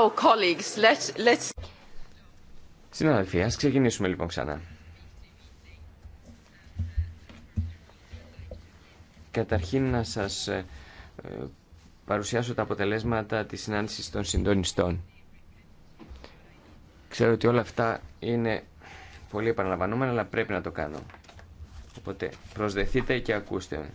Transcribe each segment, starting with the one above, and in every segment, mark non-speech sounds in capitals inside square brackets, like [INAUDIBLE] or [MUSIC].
colleagues, Συνάδελφοι, ας ξεκινήσουμε λοιπόν ξανά. Καταρχήν να σας ε, ε, παρουσιάσω τα αποτελέσματα της συνάντησης των συντονιστών. Ξέρω ότι όλα αυτά είναι πολύ επαναλαμβανόμενα, αλλά πρέπει να το κάνω. Οπότε προσδεθείτε και ακούστε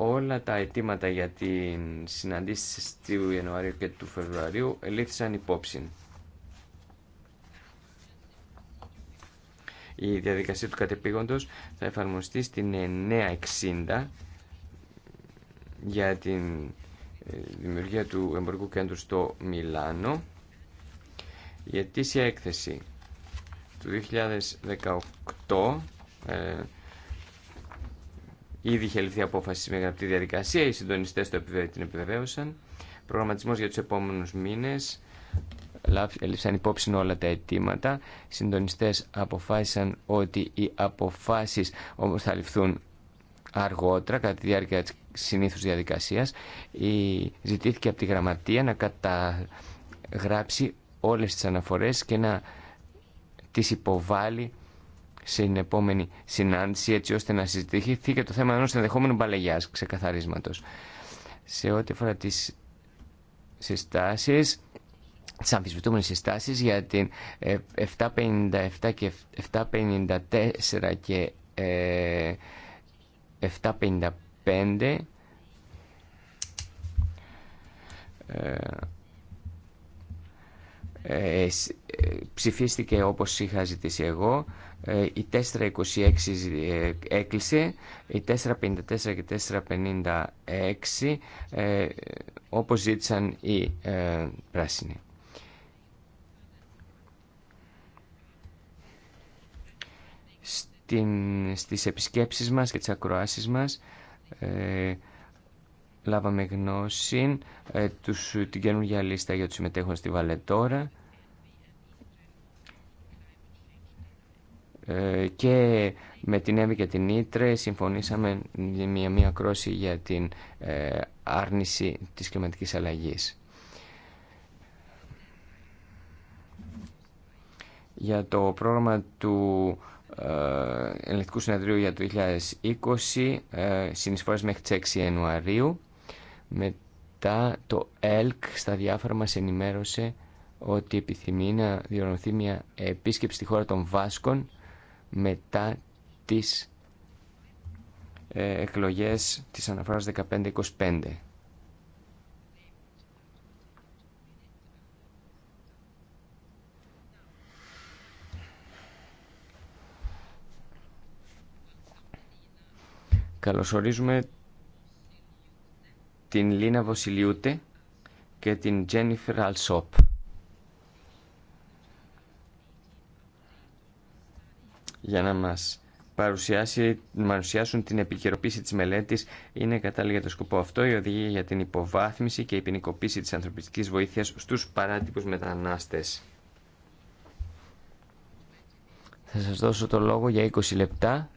Όλα τα αιτήματα για την συναντήση του Ιανουαρίου και του Φεβρουαρίου ελήφθησαν υπόψη. Η διαδικασία του κατεπήγοντος θα εφαρμοστεί στην 960 για την ε, δημιουργία του εμπορικού κέντρου στο Μιλάνο. Η αιτήσια έκθεση του 2018 Ήδη είχε ληφθεί απόφαση με γραπτή διαδικασία, οι συντονιστέ την επιβεβαίωσαν. Προγραμματισμό για του επόμενου μήνε. Έλειψαν υπόψη όλα τα αιτήματα. Οι συντονιστέ αποφάσισαν ότι οι αποφάσει όμω θα ληφθούν αργότερα, κατά τη διάρκεια τη συνήθου διαδικασία. Ζητήθηκε από τη Γραμματεία να καταγράψει όλες τις αναφορές και να τις υποβάλει στην επόμενη συνάντηση έτσι ώστε να συζητηθεί και το θέμα ενός ενδεχόμενου μπαλεγιάς ξεκαθαρίσματος. Σε ό,τι αφορά τις συστάσεις, τις αμφισβητούμενες συστάσεις για την 757 ε, και 754 και 755 ε, ε, ψηφίστηκε όπως είχα ζητήσει εγώ ε, η 426 ε, έκλεισε, η 454 και 456 ε, όπως ζήτησαν οι ε, πράσινοι. Στην, στις επισκέψεις μας και τις ακροάσεις μας ε, λάβαμε γνώση τους, την καινούργια λίστα για τους συμμετέχοντες στη Βαλετόρα Ε, και με την Εύη και την Ήτρε συμφωνήσαμε μια μία κρόση για την ε, άρνηση της κλιματικής αλλαγής. Για το πρόγραμμα του ε, Ελληνικού Συνεδρίου για το 2020 συνεισφορές μέχρι τις 6 Ιανουαρίου μετά το ΕΛΚ στα διάφορα μας ενημέρωσε ότι επιθυμεί να διοργανωθεί μια επίσκεψη στη χώρα των Βάσκων μετά τις ε, εκλογές της αναφοράς 15-25. Καλωσορίζουμε την Λίνα Βοσιλιούτε και την Τζένιφερ Αλσόπ. για να μας παρουσιάσει, παρουσιάσουν την επικαιροποίηση της μελέτης είναι κατάλληλη για το σκοπό αυτό η οδηγία για την υποβάθμιση και η ποινικοποίηση της ανθρωπιστικής βοήθειας στους παράτυπους μετανάστες. Θα σας δώσω το λόγο για 20 λεπτά.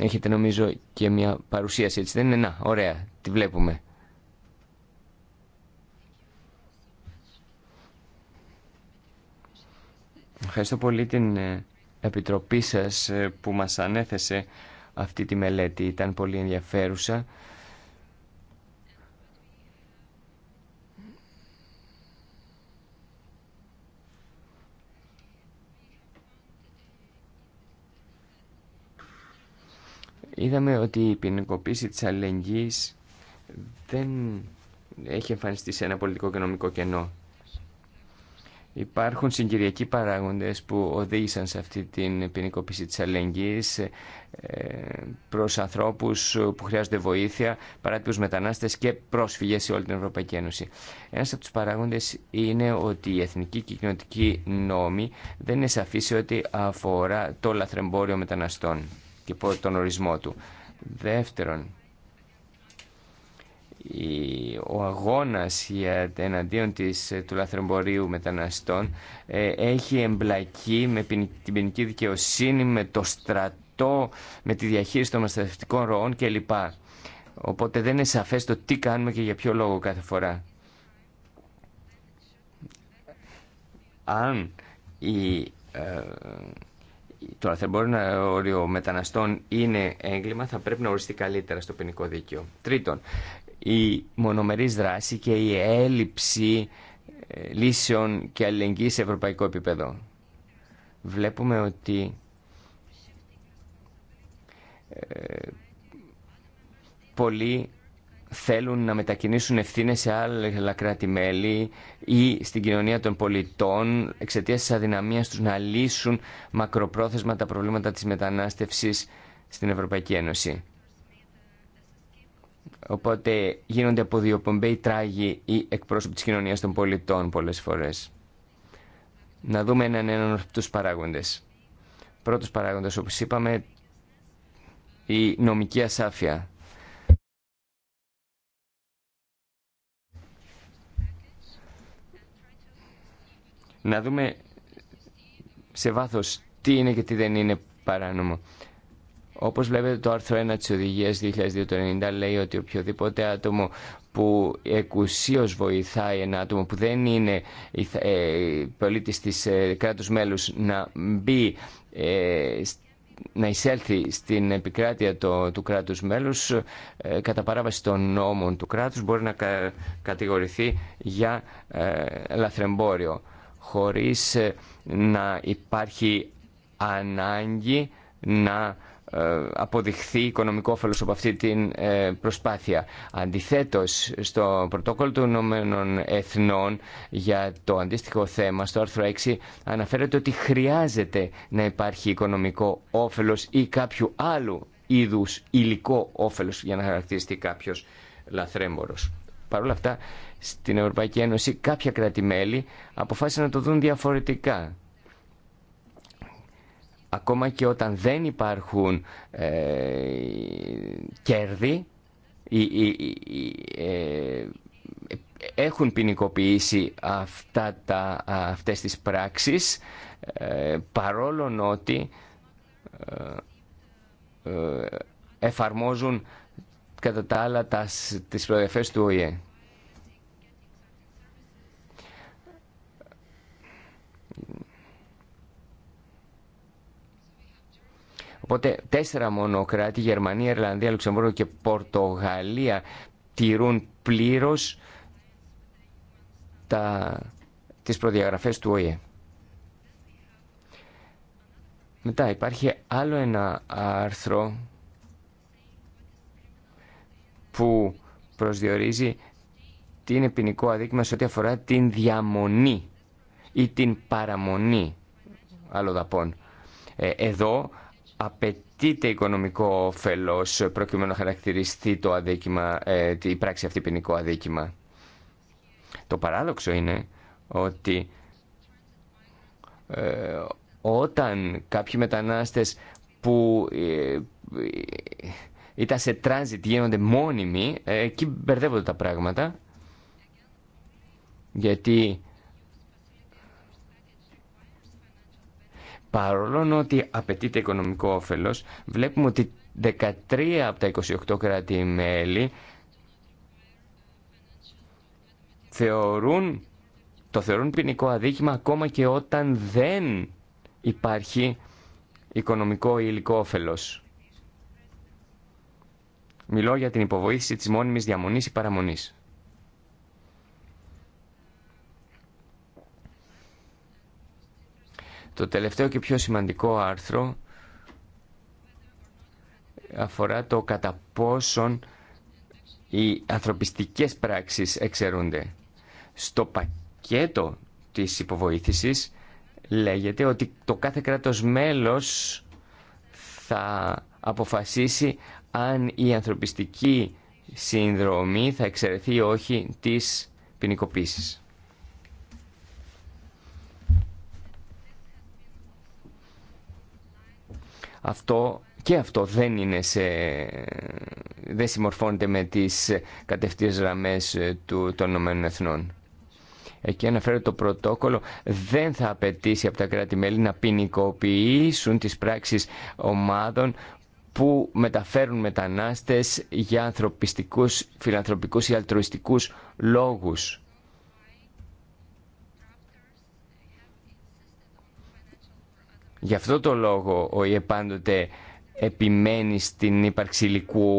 Έχετε νομίζω και μια παρουσίαση έτσι δεν είναι. Να, ωραία, τη βλέπουμε. Ευχαριστώ πολύ την ε, Επιτροπή σας ε, που μας ανέθεσε αυτή τη μελέτη. Ήταν πολύ ενδιαφέρουσα. Είδαμε ότι η ποινικοποίηση της αλληλεγγύης δεν έχει εμφανιστεί σε ένα πολιτικό και νομικό κενό. Υπάρχουν συγκυριακοί παράγοντες που οδήγησαν σε αυτή την ποινικοποίηση της αλληλεγγύης ε, προς ανθρώπους που χρειάζονται βοήθεια, παράτυπους μετανάστες και πρόσφυγες σε όλη την Ευρωπαϊκή Ένωση. Ένας από τους παράγοντες είναι ότι η εθνική και κοινωνική νόμη δεν είναι σαφή ό,τι αφορά το λαθρεμπόριο μεταναστών και τον ορισμό του. Δεύτερον, ο αγώνας για, εναντίον της, του λαθρεμπορίου μεταναστών ε, έχει εμπλακεί με την ποινική δικαιοσύνη, με το στρατό, με τη διαχείριση των μεταναστευτικών ροών κλπ. Οπότε δεν είναι σαφές το τι κάνουμε και για ποιο λόγο κάθε φορά. Αν η, ε, το λαθρεμπόριο μεταναστών είναι έγκλημα, θα πρέπει να οριστεί καλύτερα στο ποινικό δίκαιο. Τρίτον, η μονομερής δράση και η έλλειψη ε, λύσεων και αλληλεγγύη σε ευρωπαϊκό επίπεδο. Βλέπουμε ότι ε, πολλοί θέλουν να μετακινήσουν ευθύνε σε άλλα κράτη-μέλη ή στην κοινωνία των πολιτών εξαιτία τη αδυναμία του να λύσουν μακροπρόθεσμα τα προβλήματα τη μετανάστευση στην Ευρωπαϊκή Ένωση. Οπότε γίνονται από δύο πομπέι τράγοι ή εκπρόσωποι της κοινωνίας των πολιτών πολλές φορές. Να δούμε έναν έναν από τους παράγοντες. Πρώτος παράγοντας, όπως είπαμε, η νομική ασάφεια. Να δούμε σε βάθος τι είναι και τι δεν είναι παράνομο. Όπως βλέπετε το άρθρο 1 τη οδηγία 2002 λέει ότι οποιοδήποτε άτομο που εκουσίω βοηθάει ένα άτομο που δεν είναι ε, πολίτης της ε, κράτους μέλους να μπει ε, να εισέλθει στην επικράτεια το, του κράτους μέλους κατά παράβαση των νόμων του κράτους μπορεί να κατηγορηθεί για λαθρεμπόριο χωρίς να υπάρχει ανάγκη να ε, αποδειχθεί οικονομικό όφελος από αυτή την ε, προσπάθεια. Αντιθέτως, στο πρωτόκολλο των Ηνωμένων Εθνών για το αντίστοιχο θέμα, στο άρθρο 6, αναφέρεται ότι χρειάζεται να υπάρχει οικονομικό όφελος ή κάποιου άλλου είδους υλικό όφελος για να χαρακτηριστεί κάποιος λαθρέμπορος. Παρ' όλα αυτά, στην Ευρωπαϊκή Ένωση κάποια κράτη-μέλη αποφάσισαν να το δουν διαφορετικά Ακόμα και όταν δεν υπάρχουν ε, κέρδη, ε, έχουν ποινικοποιήσει αυτά τα, αυτές τις πράξεις ε, παρόλο ότι ε, εφαρμόζουν κατά τα άλλα τα, τις του ΟΗΕ. Οπότε τέσσερα μονοκράτη... Γερμανία, Ιρλανδία, Λουξεμβούργο και Πορτογαλία, τηρούν πλήρως τα, τις προδιαγραφές του ΟΗΕ. Μετά υπάρχει άλλο ένα άρθρο που προσδιορίζει τι είναι ποινικό αδίκημα σε ό,τι αφορά την διαμονή ή την παραμονή αλλοδαπών. Ε, εδώ απαιτείται οικονομικό όφελος προκειμένου να χαρακτηριστεί το αδίκημα, ε, η πράξη αυτή ποινικό αδίκημα. Το παράδοξο είναι ότι ε, όταν κάποιοι μετανάστες που ε, ήταν σε τράνζιτ γίνονται μόνιμοι, εκεί μπερδεύονται τα πράγματα. Γιατί Παρόλο ότι απαιτείται οικονομικό όφελος, βλέπουμε ότι 13 από τα 28 κράτη-μέλη θεωρούν, το θεωρούν ποινικό αδίκημα ακόμα και όταν δεν υπάρχει οικονομικό ή υλικό όφελος. Μιλώ για την υποβοήθηση της μόνιμης διαμονής ή παραμονής. Το τελευταίο και πιο σημαντικό άρθρο αφορά το κατά πόσον οι ανθρωπιστικές πράξεις εξαιρούνται. Στο πακέτο της υποβοήθησης λέγεται ότι το κάθε κράτος μέλος θα αποφασίσει αν η ανθρωπιστική συνδρομή θα εξαιρεθεί ή όχι της ποινικοποίησης. Αυτό και αυτό δεν, είναι σε, δεν συμμορφώνεται με τις κατευθείας γραμμές ε, του, των Ηνωμένων Εθνών. Εκεί αναφέρεται το πρωτόκολλο δεν θα απαιτήσει από τα κράτη-μέλη να ποινικοποιήσουν τις πράξεις ομάδων που μεταφέρουν μετανάστες για ανθρωπιστικούς, φιλανθρωπικούς ή αλτρουιστικούς λόγους. Γι' αυτό το λόγο ο ΙΕ πάντοτε επιμένει στην ύπαρξη υλικού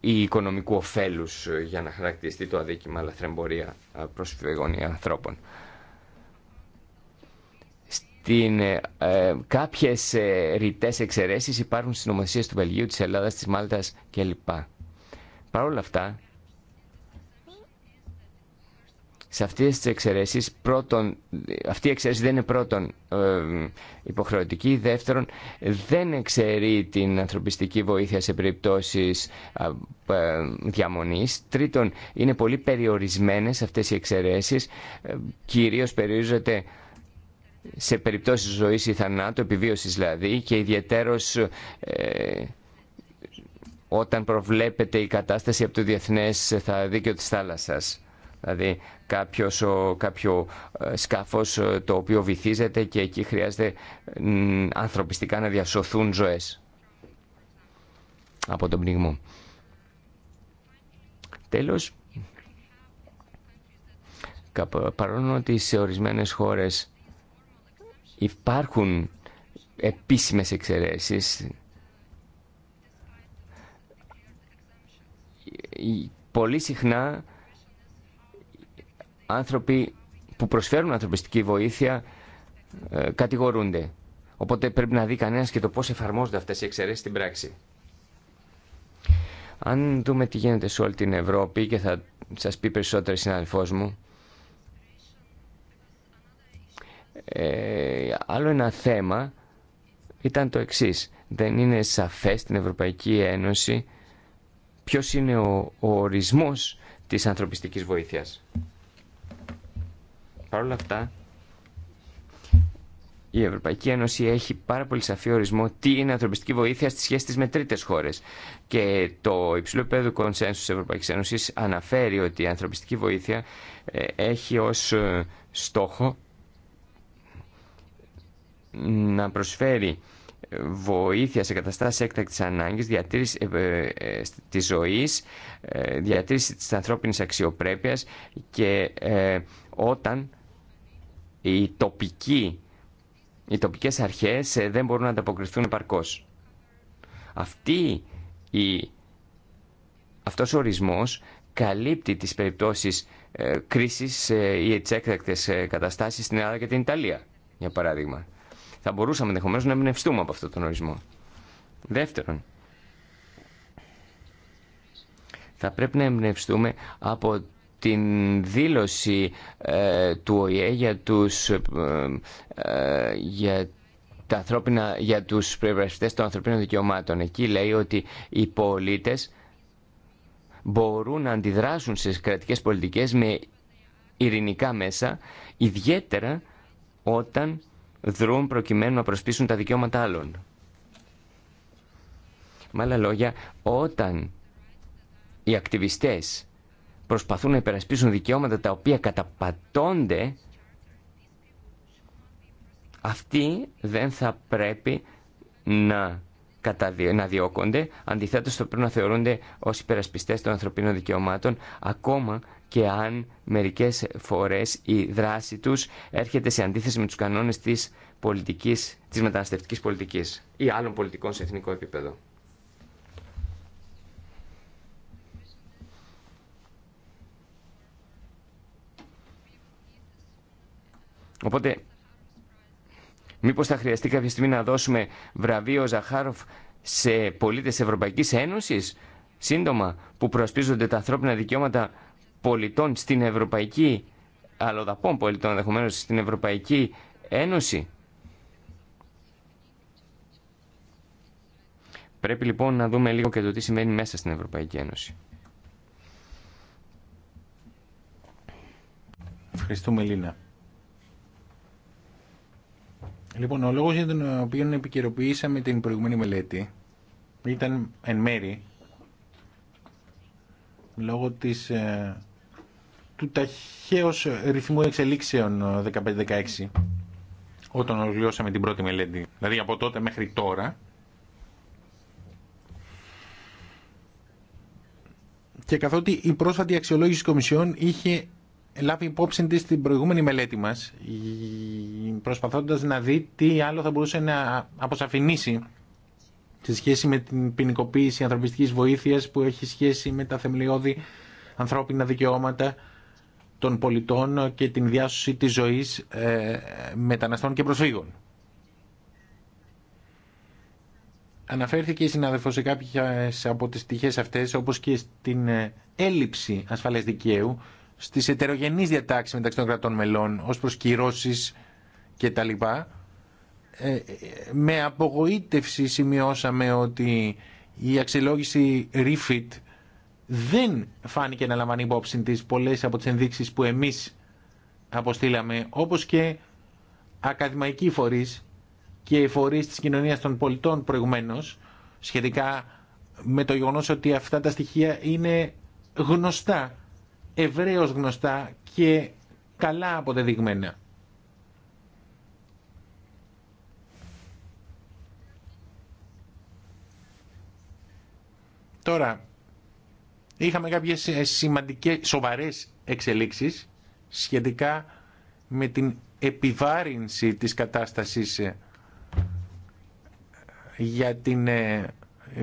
ή οικονομικού ωφέλους για να χαρακτηριστεί το αδίκημα λαθρεμπορία προ ή ανθρώπων. Στην, ε, κάποιες ε, ρητές εξαιρέσεις υπάρχουν στις του Βελγίου, της Ελλάδας, της Μάλτας κλπ. Παρ' όλα αυτά, σε αυτές τις εξαιρέσεις, πρώτον, αυτή η εξαίρεση δεν είναι πρώτον ε, υποχρεωτική, δεύτερον δεν εξαιρεί την ανθρωπιστική βοήθεια σε περιπτώσεις ε, διαμονής, τρίτον είναι πολύ περιορισμένες αυτές οι εξαιρέσεις, ε, κυρίως περιορίζεται σε περιπτώσεις ζωής ή θανάτου, επιβίωσης δηλαδή, και ιδιαίτερος ε, όταν προβλέπεται η κατάσταση από το Διεθνές Δίκαιο της Θάλασσας. Δηλαδή κάποιος, κάποιο ε, σκάφος ε, το οποίο βυθίζεται και εκεί χρειάζεται ανθρωπιστικά να διασωθούν ζωές από τον πνιγμό. Τέλος, παρόλο ότι σε ορισμένες χώρες υπάρχουν επίσημες εξαιρέσεις, πολύ συχνά άνθρωποι που προσφέρουν ανθρωπιστική βοήθεια ε, κατηγορούνται. Οπότε πρέπει να δει κανένα και το πώ εφαρμόζονται αυτέ οι εξαιρέσει στην πράξη. Αν δούμε τι γίνεται σε όλη την Ευρώπη και θα σας πει περισσότερο συναδελφός μου, ε, άλλο ένα θέμα ήταν το εξής. Δεν είναι σαφές στην Ευρωπαϊκή Ένωση ποιος είναι ο, ο ορισμός της ανθρωπιστικής βοήθειας. Παρ' όλα αυτά, η Ευρωπαϊκή Ένωση έχει πάρα πολύ σαφή ορισμό τι είναι ανθρωπιστική βοήθεια στη σχέση τη με τρίτε χώρε. Και το υψηλό επίπεδο κονσένσου τη Ευρωπαϊκή Ένωση αναφέρει ότι η ανθρωπιστική βοήθεια ε, έχει ω ε, στόχο να προσφέρει βοήθεια σε καταστάσεις έκτακτης ανάγκης, διατήρηση ε, ε, ε, της ζωής, διατήρηση της ανθρώπινης αξιοπρέπειας και όταν οι, τοπικοί, οι τοπικές αρχές δεν μπορούν να ανταποκριθούν επαρκώς. Αυτή η, αυτός ο ορισμός καλύπτει τις περιπτώσεις κρίσης ή τις έκτακτες καταστάσεις στην Ελλάδα και την Ιταλία, για παράδειγμα. Θα μπορούσαμε ενδεχομένω να εμπνευστούμε από αυτόν τον ορισμό. Δεύτερον, θα πρέπει να εμπνευστούμε από την δήλωση ε, του ΟΗΕ για τους, ε, ε, για τα ανθρώπινα, για τους των ανθρωπίνων δικαιωμάτων. Εκεί λέει ότι οι πολίτες μπορούν να αντιδράσουν στις κρατικές πολιτικές με ειρηνικά μέσα, ιδιαίτερα όταν δρούν προκειμένου να προσπίσουν τα δικαιώματα άλλων. Με άλλα λόγια, όταν οι ακτιβιστές προσπαθούν να υπερασπίσουν δικαιώματα τα οποία καταπατώνται, αυτοί δεν θα πρέπει να, καταδι... διώκονται, αντιθέτως θα πρέπει να θεωρούνται ως υπερασπιστές των ανθρωπίνων δικαιωμάτων, ακόμα και αν μερικές φορές η δράση τους έρχεται σε αντίθεση με τους κανόνες της, πολιτικής, της μεταναστευτικής πολιτικής ή άλλων πολιτικών σε εθνικό επίπεδο. Οπότε, μήπως θα χρειαστεί κάποια στιγμή να δώσουμε βραβείο Ζαχάροφ σε πολίτες Ευρωπαϊκής Ένωσης, σύντομα, που προσπίζονται τα ανθρώπινα δικαιώματα πολιτών στην Ευρωπαϊκή, αλλοδαπών πολιτών ενδεχομένω στην Ευρωπαϊκή Ένωση. Πρέπει λοιπόν να δούμε λίγο και το τι σημαίνει μέσα στην Ευρωπαϊκή Ένωση. Ευχαριστούμε Λίνα. Λοιπόν, ο λόγος για τον οποίο επικαιροποιήσαμε την προηγούμενη μελέτη ήταν εν μέρη λόγω της ε, του ταχαιω ρυθμου ρυθμού εξελίξεων 15-16 όταν ολοκληρώσαμε την πρώτη μελέτη. Δηλαδή από τότε μέχρι τώρα και καθότι η πρόσφατη αξιολόγηση κομισιών... είχε λάβει υπόψη τη την προηγούμενη μελέτη μας προσπαθώντα να δει τι άλλο θα μπορούσε να αποσαφηνίσει σε σχέση με την ποινικοποίηση ανθρωπιστικής βοήθειας που έχει σχέση με τα θεμελιώδη ανθρώπινα δικαιώματα των πολιτών και την διάσωση της ζωής ε, μεταναστών και προσφύγων. Αναφέρθηκε η συνάδελφος σε κάποιες από τις τυχές αυτές, όπως και στην ε, έλλειψη ασφαλές δικαίου, στις ετερογενείς διατάξεις μεταξύ των κρατών μελών, ως προς κυρώσεις κτλ. Ε, με απογοήτευση σημειώσαμε ότι η αξιολόγηση REFIT δεν φάνηκε να λαμβάνει υπόψη τη πολλές από τις ενδείξεις που εμείς αποστήλαμε, όπως και ακαδημαϊκοί φορείς και οι φορείς της κοινωνίας των πολιτών προηγουμένω. σχετικά με το γεγονό ότι αυτά τα στοιχεία είναι γνωστά, ευρέω γνωστά και καλά αποδεδειγμένα. Τώρα, είχαμε κάποιες ε, σημαντικές, σοβαρές εξελίξεις σχετικά με την επιβάρυνση της κατάστασης ε, για την ε,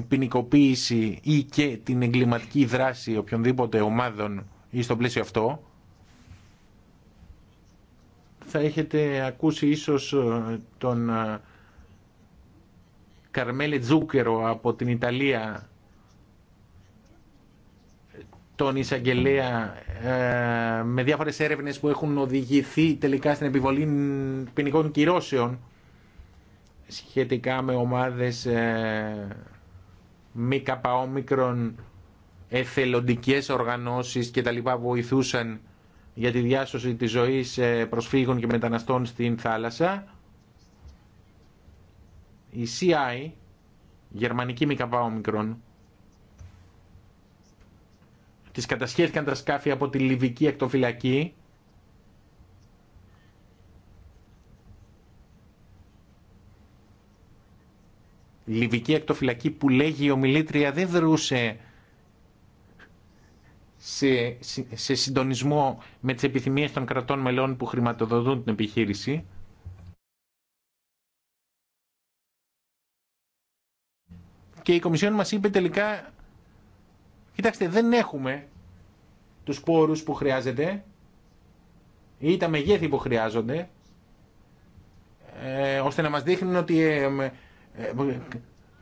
ποινικοποίηση ή και την εγκληματική δράση οποιονδήποτε ομάδων ή στο πλαίσιο αυτό θα έχετε ακούσει ίσως τον Καρμέλε Τζούκερο από την Ιταλία τον εισαγγελέα ε, με διάφορες έρευνες που έχουν οδηγηθεί τελικά στην επιβολή ποινικών κυρώσεων σχετικά με ομάδες ε, μη καπαόμικρων εθελοντικές οργανώσεις και τα λοιπά βοηθούσαν για τη διάσωση της ζωής ε, προσφύγων και μεταναστών στην θάλασσα. Η CI, γερμανική μη καπαόμικρον, Τη κατασχέθηκαν τα σκάφη από τη Λιβική εκτοφυλακή. Λιβική εκτοφυλακή που λέγει η ομιλήτρια δεν δρούσε σε, σε συντονισμό με τις επιθυμίες των κρατών μελών που χρηματοδοτούν την επιχείρηση. Και η Κομισιόν μας είπε τελικά Κοιτάξτε, δεν έχουμε τους πόρους που χρειάζεται ή τα μεγέθη που χρειάζονται ε, ώστε να μας δείχνουν ότι ε, ε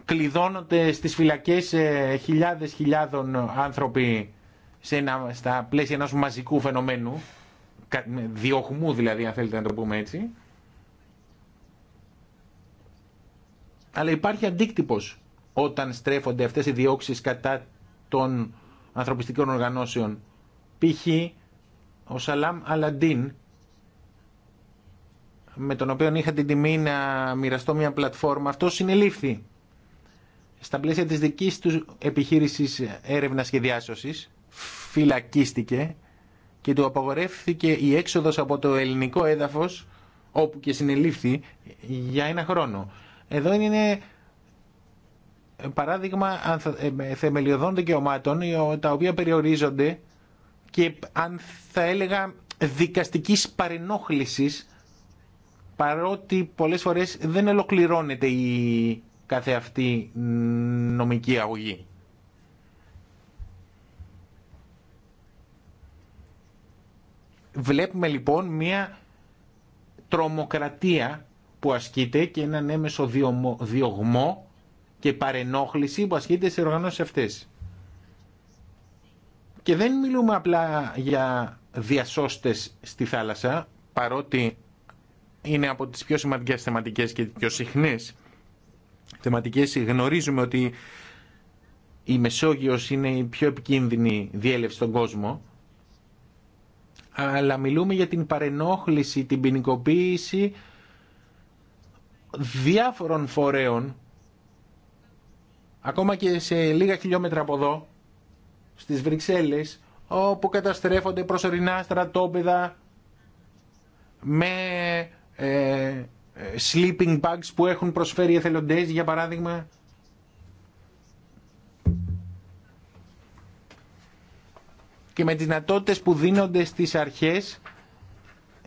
κλειδώνονται στις φυλακές ε, χιλιάδες χιλιάδων άνθρωποι σε ένα, στα πλαίσια ενός μαζικού φαινομένου διωχμού δηλαδή αν θέλετε να το πούμε έτσι αλλά υπάρχει αντίκτυπος όταν στρέφονται αυτές οι διώξεις κατά των ανθρωπιστικών οργανώσεων. Π.χ. ο Σαλάμ Αλαντίν, με τον οποίο είχα την τιμή να μοιραστώ μια πλατφόρμα, αυτό συνελήφθη στα πλαίσια της δικής του επιχείρησης έρευνας και διάσωσης, φυλακίστηκε και του απαγορεύθηκε η έξοδος από το ελληνικό έδαφος, όπου και συνελήφθη, για ένα χρόνο. Εδώ είναι παράδειγμα ε, θεμελιωδών δικαιωμάτων τα οποία περιορίζονται και αν θα έλεγα δικαστικής παρενόχλησης παρότι πολλές φορές δεν ολοκληρώνεται η κάθε αυτή νομική αγωγή. Βλέπουμε λοιπόν μία τρομοκρατία που ασκείται και έναν έμεσο διωγμό και παρενόχληση που ασκείται σε οργανώσεις αυτές. Και δεν μιλούμε απλά για διασώστες στη θάλασσα, παρότι είναι από τις πιο σημαντικές θεματικές και πιο συχνές θεματικές. Γνωρίζουμε ότι η Μεσόγειος είναι η πιο επικίνδυνη διέλευση στον κόσμο, αλλά μιλούμε για την παρενόχληση, την ποινικοποίηση διάφορων φορέων ακόμα και σε λίγα χιλιόμετρα από εδώ, στις Βρυξέλλες, όπου καταστρέφονται προσωρινά στρατόπεδα με ε, ε, sleeping bags που έχουν προσφέρει εθελοντές, για παράδειγμα. Και με τις δυνατότητε που δίνονται στις αρχές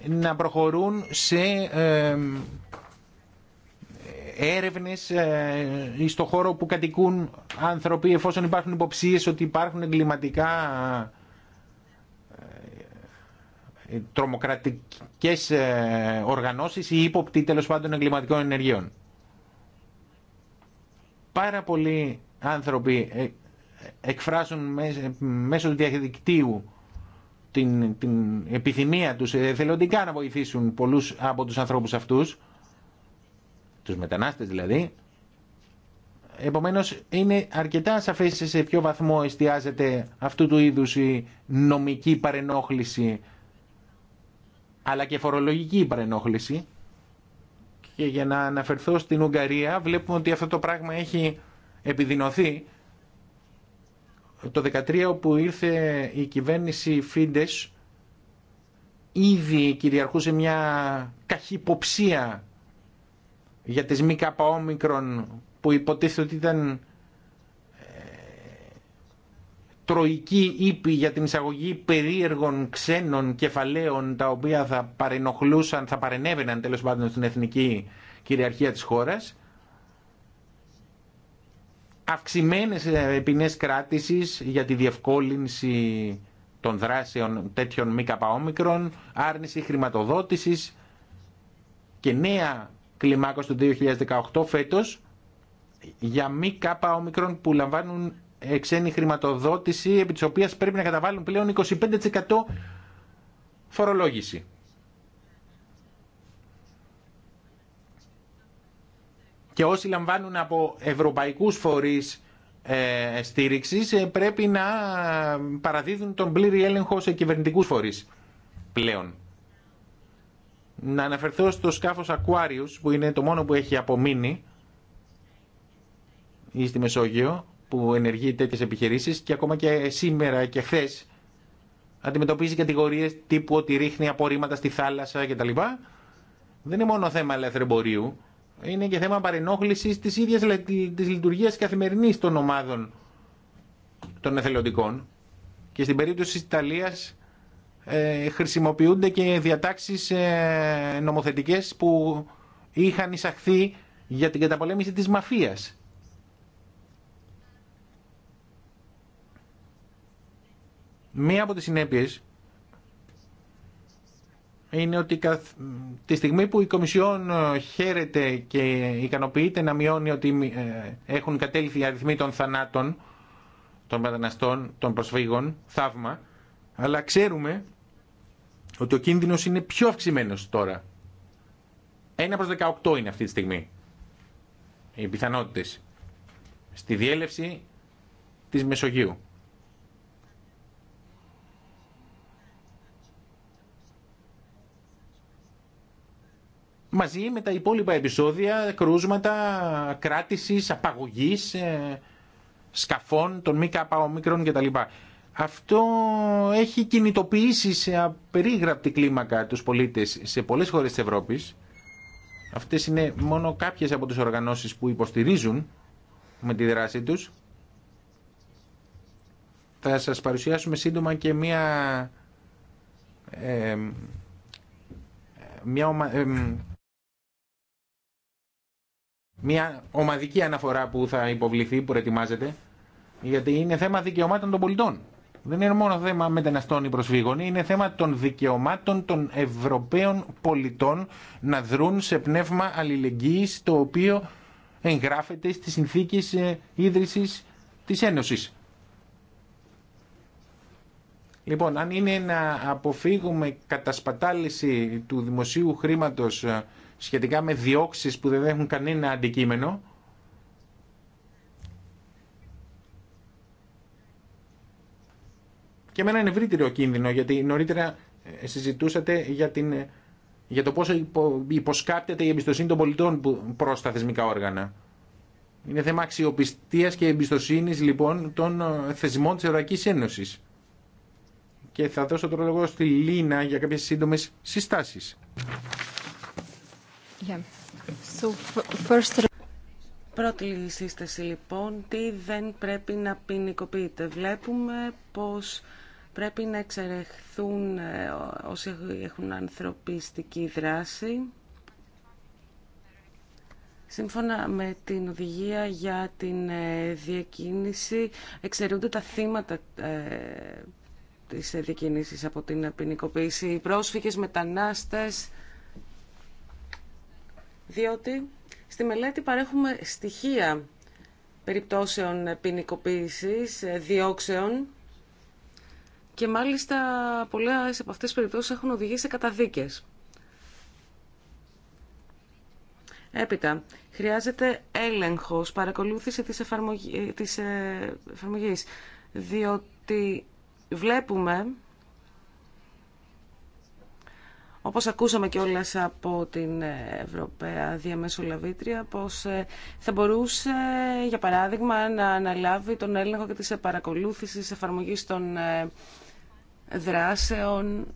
να προχωρούν σε ε, έρευνες ε, στο χώρο που κατοικούν άνθρωποι εφόσον υπάρχουν υποψίες ότι υπάρχουν εγκληματικά ε, τρομοκρατικές ε, οργανώσεις ή ύποπτοι τέλο πάντων εγκληματικών ενεργειών. Πάρα πολλοί άνθρωποι εκφράζουν μέσω του διαδικτύου την, την επιθυμία τους εθελοντικά να βοηθήσουν πολλούς από τους ανθρώπους αυτούς τους μετανάστες δηλαδή. Επομένως είναι αρκετά σαφέ σε ποιο βαθμό εστιάζεται αυτού του είδους η νομική παρενόχληση αλλά και φορολογική παρενόχληση. Και για να αναφερθώ στην Ουγγαρία βλέπουμε ότι αυτό το πράγμα έχει επιδεινωθεί. Το 2013 όπου ήρθε η κυβέρνηση Φίντες ήδη κυριαρχούσε μια καχυποψία για τις ΜΚΟ που υποτίθεται ότι ήταν ε, τροϊκή ύπη για την εισαγωγή περίεργων ξένων κεφαλαίων τα οποία θα παρενοχλούσαν, θα παρενέβαιναν τέλος πάντων στην εθνική κυριαρχία της χώρας αυξημένες επινές κράτησης για τη διευκόλυνση των δράσεων τέτοιων μη καπαόμικρων, άρνηση χρηματοδότησης και νέα κλιμάκωση του 2018 φέτος για μη κάπα ομικρών που λαμβάνουν εξένη χρηματοδότηση επί της οποίας πρέπει να καταβάλουν πλέον 25% φορολόγηση. Και όσοι λαμβάνουν από ευρωπαϊκούς φορείς ε, στήριξης ε, πρέπει να παραδίδουν τον πλήρη έλεγχο σε κυβερνητικούς φορείς πλέον να αναφερθώ στο σκάφος Aquarius που είναι το μόνο που έχει απομείνει ή στη Μεσόγειο που ενεργεί τέτοιες επιχειρήσεις και ακόμα και σήμερα και χθε αντιμετωπίζει κατηγορίες τύπου ότι ρίχνει απορρίμματα στη θάλασσα κτλ. Δεν είναι μόνο θέμα ελεύθερου είναι και θέμα παρενόχλησης της ίδιας της λειτουργίας καθημερινής των ομάδων των εθελοντικών. Και στην περίπτωση της Ιταλίας ε, χρησιμοποιούνται και διατάξεις ε, νομοθετικές που είχαν εισαχθεί για την καταπολέμηση της μαφίας. Μία από τις συνέπειες είναι ότι τη στιγμή που η Κομισιόν ε, χαίρεται και ικανοποιείται να μειώνει ότι έχουν κατέληθει οι αριθμοί των θανάτων, των μεταναστών, των προσφύγων, θαύμα, αλλά ξέρουμε ότι ο κίνδυνος είναι πιο αυξημένος τώρα. 1 προς 18 είναι αυτή τη στιγμή οι πιθανότητες στη διέλευση της Μεσογείου. Μαζί με τα υπόλοιπα επεισόδια, κρούσματα, κράτησης, απαγωγής, ε, σκαφών των μη καπαομικρών κτλ. Αυτό έχει κινητοποιήσει σε απερίγραπτη κλίμακα τους πολίτες σε πολλές χώρες της Ευρώπης. Αυτές είναι μόνο κάποιες από τις οργανώσεις που υποστηρίζουν με τη δράση τους. Θα σας παρουσιάσουμε σύντομα και μία, μία, μία ομαδική αναφορά που θα υποβληθεί, που ετοιμάζεται, γιατί είναι θέμα δικαιωμάτων των πολιτών δεν είναι μόνο θέμα μεταναστών ή προσφύγων, είναι θέμα των δικαιωμάτων των Ευρωπαίων πολιτών να δρουν σε πνεύμα αλληλεγγύης το οποίο εγγράφεται στις συνθήκες ε, ίδρυσης της Ένωσης. Λοιπόν, αν είναι να αποφύγουμε κατασπατάληση του δημοσίου χρήματος ε, σχετικά με διώξεις που δεν έχουν κανένα αντικείμενο, και με έναν ευρύτερο κίνδυνο, γιατί νωρίτερα ε, συζητούσατε για, την, ε, για το πόσο υποσκάπτεται η εμπιστοσύνη των πολιτών προ τα θεσμικά όργανα. Είναι θέμα αξιοπιστία και εμπιστοσύνη λοιπόν των ε, θεσμών τη Ευρωπαϊκή Ένωση. Και θα δώσω τώρα λόγο στη Λίνα για κάποιε σύντομε συστάσει. Yeah. So, first... Πρώτη σύσταση λοιπόν, τι δεν πρέπει να ποινικοποιείται. Βλέπουμε πως Πρέπει να εξερεχθούν ε, όσοι έχουν ανθρωπιστική δράση. Σύμφωνα με την οδηγία για την ε, διακίνηση, εξαιρούνται τα θύματα ε, της διακίνησης από την ποινικοποίηση. Οι πρόσφυγες, μετανάστες, διότι στη μελέτη παρέχουμε στοιχεία περιπτώσεων ποινικοποίηση διώξεων και μάλιστα πολλές από αυτές τις περιπτώσεις έχουν οδηγήσει σε καταδίκες. Έπειτα, χρειάζεται έλεγχος, παρακολούθηση της, εφαρμογή, ε, εφαρμογής, διότι βλέπουμε, όπως ακούσαμε και όλες από την Ευρωπαία Λαβήτρια, πως ε, θα μπορούσε, για παράδειγμα, να αναλάβει τον έλεγχο και της παρακολούθησης εφαρμογής των ε, δράσεων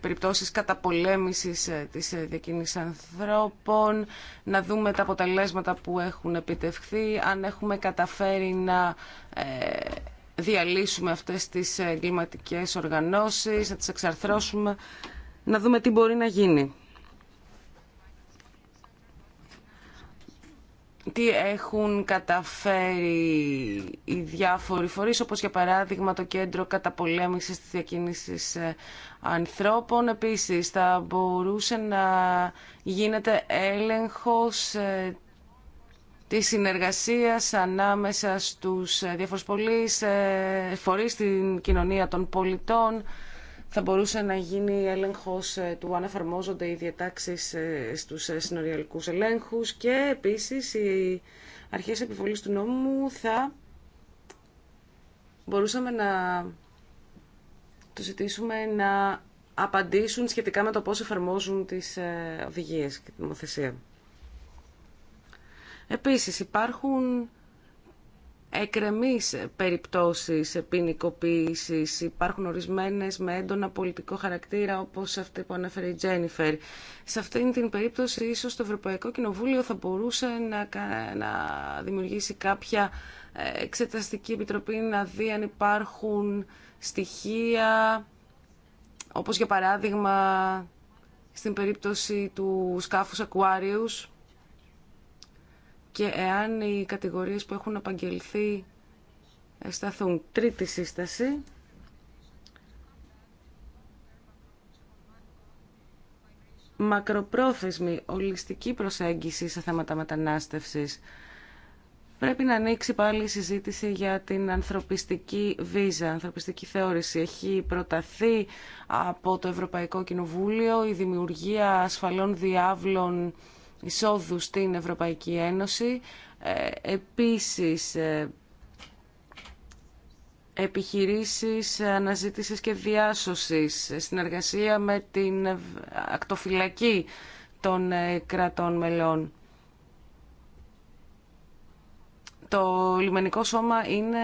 περιπτώσεις καταπολέμησης ε, της ε, διακίνησης ανθρώπων, να δούμε τα αποτελέσματα που έχουν επιτευχθεί, αν έχουμε καταφέρει να ε, διαλύσουμε αυτές τις εγκληματικές οργανώσεις, να τις εξαρθρώσουμε, να δούμε τι μπορεί να γίνει. τι έχουν καταφέρει οι διάφοροι φορείς, όπως για παράδειγμα το Κέντρο Καταπολέμησης της Διακίνησης ε, Ανθρώπων. Επίσης, θα μπορούσε να γίνεται έλεγχος ε, τη συνεργασία ανάμεσα στους ε, διάφορους φορείς, στην κοινωνία των πολιτών, θα μπορούσε να γίνει έλεγχος ε, του αν εφαρμόζονται οι διατάξεις ε, στους ε, συνοριαλικού ελέγχους και επίσης οι αρχές επιβολής του νόμου θα μπορούσαμε να το ζητήσουμε να απαντήσουν σχετικά με το πώς εφαρμόζουν τις οδηγίες και την νομοθεσία. Επίσης υπάρχουν εκρεμείς περιπτώσεις ποινικοποίηση. Υπάρχουν ορισμένες με έντονα πολιτικό χαρακτήρα όπως αυτή που ανέφερε η Τζένιφερ. Σε αυτήν την περίπτωση ίσως το Ευρωπαϊκό Κοινοβούλιο θα μπορούσε να, να δημιουργήσει κάποια ε, εξεταστική επιτροπή να δει αν υπάρχουν στοιχεία όπως για παράδειγμα στην περίπτωση του σκάφους Aquarius και εάν οι κατηγορίες που έχουν απαγγελθεί σταθούν. Τρίτη σύσταση. Μακροπρόθεσμη, ολιστική προσέγγιση σε θέματα μετανάστευσης. Πρέπει να ανοίξει πάλι η συζήτηση για την ανθρωπιστική βίζα, ανθρωπιστική θεώρηση. Έχει προταθεί από το Ευρωπαϊκό Κοινοβούλιο η δημιουργία ασφαλών διάβλων εισόδου στην Ευρωπαϊκή Ένωση. Ε, επίσης, ε, επιχειρήσεις αναζήτησης και διάσωσης, συνεργασία με την ακτοφυλακή των ε, κρατών μελών. Το λιμενικό σώμα είναι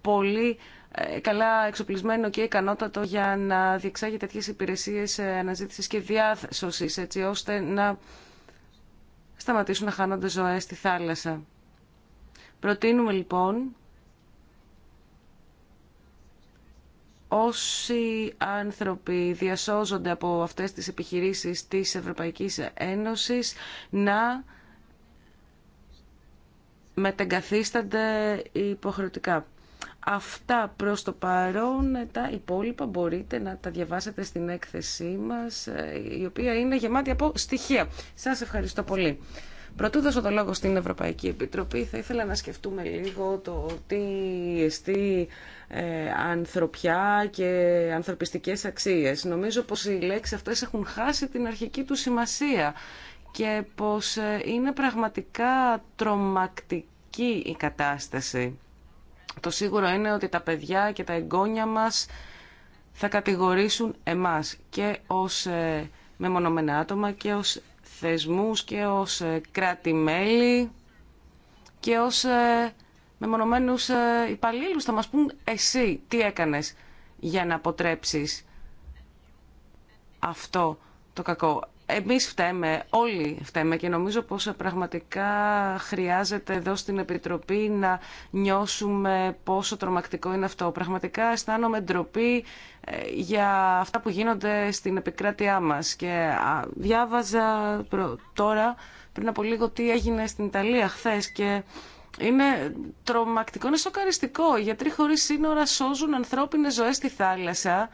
πολύ ε, καλά εξοπλισμένο και ικανότατο για να διεξάγει τέτοιε υπηρεσίες ε, αναζήτηση και διάσωση, έτσι ώστε να σταματήσουν να χάνονται ζωές στη θάλασσα. Προτείνουμε λοιπόν όσοι άνθρωποι διασώζονται από αυτές τις επιχειρήσεις της Ευρωπαϊκής Ένωσης να μετεγκαθίστανται υποχρεωτικά. Αυτά προς το παρόν, τα υπόλοιπα μπορείτε να τα διαβάσετε στην έκθεσή μας, ε, η οποία είναι γεμάτη από στοιχεία. Σας ευχαριστώ πολύ. Πρωτού δώσω το λόγο στην Ευρωπαϊκή Επιτροπή, θα ήθελα να σκεφτούμε λίγο το τι εστί ε, ανθρωπιά και ανθρωπιστικές αξίες. Νομίζω πως οι λέξεις αυτές έχουν χάσει την αρχική του σημασία και πως ε, είναι πραγματικά τρομακτική η κατάσταση. Το σίγουρο είναι ότι τα παιδιά και τα εγγόνια μας θα κατηγορήσουν εμάς και ως ε, μεμονωμένα άτομα και ως θεσμούς και ως ε, κράτη-μέλη και ως ε, μεμονωμένους υπαλλήλους. Θα μας πούν εσύ τι έκανες για να αποτρέψεις αυτό το κακό εμείς φταίμε, όλοι φταίμε και νομίζω πως πραγματικά χρειάζεται εδώ στην Επιτροπή να νιώσουμε πόσο τρομακτικό είναι αυτό. Πραγματικά αισθάνομαι ντροπή ε, για αυτά που γίνονται στην επικράτειά μας και διάβαζα τώρα πριν από λίγο τι έγινε στην Ιταλία χθες και είναι τρομακτικό, είναι σοκαριστικό. Οι γιατροί χωρίς σύνορα σώζουν ανθρώπινες ζωές στη θάλασσα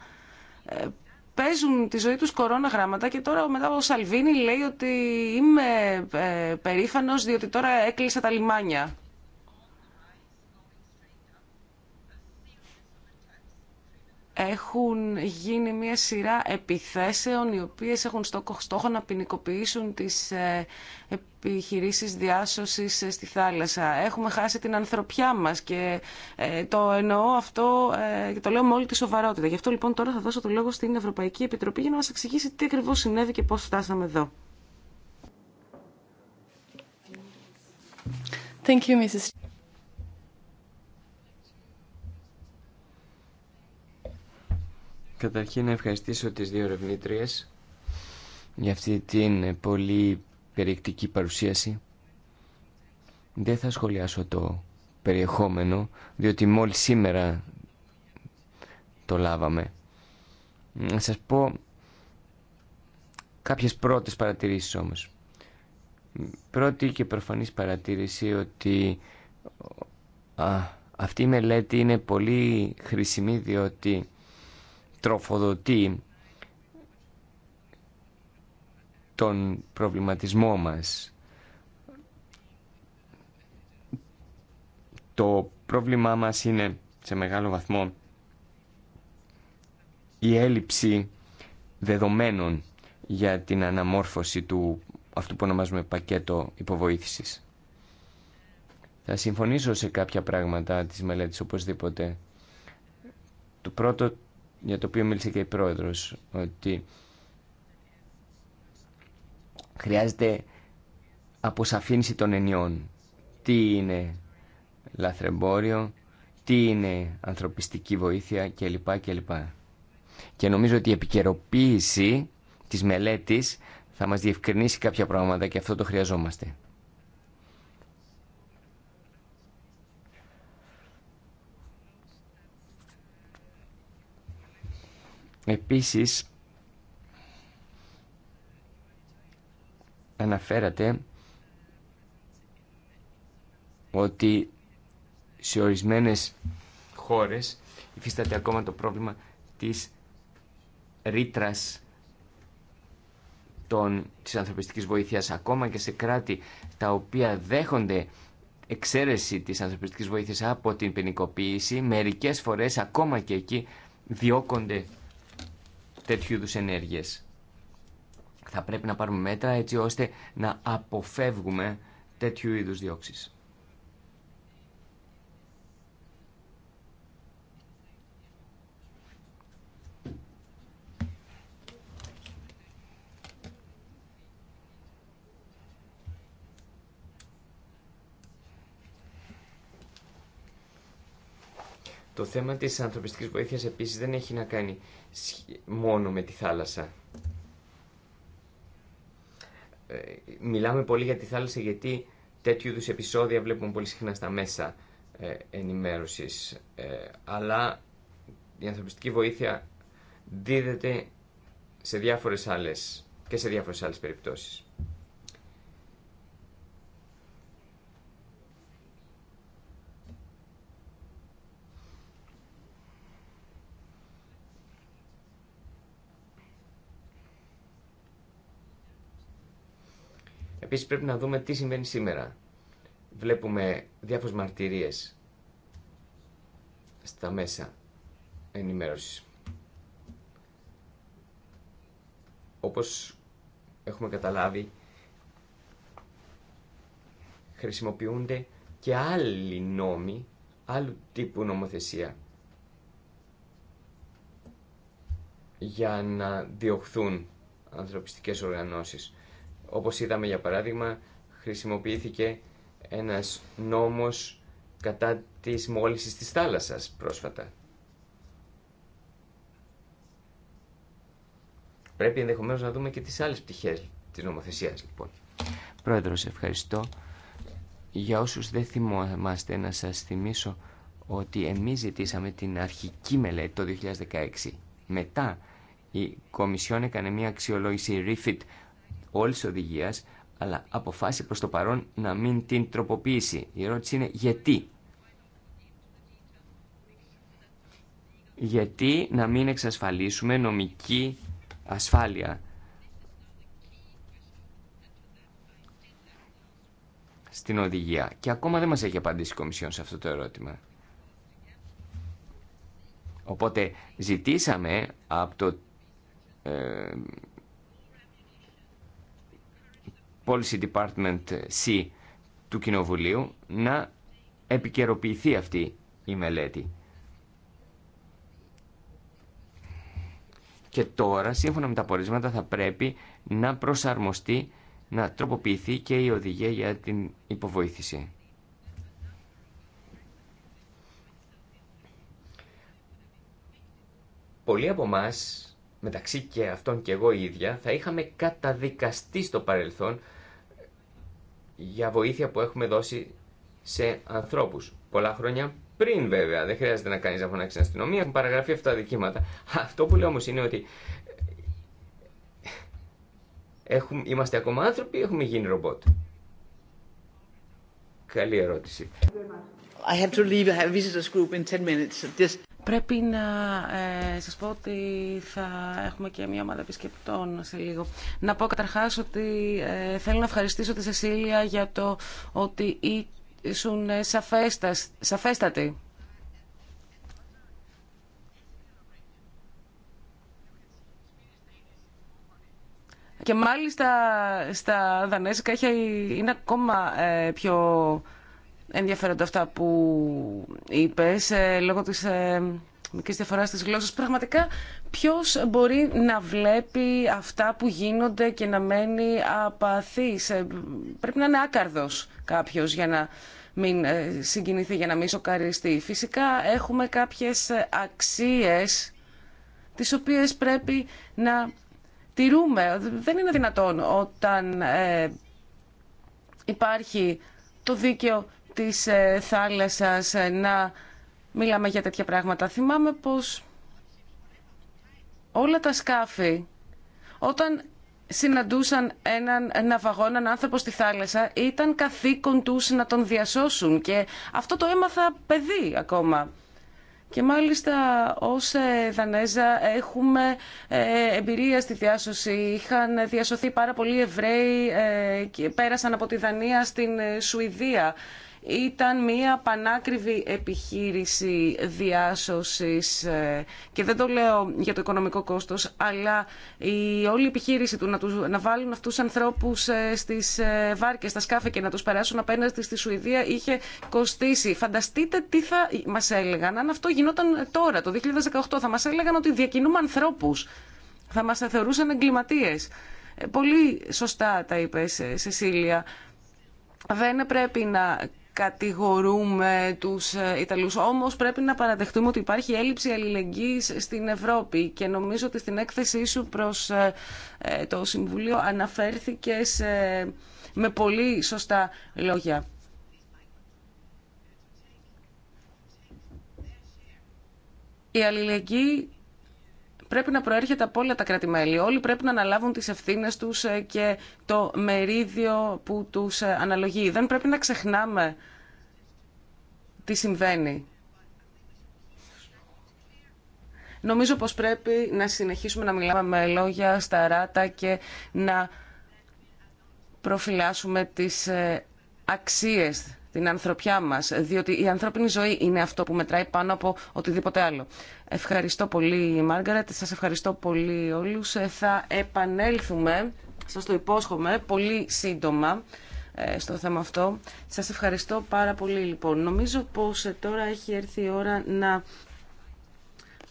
ε, παίζουν τη ζωή τους κορώνα γράμματα και τώρα μετά ο Σαλβίνη λέει ότι είμαι ε, περήφανος διότι τώρα έκλεισα τα λιμάνια. έχουν γίνει μια σειρά επιθέσεων οι οποίες έχουν στόχο να ποινικοποιήσουν τις ε, επιχειρήσεις διάσωσης ε, στη θάλασσα. Έχουμε χάσει την ανθρωπιά μας και ε, το εννοώ αυτό και το λέω με όλη τη σοβαρότητα. Γι' αυτό λοιπόν τώρα θα δώσω το λόγο στην Ευρωπαϊκή Επιτροπή για να μας εξηγήσει τι ακριβώς συνέβη και πώς φτάσαμε εδώ. Thank you, Mrs. Καταρχήν να ευχαριστήσω τις δύο ερευνήτριε για αυτή την πολύ περιεκτική παρουσίαση. Δεν θα σχολιάσω το περιεχόμενο, διότι μόλις σήμερα το λάβαμε. Να σας πω κάποιες πρώτες παρατηρήσεις όμως. Πρώτη και προφανής παρατήρηση ότι αυτή η μελέτη είναι πολύ χρήσιμη διότι τροφοδοτεί τον προβληματισμό μας. Το πρόβλημά μας είναι σε μεγάλο βαθμό η έλλειψη δεδομένων για την αναμόρφωση του αυτού που ονομάζουμε πακέτο υποβοήθησης. Θα συμφωνήσω σε κάποια πράγματα της μελέτης οπωσδήποτε. Το πρώτο για το οποίο μίλησε και η Πρόεδρος, ότι χρειάζεται αποσαφήνιση των ενιών. Τι είναι λαθρεμπόριο, τι είναι ανθρωπιστική βοήθεια κλπ. Και νομίζω ότι η επικαιροποίηση της μελέτης θα μας διευκρινίσει κάποια πράγματα και αυτό το χρειαζόμαστε. Επίσης, αναφέρατε ότι σε ορισμένες χώρες υφίσταται ακόμα το πρόβλημα της ρήτρα των, της ανθρωπιστικής ακόμα και σε κράτη τα οποία δέχονται εξαίρεση της ανθρωπιστικής βοήθειας από την ποινικοποίηση μερικές φορές ακόμα και εκεί διώκονται τέτοιου είδου ενέργειες. Θα πρέπει να πάρουμε μέτρα έτσι ώστε να αποφεύγουμε τέτοιου είδους διώξεις. Το θέμα της ανθρωπιστικής βοήθειας επίσης δεν έχει να κάνει μόνο με τη θάλασσα. Ε, μιλάμε πολύ για τη θάλασσα γιατί τέτοιου είδους επεισόδια βλέπουμε πολύ συχνά στα μέσα ε, ενημέρωσης. Ε, αλλά η ανθρωπιστική βοήθεια δίδεται σε διάφορες άλλες και σε διάφορες άλλες περιπτώσεις. Επίσης πρέπει να δούμε τι συμβαίνει σήμερα. Βλέπουμε διάφορες μαρτυρίες στα μέσα ενημέρωσης. Όπως έχουμε καταλάβει, χρησιμοποιούνται και άλλοι νόμοι, άλλου τύπου νομοθεσία για να διωχθούν ανθρωπιστικές οργανώσεις. Όπως είδαμε για παράδειγμα, χρησιμοποιήθηκε ένας νόμος κατά της μόλυσης της θάλασσας πρόσφατα. Πρέπει ενδεχομένω να δούμε και τις άλλες πτυχές της νομοθεσίας λοιπόν. Πρόεδρος, ευχαριστώ. Για όσους δεν θυμόμαστε να σας θυμίσω ότι εμείς ζητήσαμε την αρχική μελέτη το 2016. Μετά η Κομισιόν έκανε μια αξιολόγηση refit όλης οδηγίας, αλλά αποφάσισε προς το παρόν να μην την τροποποιήσει. Η ερώτηση είναι γιατί. Γιατί να μην εξασφαλίσουμε νομική ασφάλεια. στην οδηγία. Και ακόμα δεν μας έχει απαντήσει η Κομισιόν σε αυτό το ερώτημα. Οπότε ζητήσαμε από το ε, Policy Department ε, C του Κοινοβουλίου να επικαιροποιηθεί αυτή η μελέτη. Και τώρα, σύμφωνα με τα πορίσματα, θα πρέπει να προσαρμοστεί, να τροποποιηθεί και η οδηγία για την υποβοήθηση. Πολλοί από εμάς μεταξύ και αυτών και εγώ ίδια, θα είχαμε καταδικαστεί στο παρελθόν για βοήθεια που έχουμε δώσει σε ανθρώπους. Πολλά χρόνια πριν βέβαια, δεν χρειάζεται να κάνεις να φωνάξει στην αστυνομία, έχουν παραγραφεί αυτά τα δικήματα. Αυτό που λέω όμως είναι ότι έχουμε, είμαστε ακόμα άνθρωποι ή έχουμε γίνει ρομπότ. Καλή ερώτηση. I have to leave. in 10 minutes. Πρέπει να ε, σας πω ότι θα έχουμε και μια ομάδα επισκεπτών σε λίγο. Να πω καταρχάς ότι ε, θέλω να ευχαριστήσω τη Σεσίλια για το ότι ήσουν σαφέστα, σαφέστατη. Και μάλιστα στα Δανέζικα είναι ακόμα ε, πιο ενδιαφέροντα αυτά που είπες ε, λόγω της ε, μικρής διαφοράς της γλώσσας. Πραγματικά ποιος μπορεί να βλέπει αυτά που γίνονται και να μένει απαθής. Ε, πρέπει να είναι άκαρδος κάποιος για να μην συγκινηθεί, για να μην σοκαριστεί. Φυσικά έχουμε κάποιες αξίες τις οποίες πρέπει να τηρούμε. Δεν είναι δυνατόν όταν υπάρχει το δίκαιο της ε, θάλασσας ε, να μιλάμε για τέτοια πράγματα. Θυμάμαι πως όλα τα σκάφη όταν συναντούσαν έναν ναυαγό, έναν άνθρωπο στη θάλασσα, ήταν καθήκον τους να τον διασώσουν και αυτό το έμαθα παιδί ακόμα. Και μάλιστα ως ε, Δανέζα έχουμε εμπειρία στη διάσωση. Είχαν διασωθεί πάρα πολλοί Εβραίοι και πέρασαν από τη Δανία στην Σουηδία ήταν μια πανάκριβη επιχείρηση διάσωσης ε, και δεν το λέω για το οικονομικό κόστος, αλλά η όλη η επιχείρηση του να, τους, να βάλουν αυτούς τους ανθρώπους ε, στις ε, βάρκες, στα σκάφη και να τους περάσουν απέναντι στη Σουηδία είχε κοστίσει. Φανταστείτε τι θα μας έλεγαν, αν αυτό γινόταν τώρα, το 2018, θα μας έλεγαν ότι διακινούμε ανθρώπους. Θα μας θεωρούσαν εγκληματίες. Πολύ σωστά τα είπες, Σεσίλια. Δεν πρέπει να κατηγορούμε τους ε, Ιταλούς. Όμως πρέπει να παραδεχτούμε ότι υπάρχει έλλειψη αλληλεγγύης στην Ευρώπη και νομίζω ότι στην έκθεσή σου προς ε, ε, το Συμβουλίο αναφέρθηκες με πολύ σωστά λόγια. Η αλληλεγγύη πρέπει να προέρχεται από όλα τα κράτη-μέλη. Όλοι πρέπει να αναλάβουν τις ευθύνες τους ε, και το μερίδιο που τους ε, αναλογεί. Δεν πρέπει να ξεχνάμε τι συμβαίνει. Νομίζω πως πρέπει να συνεχίσουμε να μιλάμε με λόγια στα ράτα και να προφυλάσσουμε τις ε, αξίες, την ανθρωπιά μας, διότι η ανθρώπινη ζωή είναι αυτό που μετράει πάνω από οτιδήποτε άλλο. Ευχαριστώ πολύ Μάργαρετ, σας ευχαριστώ πολύ όλους. Ε, θα επανέλθουμε, σας το υπόσχομαι, πολύ σύντομα ε, στο θέμα αυτό. Σας ευχαριστώ πάρα πολύ λοιπόν. Νομίζω πως ε, τώρα έχει έρθει η ώρα να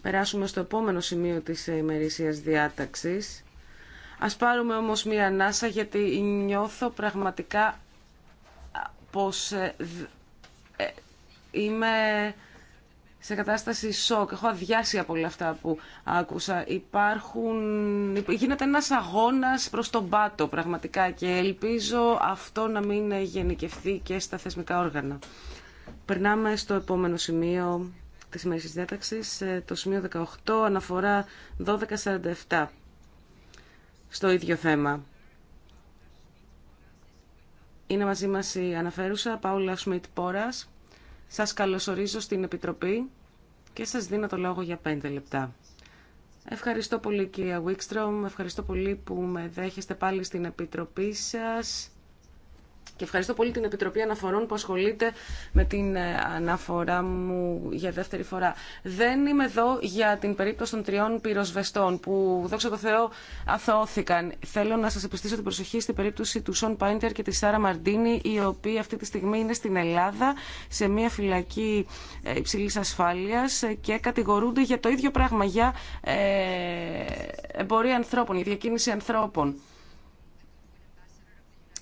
περάσουμε στο επόμενο σημείο της ημερησίας διάταξης. Ας πάρουμε όμως μία ανάσα γιατί νιώθω πραγματικά πως είμαι σε κατάσταση σοκ. Έχω αδειάσει από όλα αυτά που άκουσα. Υπάρχουν... Γίνεται ένας αγώνας προς τον πάτο πραγματικά και ελπίζω αυτό να μην γενικευθεί και στα θεσμικά όργανα. Περνάμε στο επόμενο σημείο της ημέρας διάταξης, ε, το σημείο 18, αναφορά 1247, στο ίδιο θέμα. Είναι μαζί μας η αναφέρουσα Πάουλα Σμιτ Πόρας σας καλωσορίζω στην Επιτροπή και σας δίνω το λόγο για πέντε λεπτά. Ευχαριστώ πολύ κυρία Βίξτρομ, ευχαριστώ πολύ που με δέχεστε πάλι στην Επιτροπή σας. Και ευχαριστώ πολύ την Επιτροπή Αναφορών που ασχολείται με την ε, αναφορά μου για δεύτερη φορά. Δεν είμαι εδώ για την περίπτωση των τριών πυροσβεστών που, δόξα τω Θεώ, αθώθηκαν. Θέλω να σας επιστήσω την προσοχή στην περίπτωση του Σον Πάιντερ και της Σάρα Μαρντίνη, οι οποίοι αυτή τη στιγμή είναι στην Ελλάδα σε μια φυλακή ε, υψηλή ασφάλεια και κατηγορούνται για το ίδιο πράγμα, για ε, εμπορία ανθρώπων, για διακίνηση ανθρώπων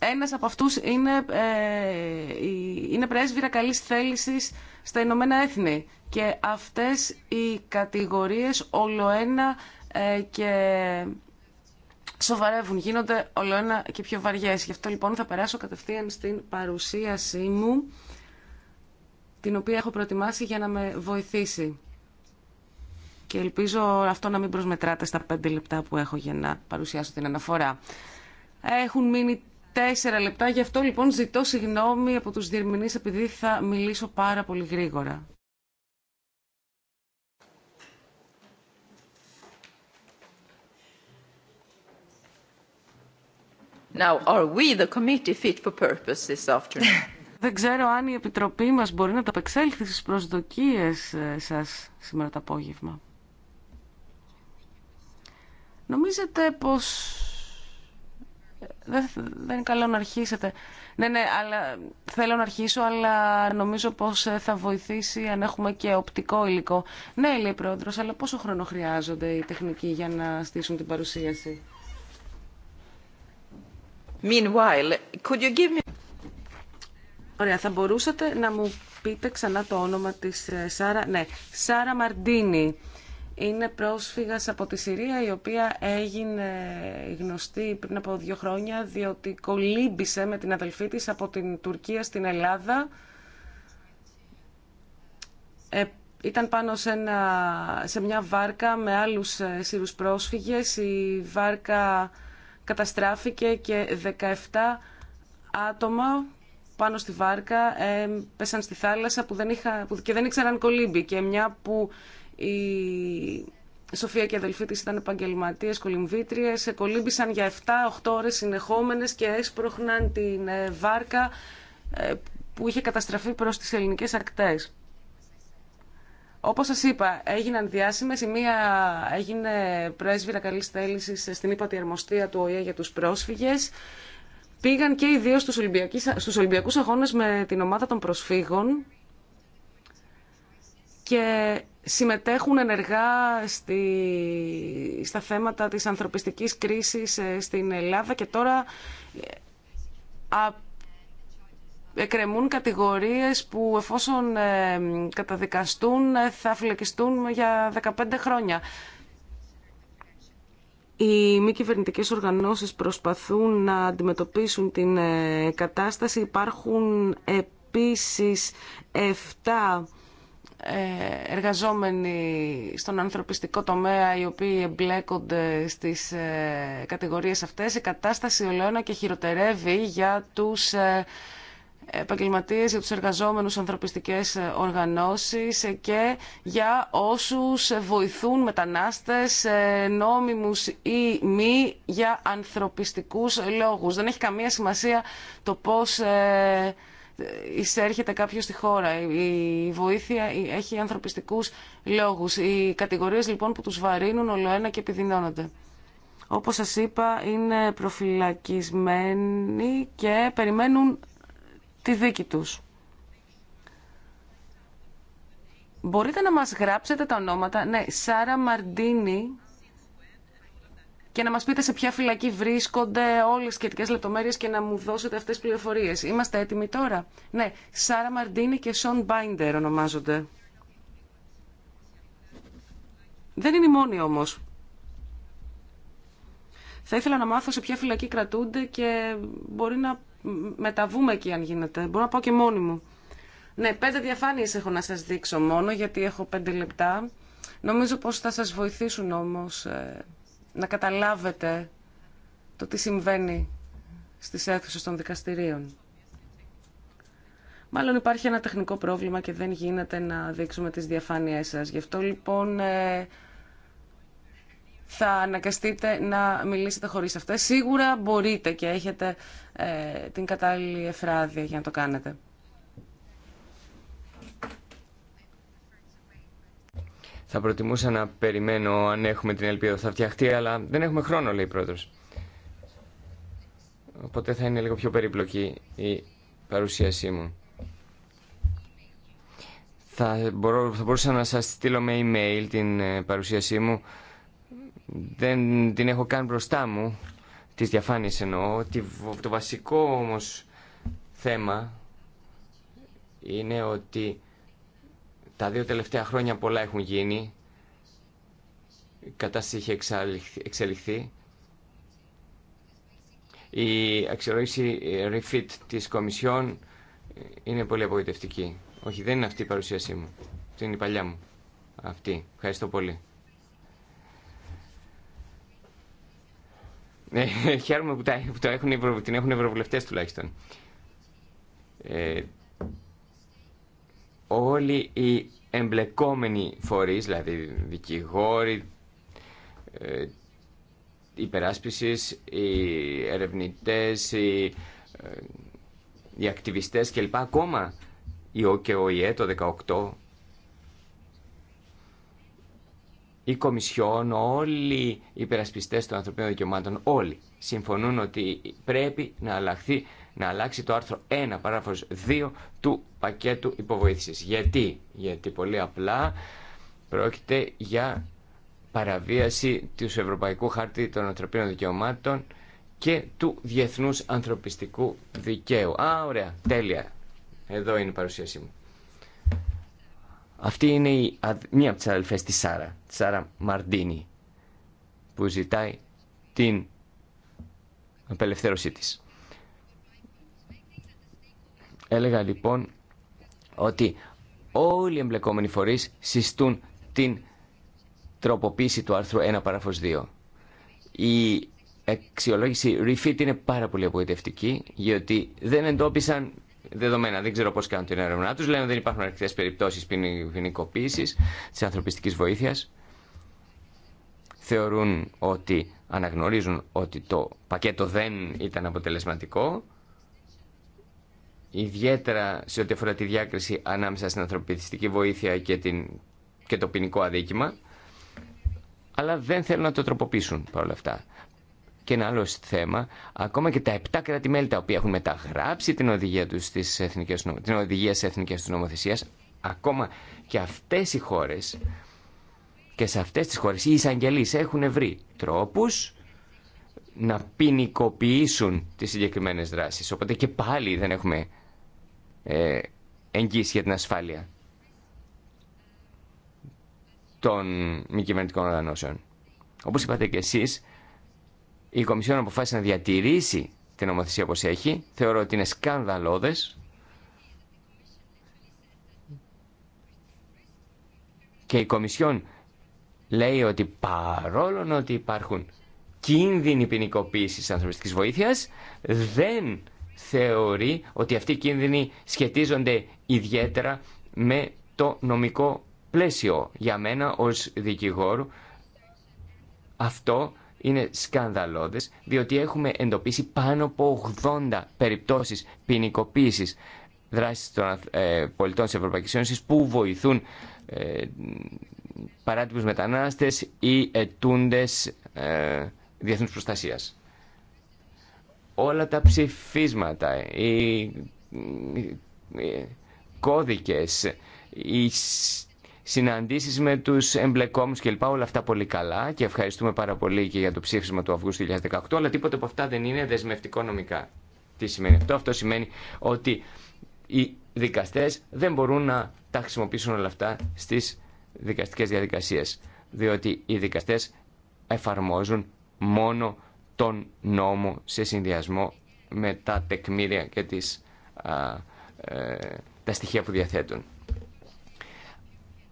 ένας από αυτούς είναι, ε, είναι πρέσβυρα καλής θέλησης στα Ηνωμένα Έθνη και αυτές οι κατηγορίες ολοένα ε, και σοβαρεύουν, γίνονται ένα και πιο βαριές. Γι' αυτό λοιπόν θα περάσω κατευθείαν στην παρουσίασή μου, την οποία έχω προετοιμάσει για να με βοηθήσει. Και ελπίζω αυτό να μην προσμετράτε στα πέντε λεπτά που έχω για να παρουσιάσω την αναφορά. Έχουν μείνει τέσσερα λεπτά. Γι' αυτό λοιπόν ζητώ συγγνώμη από τους διερμηνείς επειδή θα μιλήσω πάρα πολύ γρήγορα. Now, are we the committee fit for purpose this afternoon? [LAUGHS] Δεν ξέρω αν η Επιτροπή μας μπορεί να ταπεξέλθει στις προσδοκίες ε, σας σήμερα το απόγευμα. Νομίζετε πως δεν είναι καλό να αρχίσετε. Ναι, ναι, αλλά θέλω να αρχίσω, αλλά νομίζω πως ε, θα βοηθήσει αν έχουμε και οπτικό υλικό. Ναι, λέει πρόεδρο, αλλά πόσο χρόνο χρειάζονται οι τεχνικοί για να στήσουν την παρουσίαση. Meanwhile, could you give me... Ωραία, θα μπορούσατε να μου πείτε ξανά το όνομα της ε, Σάρα. Ναι, Σάρα Μαρντίνη είναι πρόσφυγας από τη Συρία η οποία έγινε γνωστή πριν από δύο χρόνια διότι κολύμπησε με την αδελφή της από την Τουρκία στην Ελλάδα. Ε, ήταν πάνω σε, μια βάρκα με άλλους ε, Σύρους πρόσφυγες. Η βάρκα καταστράφηκε και 17 άτομα πάνω στη βάρκα ε, πέσαν στη θάλασσα που δεν είχα, που, και δεν ήξεραν κολύμπη και μια που η Σοφία και η αδελφή της ήταν επαγγελματίες, κολυμβήτριες, κολύμπησαν για 7-8 ώρες συνεχόμενες και έσπροχναν την ε, βάρκα ε, που είχε καταστραφεί προς τις ελληνικές ακτές. Όπως σας είπα, έγιναν διάσημες. Η μία έγινε πρέσβυρα καλής θέλησης στην ύπατη αρμοστία του ΟΗΕ για τους πρόσφυγες. Πήγαν και οι δύο στους, στους Ολυμπιακούς Αγώνες με την ομάδα των προσφύγων. Και συμμετέχουν ενεργά στη, στα θέματα της ανθρωπιστικής κρίσης ε, στην Ελλάδα και τώρα εκρεμούν κατηγορίες που εφόσον ε, καταδικαστούν ε, θα φυλακιστούν για 15 χρόνια. Οι μη κυβερνητικέ οργανώσεις προσπαθούν να αντιμετωπίσουν την κατάσταση. Υπάρχουν επίσης 7 ε, εργαζόμενοι στον ανθρωπιστικό τομέα οι οποίοι εμπλέκονται στις ε, κατηγορίες αυτές η κατάσταση ολοένα και χειροτερεύει για τους ε, επαγγελματίες, για τους εργαζόμενους ανθρωπιστικές οργανώσεις και για όσους βοηθούν μετανάστες νόμιμους ή μη για ανθρωπιστικούς λόγους. Δεν έχει καμία σημασία το πώς εισέρχεται κάποιος στη χώρα. Η βοήθεια έχει ανθρωπιστικούς λόγους. Οι κατηγορίες λοιπόν που τους βαρύνουν ολοένα και επιδεινώνονται. Όπως σας είπα είναι προφυλακισμένοι και περιμένουν τη δίκη τους. Μπορείτε να μας γράψετε τα ονόματα. Ναι, Σάρα Μαρντίνη και να μας πείτε σε ποια φυλακή βρίσκονται όλες οι σχετικές λεπτομέρειες και να μου δώσετε αυτές τις πληροφορίες. Είμαστε έτοιμοι τώρα. Ναι, Σάρα Μαρντίνη και Σον Μπάιντερ ονομάζονται. Δεν είναι οι μόνοι όμως. Θα ήθελα να μάθω σε ποια φυλακή κρατούνται και μπορεί να μεταβούμε εκεί αν γίνεται. Μπορώ να πάω και μόνη μου. Ναι, πέντε διαφάνειες έχω να σας δείξω μόνο γιατί έχω πέντε λεπτά. Νομίζω πως θα σας βοηθήσουν όμως ε, να καταλάβετε το τι συμβαίνει στις αίθουσες των δικαστηρίων. Μάλλον υπάρχει ένα τεχνικό πρόβλημα και δεν γίνεται να δείξουμε τις διαφάνειές σας. Γι' αυτό λοιπόν ε, θα αναγκαστείτε να μιλήσετε χωρίς αυτές. Σίγουρα μπορείτε και έχετε ε, την κατάλληλη εφράδια για να το κάνετε. Θα προτιμούσα να περιμένω αν έχουμε την ελπίδα θα φτιαχτεί, αλλά δεν έχουμε χρόνο, λέει η πρόεδρο. Οπότε θα είναι λίγο πιο περίπλοκη η παρουσίασή μου. Θα, μπορώ, θα μπορούσα να σας στείλω με email την ε, παρουσίασή μου. Δεν την έχω καν μπροστά μου, της διαφάνειες εννοώ. Το βασικό όμως θέμα είναι ότι τα δύο τελευταία χρόνια πολλά έχουν γίνει. Η κατάσταση είχε εξελιχθεί. Η αξιολόγηση refit της Κομισιόν είναι πολύ απογοητευτική. Όχι, δεν είναι αυτή η παρουσίασή μου. Αυτή είναι η παλιά μου. Αυτή. Ευχαριστώ πολύ. Ε, χαίρομαι που, τα, έχουν, την έχουν ευρωβουλευτές τουλάχιστον. Ε, όλοι οι εμπλεκόμενοι φορείς, δηλαδή δικηγόροι, ε, υπεράσπισης, οι ερευνητές, οι, ε, οι ακτιβιστές κλπ. Ακόμα η ΟΚΕΟΙΕ το 18, η Κομισιόν, όλοι οι υπερασπιστές των ανθρωπίνων δικαιωμάτων, όλοι συμφωνούν ότι πρέπει να αλλάχθει να αλλάξει το άρθρο 1 παράγραφος 2 του πακέτου υποβοήθησης. Γιατί, γιατί πολύ απλά πρόκειται για παραβίαση του Ευρωπαϊκού Χάρτη των Ανθρωπίνων Δικαιωμάτων και του Διεθνούς Ανθρωπιστικού Δικαίου. Α, ωραία, τέλεια. Εδώ είναι η παρουσίασή μου. Αυτή είναι η, μία από τις αδελφές της Σάρα, τη Σάρα Μαρντίνη, που ζητάει την απελευθέρωσή της. Έλεγα λοιπόν ότι όλοι οι εμπλεκόμενοι φορείς συστούν την τροποποίηση του άρθρου 1 παράφως 2. Η αξιολόγηση refit είναι πάρα πολύ απογοητευτική, γιατί δεν εντόπισαν δεδομένα. Δεν ξέρω πώς κάνουν την έρευνά τους, Λένε ότι δεν υπάρχουν αρκετέ περιπτώσει ποινικοποίηση τη ανθρωπιστικής βοήθειας, Θεωρούν ότι αναγνωρίζουν ότι το πακέτο δεν ήταν αποτελεσματικό ιδιαίτερα σε ό,τι αφορά τη διάκριση ανάμεσα στην ανθρωπιστική βοήθεια και, την, και το ποινικό αδίκημα, αλλά δεν θέλουν να το τροποποιήσουν παρόλα αυτά. Και ένα άλλο θέμα, ακόμα και τα 7 κράτη-μέλη τα οποία έχουν μεταγράψει την οδηγία, τους στις εθνικές, την οδηγία ακόμα και αυτέ οι χώρε και σε αυτέ τι χώρε οι εισαγγελείς έχουν βρει τρόπου να ποινικοποιήσουν τι συγκεκριμένε δράσει, Οπότε και πάλι δεν έχουμε ε, εγγύηση για την ασφάλεια των μη κυβερνητικών οργανώσεων. Όπως είπατε και εσείς, η Κομισιόν αποφάσισε να διατηρήσει την νομοθεσία όπως έχει. Θεωρώ ότι είναι σκανδαλώδε. και η Κομισιόν λέει ότι παρόλο ότι υπάρχουν κίνδυνοι ποινικοποίηση ανθρωπιστικής βοήθειας, δεν θεωρεί ότι αυτοί οι κίνδυνοι σχετίζονται ιδιαίτερα με το νομικό πλαίσιο. Για μένα ως δικηγόρου αυτό είναι σκανδαλώδες διότι έχουμε εντοπίσει πάνω από 80 περιπτώσεις ποινικοποίηση δράσης των ε, πολιτών της Ευρωπαϊκής Ένωσης που βοηθούν ε, παράτυπους μετανάστες ή ετούντες ε, διεθνούς προστασίας όλα τα ψηφίσματα, οι κώδικες, οι συναντήσεις με τους εμπλεκόμενους κλπ. Όλα αυτά πολύ καλά και ευχαριστούμε πάρα πολύ και για το ψήφισμα του Αυγούστου 2018, αλλά τίποτα από αυτά δεν είναι δεσμευτικό νομικά. Τι σημαίνει αυτό. Αυτό σημαίνει ότι οι δικαστές δεν μπορούν να τα χρησιμοποιήσουν όλα αυτά στις δικαστικές διαδικασίες, διότι οι δικαστές εφαρμόζουν μόνο τον νόμο σε συνδυασμό με τα τεκμήρια και τις, α, ε, τα στοιχεία που διαθέτουν.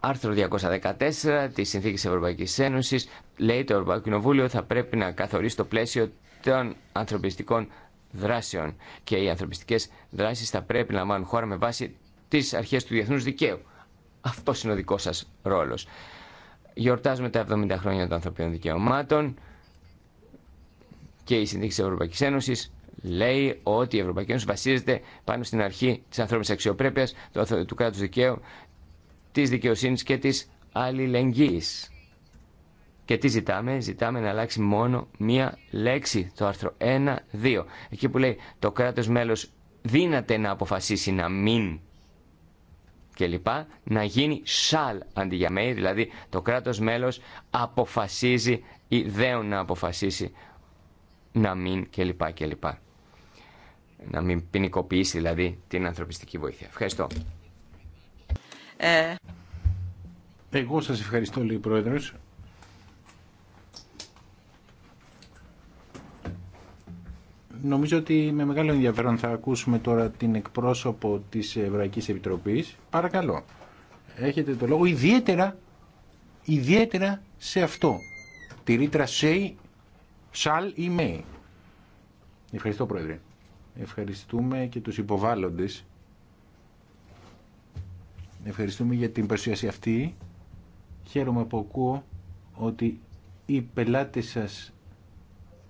Άρθρο 214 της Συνθήκης Ευρωπαϊκής Ένωσης λέει το Ευρωπαϊκό Κοινοβούλιο θα πρέπει να καθορίσει το πλαίσιο των ανθρωπιστικών δράσεων και οι ανθρωπιστικές δράσεις θα πρέπει να λαμβάνουν χώρα με βάση τις αρχές του διεθνούς δικαίου. Αυτό είναι ο δικός σας ρόλος. Γιορτάζουμε τα 70 χρόνια των ανθρωπίνων δικαιωμάτων και η συνθήκη τη Ευρωπαϊκή Ένωση λέει ότι η Ευρωπαϊκή Ένωση βασίζεται πάνω στην αρχή τη ανθρώπινη αξιοπρέπεια, του κράτου δικαίου, τη δικαιοσύνη και της αλληλεγγύη. Και τι ζητάμε, ζητάμε να αλλάξει μόνο μία λέξη, το άρθρο 1-2. Εκεί που λέει το κράτο μέλο δύναται να αποφασίσει να μην και λοιπά, να γίνει σαλ αντί για may, δηλαδή το κράτος μέλος αποφασίζει ή δέον να αποφασίσει να μην κλπ. κλπ. Να μην ποινικοποιήσει δηλαδή την ανθρωπιστική βοήθεια. Ευχαριστώ. Ε... Εγώ σας ευχαριστώ λέει Πρόεδρος. Νομίζω ότι με μεγάλο ενδιαφέρον θα ακούσουμε τώρα την εκπρόσωπο της Ευρωπαϊκής Επιτροπής. Παρακαλώ. Έχετε το λόγο ιδιαίτερα, ιδιαίτερα σε αυτό. Τη ρήτρα ΣΕΙ Σαλ ή Μέι. Ευχαριστώ Πρόεδρε. Ευχαριστούμε και τους υποβάλλοντες. Ευχαριστούμε για την παρουσίαση αυτή. Χαίρομαι που ακούω ότι οι πελάτες σας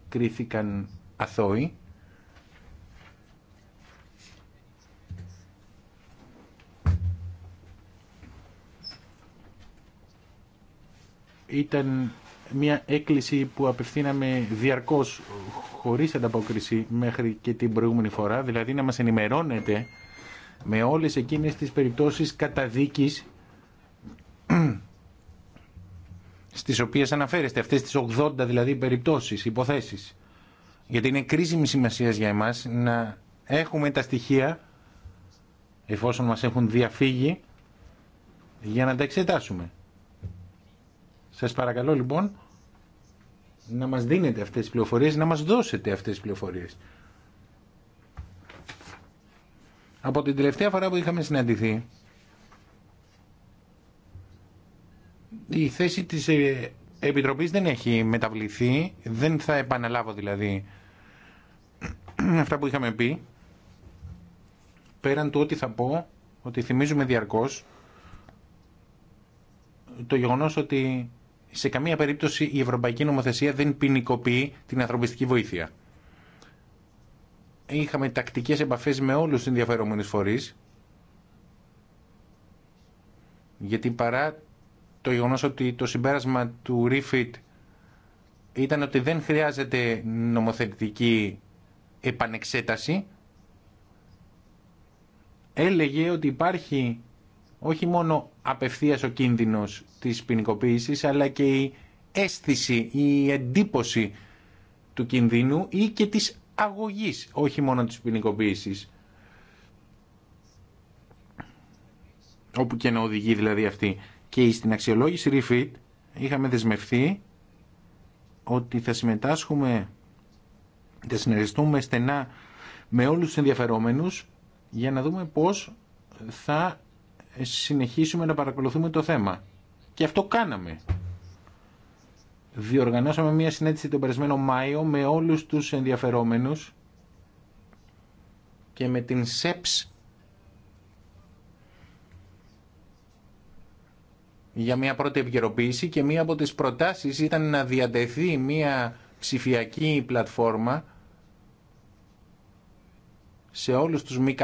κρίθηκαν αθώοι. Ήταν μια έκκληση που απευθύναμε διαρκώς χωρίς ανταπόκριση μέχρι και την προηγούμενη φορά, δηλαδή να μας ενημερώνετε με όλες εκείνες τις περιπτώσεις καταδίκης [CLEARS THROAT] στις οποίες αναφέρεστε, αυτές τις 80 δηλαδή περιπτώσεις, υποθέσεις. Γιατί είναι κρίσιμη σημασία για εμάς να έχουμε τα στοιχεία, εφόσον μας έχουν διαφύγει, για να τα εξετάσουμε. Σας παρακαλώ λοιπόν να μας δίνετε αυτές τις πληροφορίες, να μας δώσετε αυτές τις πληροφορίες. Από την τελευταία φορά που είχαμε συναντηθεί, η θέση της ε, Επιτροπής δεν έχει μεταβληθεί, δεν θα επαναλάβω δηλαδή [CLEARS THROAT] αυτά που είχαμε πει. Πέραν του ότι θα πω, ότι θυμίζουμε διαρκώς το γεγονός ότι σε καμία περίπτωση η Ευρωπαϊκή Νομοθεσία δεν ποινικοποιεί την ανθρωπιστική βοήθεια. Είχαμε τακτικέ επαφέ με όλου τους ενδιαφερόμενου φορείς, γιατί παρά το γεγονό ότι το συμπέρασμα του Refit ήταν ότι δεν χρειάζεται νομοθετική επανεξέταση, έλεγε ότι υπάρχει όχι μόνο απευθεία ο κίνδυνος της ποινικοποίηση, αλλά και η αίσθηση, η εντύπωση του κινδύνου ή και της αγωγής, όχι μόνο της ποινικοποίηση. Όπου και να οδηγεί δηλαδή αυτή. Και στην αξιολόγηση refit είχαμε δεσμευθεί ότι θα συμμετάσχουμε, θα συνεργαστούμε στενά με όλους τους ενδιαφερόμενους για να δούμε πώς θα συνεχίσουμε να παρακολουθούμε το θέμα. Και αυτό κάναμε. Διοργανώσαμε μια συνέντευξη τον περασμένο Μάιο με όλους τους ενδιαφερόμενους και με την ΣΕΠΣ για μια πρώτη επικαιροποίηση και μία από τις προτάσεις ήταν να διατεθεί μια ψηφιακή πλατφόρμα σε όλους τους μη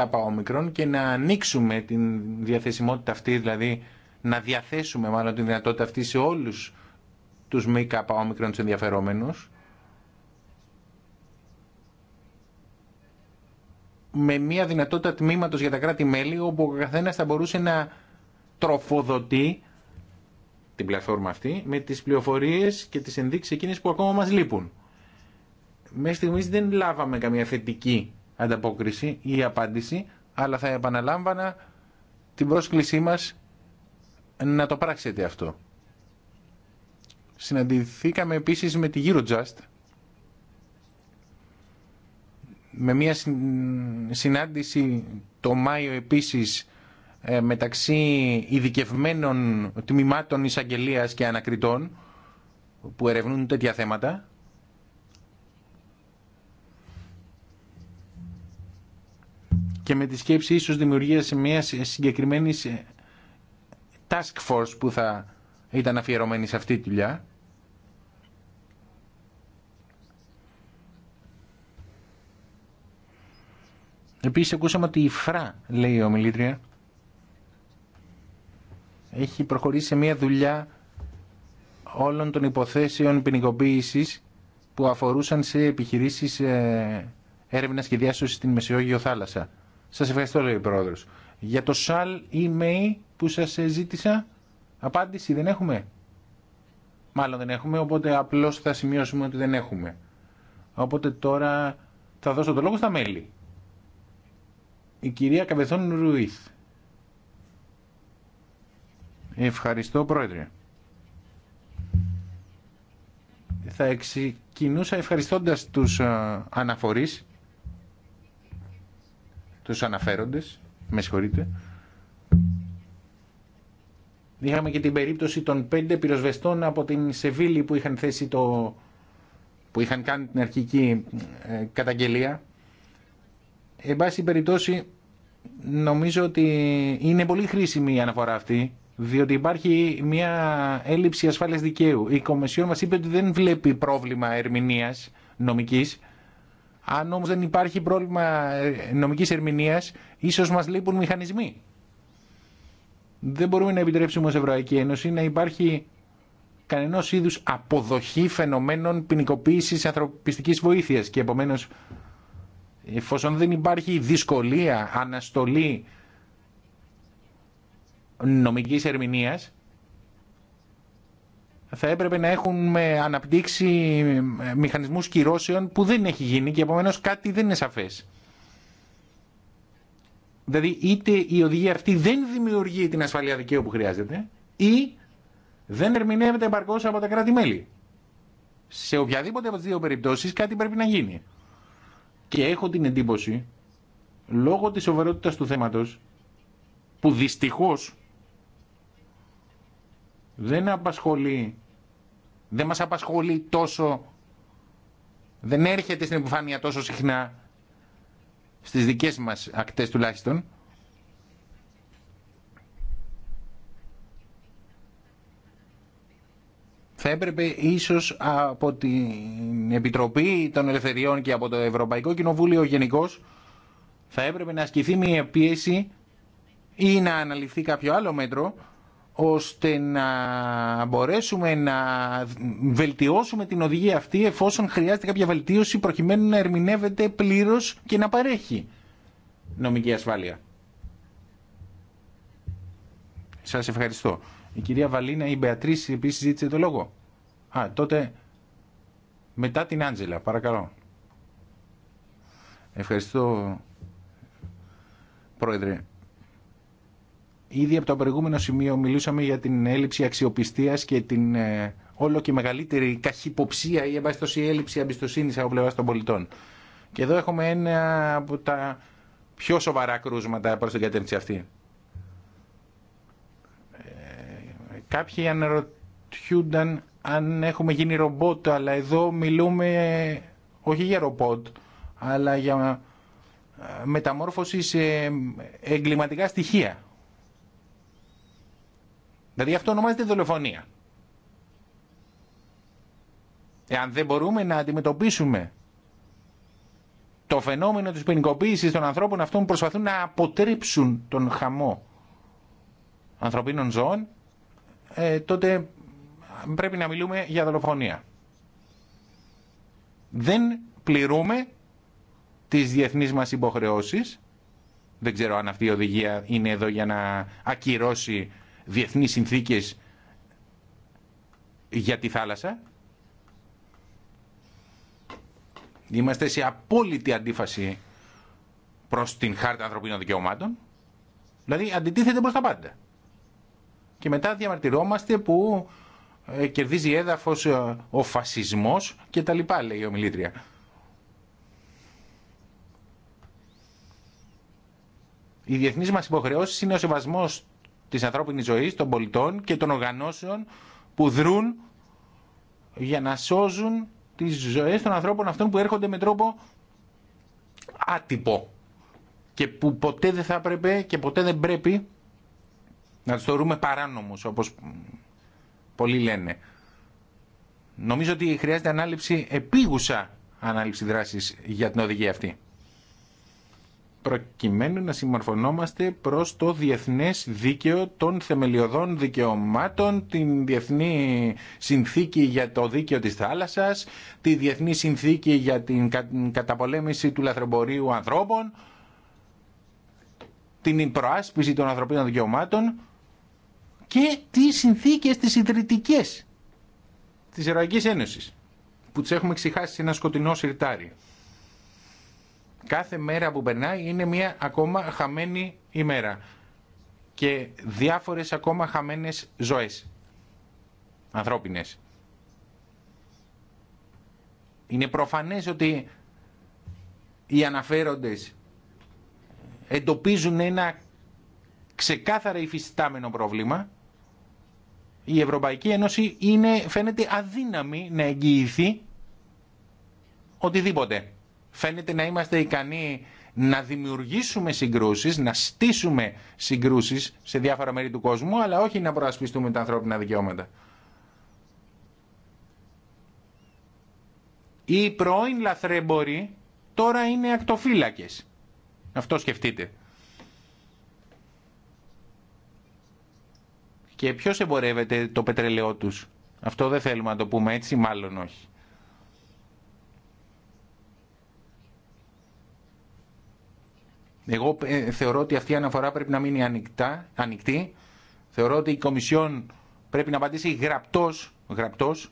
και να ανοίξουμε την διαθεσιμότητα αυτή, δηλαδή να διαθέσουμε μάλλον την δυνατότητα αυτή σε όλους τους μη ομικρών τους ενδιαφερόμενους με μια δυνατότητα τμήματος για τα κράτη-μέλη όπου ο καθένας θα μπορούσε να τροφοδοτεί την πλατφόρμα αυτή με τις πληροφορίες και τις ενδείξεις εκείνες που ακόμα μας λείπουν. Μέχρι στιγμής δεν λάβαμε καμία θετική ανταπόκριση ή απάντηση, αλλά θα επαναλάμβανα την πρόσκλησή μας να το πράξετε αυτό. Συναντηθήκαμε επίσης με τη Eurojust, με μια συνάντηση το Μάιο επίσης ε, μεταξύ ειδικευμένων τμήματων εισαγγελία και ανακριτών που ερευνούν τέτοια θέματα και με τη σκέψη ίσως δημιουργίας μια συγκεκριμένη ε, task force που θα ήταν αφιερωμένη σε αυτή τη δουλειά. Επίσης ακούσαμε ότι η ΦΡΑ, λέει η ομιλήτρια, έχει προχωρήσει σε μια δουλειά όλων των υποθέσεων ποινικοποίηση που αφορούσαν σε επιχειρήσεις ε, έρευνας και διάσωσης στην Μεσαιόγειο θάλασσα. Σας ευχαριστώ λέει ο Για το σαλ email που σας ζήτησα, απάντηση δεν έχουμε. Μάλλον δεν έχουμε, οπότε απλώς θα σημειώσουμε ότι δεν έχουμε. Οπότε τώρα θα δώσω το λόγο στα μέλη. Η κυρία Καβεθόν Ρουίθ. Ευχαριστώ πρόεδρε. Θα ξεκινούσα ευχαριστώντας τους ε, αναφορείς τους αναφέροντες, με συγχωρείτε. Είχαμε και την περίπτωση των πέντε πυροσβεστών από την Σεβίλη που είχαν θέσει το... που είχαν κάνει την αρχική ε, καταγγελία. Εν πάση περιπτώσει, νομίζω ότι είναι πολύ χρήσιμη η αναφορά αυτή, διότι υπάρχει μια έλλειψη ασφάλειας δικαίου. Η Κομισιόν μας είπε ότι δεν βλέπει πρόβλημα ερμηνείας νομικής, αν όμως δεν υπάρχει πρόβλημα ε, νομικής ερμηνείας, ίσως μας λείπουν μηχανισμοί. Δεν μπορούμε να επιτρέψουμε ως Ευρωπαϊκή Ένωση να υπάρχει κανένα είδου αποδοχή φαινομένων ποινικοποίηση ανθρωπιστική βοήθεια. Και επομένω, εφόσον δεν υπάρχει δυσκολία, αναστολή νομικής ερμηνεία, θα έπρεπε να έχουν αναπτύξει μηχανισμούς κυρώσεων που δεν έχει γίνει και επομένως κάτι δεν είναι σαφές. Δηλαδή είτε η οδηγία αυτή δεν δημιουργεί την ασφαλεία δικαίου που χρειάζεται ή δεν ερμηνεύεται επαρκώς από τα κράτη-μέλη. Σε οποιαδήποτε από τις δύο περιπτώσεις κάτι πρέπει να γίνει. Και έχω την εντύπωση, λόγω της σοβαρότητας του θέματος, που δυστυχώς δεν απασχολεί, δεν μας απασχολεί τόσο, δεν έρχεται στην επιφάνεια τόσο συχνά στις δικές μας ακτές τουλάχιστον. Θα έπρεπε ίσως από την Επιτροπή των Ελευθεριών και από το Ευρωπαϊκό Κοινοβούλιο γενικώ θα έπρεπε να ασκηθεί μια πίεση ή να αναλυθεί κάποιο άλλο μέτρο ώστε να μπορέσουμε να βελτιώσουμε την οδηγία αυτή εφόσον χρειάζεται κάποια βελτίωση προκειμένου να ερμηνεύεται πλήρως και να παρέχει νομική ασφάλεια. Σας ευχαριστώ. Η κυρία Βαλίνα, η Μπεατρίση επίσης ζήτησε το λόγο. Α, τότε μετά την Άντζελα, παρακαλώ. Ευχαριστώ, Πρόεδρε. Ήδη από το προηγούμενο σημείο μιλούσαμε για την έλλειψη αξιοπιστία και την ε, όλο και μεγαλύτερη καχυποψία ή έλλειψη έλλειψη εμπιστοσύνη από πλευρά των πολιτών. Και εδώ έχουμε ένα από τα πιο σοβαρά κρούσματα προς την κατεύθυνση αυτή. Ε, κάποιοι αναρωτιούνταν αν έχουμε γίνει ρομπότ, αλλά εδώ μιλούμε όχι για ρομπότ, αλλά για ε, μεταμόρφωση σε εγκληματικά στοιχεία. Δηλαδή αυτό ονομάζεται δολοφονία. Εάν δεν μπορούμε να αντιμετωπίσουμε το φαινόμενο της ποινικοποίησης των ανθρώπων αυτών που προσπαθούν να αποτρίψουν τον χαμό ανθρωπίνων ζώων, ε, τότε πρέπει να μιλούμε για δολοφονία. Δεν πληρούμε τις διεθνείς μας υποχρεώσεις. Δεν ξέρω αν αυτή η οδηγία είναι εδώ για να ακυρώσει διεθνείς συνθήκες για τη θάλασσα. Είμαστε σε απόλυτη αντίφαση προς την Χάρτα Ανθρωπίνων Δικαιωμάτων. Δηλαδή αντιτίθεται προς τα πάντα. Και μετά διαμαρτυρόμαστε που ε, κερδίζει έδαφος ε, ο φασισμός και τα λοιπά λέει η ομιλήτρια. Οι διεθνείς μας υποχρεώσεις είναι ο σεβασμός της ανθρώπινης ζωής, των πολιτών και των οργανώσεων που δρούν για να σώζουν τις ζωές των ανθρώπων αυτών που έρχονται με τρόπο άτυπο και που ποτέ δεν θα έπρεπε και ποτέ δεν πρέπει να τους θεωρούμε παράνομους όπως πολλοί λένε. Νομίζω ότι χρειάζεται ανάληψη επίγουσα ανάληψη δράσης για την οδηγία αυτή προκειμένου να συμμορφωνόμαστε προς το διεθνές δίκαιο των θεμελιωδών δικαιωμάτων, την διεθνή συνθήκη για το δίκαιο της θάλασσας, τη διεθνή συνθήκη για την καταπολέμηση του λαθρομπορίου ανθρώπων, την προάσπιση των ανθρωπίνων δικαιωμάτων και τις συνθήκες τις ιδρυτικές της Ευρωπαϊκής Ένωσης που τις έχουμε ξεχάσει σε ένα σκοτεινό σιρτάρι. Κάθε μέρα που περνάει είναι μια ακόμα χαμένη ημέρα και διάφορες ακόμα χαμένες ζωές ανθρώπινες. Είναι προφανές ότι οι αναφέροντες εντοπίζουν ένα ξεκάθαρα υφιστάμενο πρόβλημα. Η Ευρωπαϊκή Ένωση είναι, φαίνεται αδύναμη να εγγυηθεί οτιδήποτε. Φαίνεται να είμαστε ικανοί να δημιουργήσουμε συγκρούσεις, να στήσουμε συγκρούσεις σε διάφορα μέρη του κόσμου, αλλά όχι να προασπιστούμε τα ανθρώπινα δικαιώματα. Οι πρώην λαθρέμποροι τώρα είναι ακτοφύλακες. Αυτό σκεφτείτε. Και ποιος εμπορεύεται το πετρελαιό τους. Αυτό δεν θέλουμε να το πούμε έτσι, μάλλον όχι. Εγώ ε, θεωρώ ότι αυτή η αναφορά πρέπει να μείνει ανοιχτή. Θεωρώ ότι η Κομισιόν πρέπει να απαντήσει γραπτός, γραπτός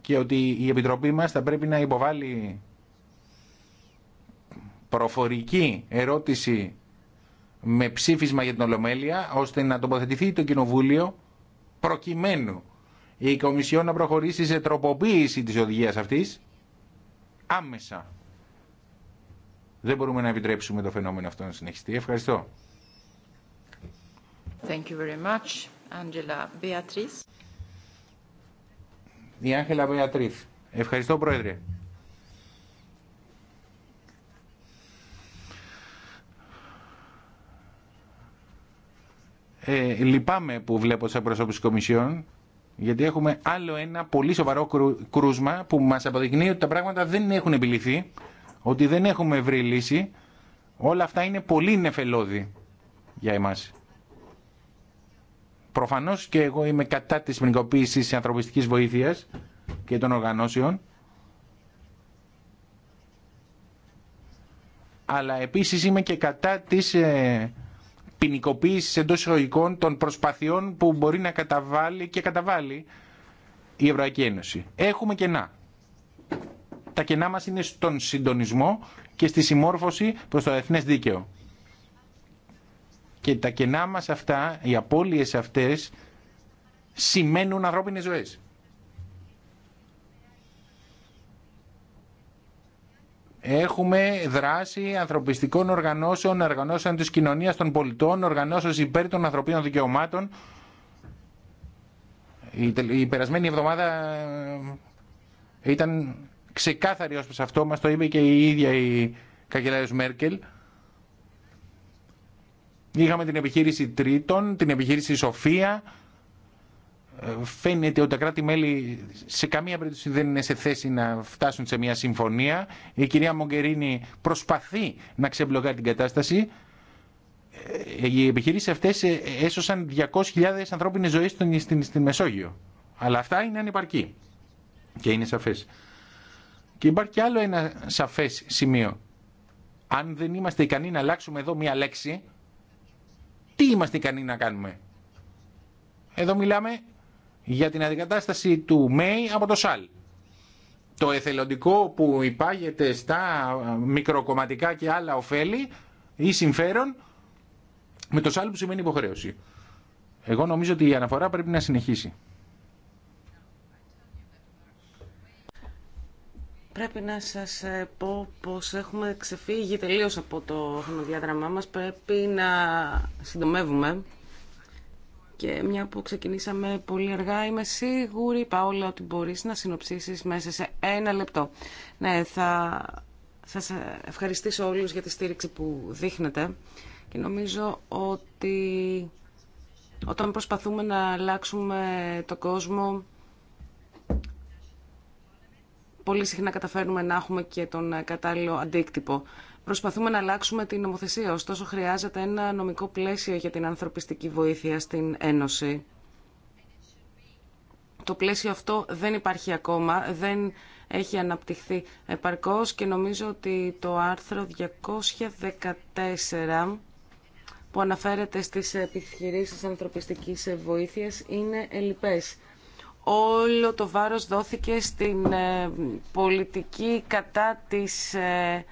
και ότι η Επιτροπή μας θα πρέπει να υποβάλει προφορική ερώτηση με ψήφισμα για την Ολομέλεια ώστε να τοποθετηθεί το Κοινοβούλιο προκειμένου η Κομισιόν να προχωρήσει σε τροποποίηση της οδηγίας αυτής άμεσα δεν μπορούμε να επιτρέψουμε το φαινόμενο αυτό να συνεχιστεί. Ευχαριστώ. Thank you very much, Η Άγγελα Βεατρίθ. Ευχαριστώ, Πρόεδρε. Ε, λυπάμαι που βλέπω σαν προσώπους της Κομισιόν, γιατί έχουμε άλλο ένα πολύ σοβαρό κρούσμα που μας αποδεικνύει ότι τα πράγματα δεν έχουν επιληθεί ότι δεν έχουμε βρει λύση, όλα αυτά είναι πολύ νεφελώδη για εμάς. Προφανώς και εγώ είμαι κατά της ποινικοποίησης της ανθρωπιστικής βοήθειας και των οργανώσεων, αλλά επίσης είμαι και κατά της ε, ποινικοποίησης εντός των προσπαθειών που μπορεί να καταβάλει και καταβάλει η Ευρωπαϊκή Ένωση. Έχουμε κενά τα κενά μας είναι στον συντονισμό και στη συμμόρφωση προς το εθνές δίκαιο. Και τα κενά μας αυτά, οι απώλειες αυτές, σημαίνουν ανθρώπινες ζωές. Έχουμε δράση ανθρωπιστικών οργανώσεων, οργανώσεων της κοινωνίας των πολιτών, οργανώσεων υπέρ των ανθρωπίνων δικαιωμάτων. Η, περασμένη εβδομάδα ε, ήταν ξεκάθαρη ως αυτό, μας το είπε και η ίδια η καγκελάριος Μέρκελ. Είχαμε την επιχείρηση Τρίτων, την επιχείρηση Σοφία. Ε, φαίνεται ότι τα κράτη-μέλη σε καμία περίπτωση δεν είναι σε θέση να φτάσουν σε μια συμφωνία. Η κυρία Μογκερίνη προσπαθεί να ξεμπλοκάρει την κατάσταση. Ε, οι επιχειρήσει αυτέ ε, έσωσαν 200.000 ανθρώπινε ζωέ στην Μεσόγειο. Αλλά αυτά είναι ανυπαρκή. Και είναι σαφέ. Και υπάρχει και άλλο ένα σαφές σημείο. Αν δεν είμαστε ικανοί να αλλάξουμε εδώ μία λέξη, τι είμαστε ικανοί να κάνουμε. Εδώ μιλάμε για την αντικατάσταση του ΜΕΙ από το ΣΑΛ. Το εθελοντικό που υπάγεται στα μικροκομματικά και άλλα ωφέλη ή συμφέρον με το ΣΑΛ που σημαίνει υποχρέωση. Εγώ νομίζω ότι η αναφορά πρέπει να συνεχίσει. Πρέπει να σας ε, πω πως έχουμε ξεφύγει τελείως από το χρονοδιάγραμμά μας. Πρέπει να συντομεύουμε. Και μια που ξεκινήσαμε πολύ αργά, είμαι σίγουρη, Παόλα, ότι μπορείς να συνοψίσεις μέσα σε ένα λεπτό. Ναι, θα, σας ευχαριστήσω όλους για τη στήριξη που δείχνετε. Και νομίζω ότι όταν προσπαθούμε να αλλάξουμε το κόσμο πολύ συχνά καταφέρνουμε να έχουμε και τον ε, κατάλληλο αντίκτυπο. Προσπαθούμε να αλλάξουμε την νομοθεσία, ωστόσο χρειάζεται ένα νομικό πλαίσιο για την ανθρωπιστική βοήθεια στην Ένωση. Το πλαίσιο αυτό δεν υπάρχει ακόμα, δεν έχει αναπτυχθεί επαρκώς και νομίζω ότι το άρθρο 214 που αναφέρεται στις επιχειρήσεις ανθρωπιστικής βοήθειας είναι ελλειπές όλο το βάρος δόθηκε στην ε, πολιτική κατά της ε,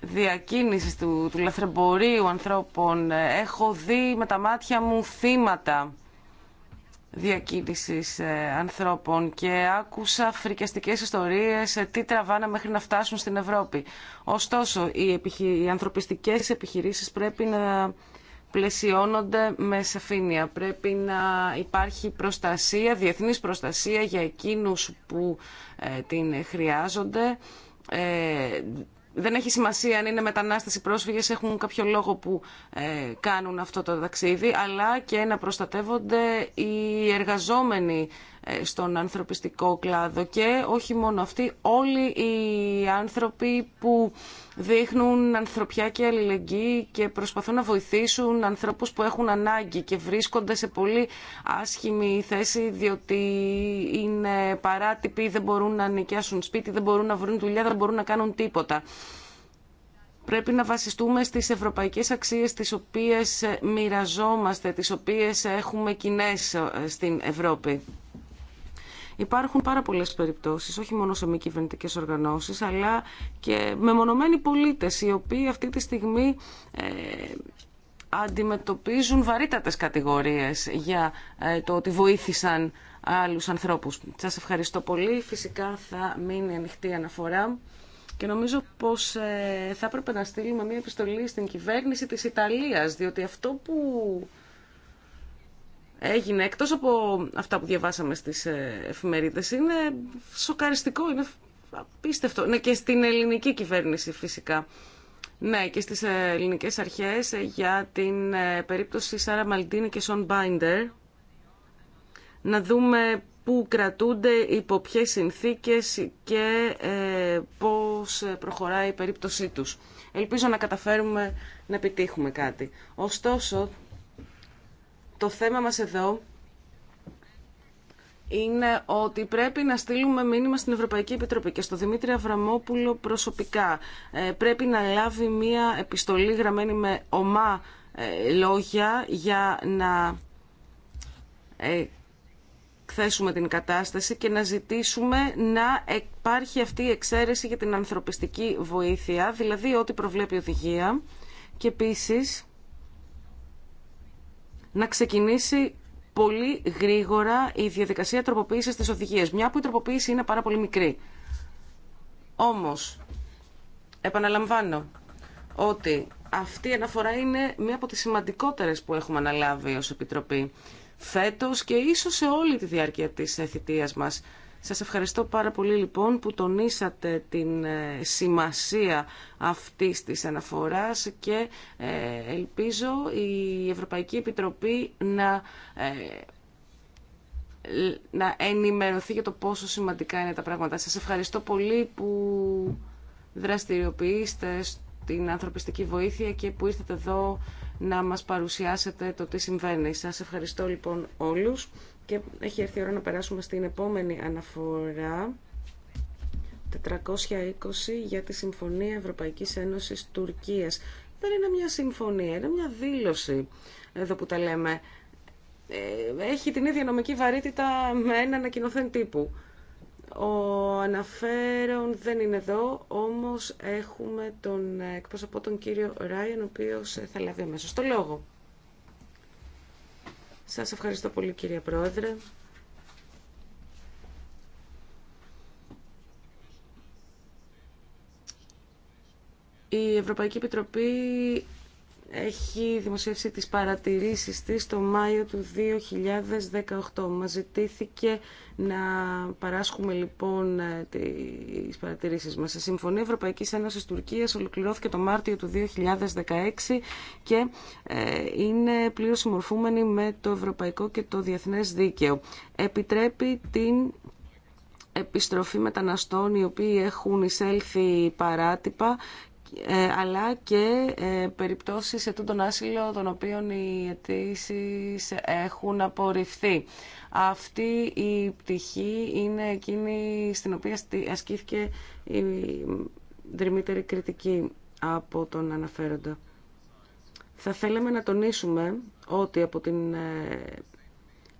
διακίνησης του, του λαθρεμπορίου ανθρώπων. Έχω δει με τα μάτια μου θύματα διακίνησης ε, ανθρώπων και άκουσα φρικιαστικές ιστορίες τι τραβάνα μέχρι να φτάσουν στην Ευρώπη. Ωστόσο, οι, επιχει... οι ανθρωπιστικές επιχειρήσεις πρέπει να πλαισιώνονται με σαφήνεια. Πρέπει να υπάρχει προστασία, διεθνής προστασία για εκείνους που ε, την χρειάζονται. Ε, δεν έχει σημασία αν είναι μετανάστες ή πρόσφυγες, έχουν κάποιο λόγο που ε, κάνουν αυτό το ταξίδι, αλλά και να προστατεύονται οι εργαζόμενοι ε, στον ανθρωπιστικό κλάδο και όχι μόνο αυτοί, όλοι οι άνθρωποι που δείχνουν ανθρωπιά και αλληλεγγύη και προσπαθούν να βοηθήσουν ανθρώπους που έχουν ανάγκη και βρίσκονται σε πολύ άσχημη θέση διότι είναι παράτυποι, δεν μπορούν να νοικιάσουν σπίτι, δεν μπορούν να βρουν δουλειά, δεν μπορούν να κάνουν τίποτα. Πρέπει να βασιστούμε στις ευρωπαϊκές αξίες τις οποίες μοιραζόμαστε, τις οποίες έχουμε κοινέ ε, στην Ευρώπη. Υπάρχουν πάρα πολλέ περιπτώσεις, όχι μόνο σε μη κυβερνητικέ οργανώσεις, αλλά και μεμονωμένοι πολίτες, οι οποίοι αυτή τη στιγμή ε, αντιμετωπίζουν βαρύτατε κατηγορίες για ε, το ότι βοήθησαν άλλους ανθρώπους. Σα ευχαριστώ πολύ. Φυσικά θα μείνει ανοιχτή αναφορά και νομίζω πως ε, θα έπρεπε να στείλουμε μια επιστολή στην κυβέρνηση της Ιταλίας, διότι αυτό που έγινε, εκτός από αυτά που διαβάσαμε στις ε, εφημερίδες, είναι σοκαριστικό, είναι απίστευτο. Ναι, και στην ελληνική κυβέρνηση φυσικά. Ναι, και στις ε, ελληνικές αρχές ε, για την περίπτωση Σάρα Μαλτίνη και Σον Μπάιντερ. Να δούμε πού κρατούνται, υπό ποιε συνθήκες και ε, πώς προχωράει η περίπτωσή τους. Ελπίζω να καταφέρουμε να επιτύχουμε κάτι. Ωστόσο, το θέμα μας εδώ είναι ότι πρέπει να στείλουμε μήνυμα στην Ευρωπαϊκή Επιτροπή και στο Δημήτρη Αβραμόπουλο προσωπικά. Ε, πρέπει να λάβει μία επιστολή γραμμένη με ομά ε, λόγια για να ε, θέσουμε την κατάσταση και να ζητήσουμε να υπάρχει αυτή η εξαίρεση για την ανθρωπιστική βοήθεια, δηλαδή ό,τι προβλέπει η οδηγία. Και επίσης να ξεκινήσει πολύ γρήγορα η διαδικασία τροποποίησης της οδηγίας, μια που η τροποποίηση είναι πάρα πολύ μικρή. Όμως, επαναλαμβάνω ότι αυτή η αναφορά είναι μία από τις σημαντικότερες που έχουμε αναλάβει ως Επιτροπή φέτος και ίσως σε όλη τη διάρκεια της θητείας μας. Σας ευχαριστώ πάρα πολύ λοιπόν που τονίσατε την ε, σημασία αυτής της αναφοράς και ε, ελπίζω η Ευρωπαϊκή Επιτροπή να, ε, να ενημερωθεί για το πόσο σημαντικά είναι τα πράγματα. Σας ευχαριστώ πολύ που δραστηριοποιήσετε την ανθρωπιστική βοήθεια και που ήρθατε εδώ να μας παρουσιάσετε το τι συμβαίνει. Σας ευχαριστώ λοιπόν όλους και έχει έρθει η ώρα να περάσουμε στην επόμενη αναφορά. 420 για τη Συμφωνία Ευρωπαϊκής Ένωσης Τουρκίας. Δεν είναι μια συμφωνία, είναι μια δήλωση εδώ που τα λέμε. Ε, έχει την ίδια νομική βαρύτητα με ένα ανακοινωθέν τύπου. Ο αναφέρον δεν είναι εδώ, όμως έχουμε τον εκπρόσωπο τον κύριο Ράιον, ο οποίος θα λάβει αμέσως το λόγο. Σας ευχαριστώ πολύ κύριε Πρόεδρε. Η Ευρωπαϊκή Επιτροπή έχει δημοσιεύσει τις παρατηρήσεις της το Μάιο του 2018. Μας ζητήθηκε να παράσχουμε λοιπόν ε, τις παρατηρήσεις μας. Η Συμφωνία Ευρωπαϊκής Ένωσης Τουρκίας ολοκληρώθηκε το Μάρτιο του 2016 και ε, είναι πλήρως συμμορφούμενη με το ευρωπαϊκό και το διεθνές δίκαιο. Επιτρέπει την επιστροφή μεταναστών οι οποίοι έχουν εισέλθει παράτυπα ε, αλλά και ε, περιπτώσεις σε τον άσυλο των οποίων οι αιτήσει έχουν απορριφθεί. Αυτή η πτυχή είναι εκείνη στην οποία ασκήθηκε η δρυμύτερη κριτική από τον αναφέροντα. Θα θέλαμε να τονίσουμε ότι από την ε,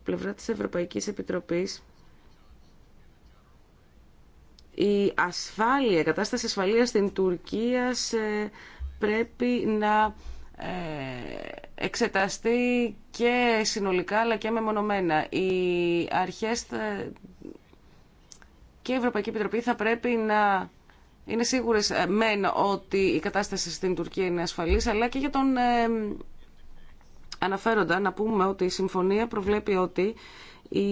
πλευρά της Ευρωπαϊκής Επιτροπής η ασφάλεια, η κατάσταση ασφαλείας στην Τουρκία πρέπει να ε, εξεταστεί και συνολικά αλλά και μεμονωμένα. Οι αρχές ε, και η Ευρωπαϊκή Επιτροπή θα πρέπει να είναι σίγουρες ε, μεν ότι η κατάσταση στην Τουρκία είναι ασφαλής αλλά και για τον αναφέροντα να πούμε ότι η συμφωνία προβλέπει ότι η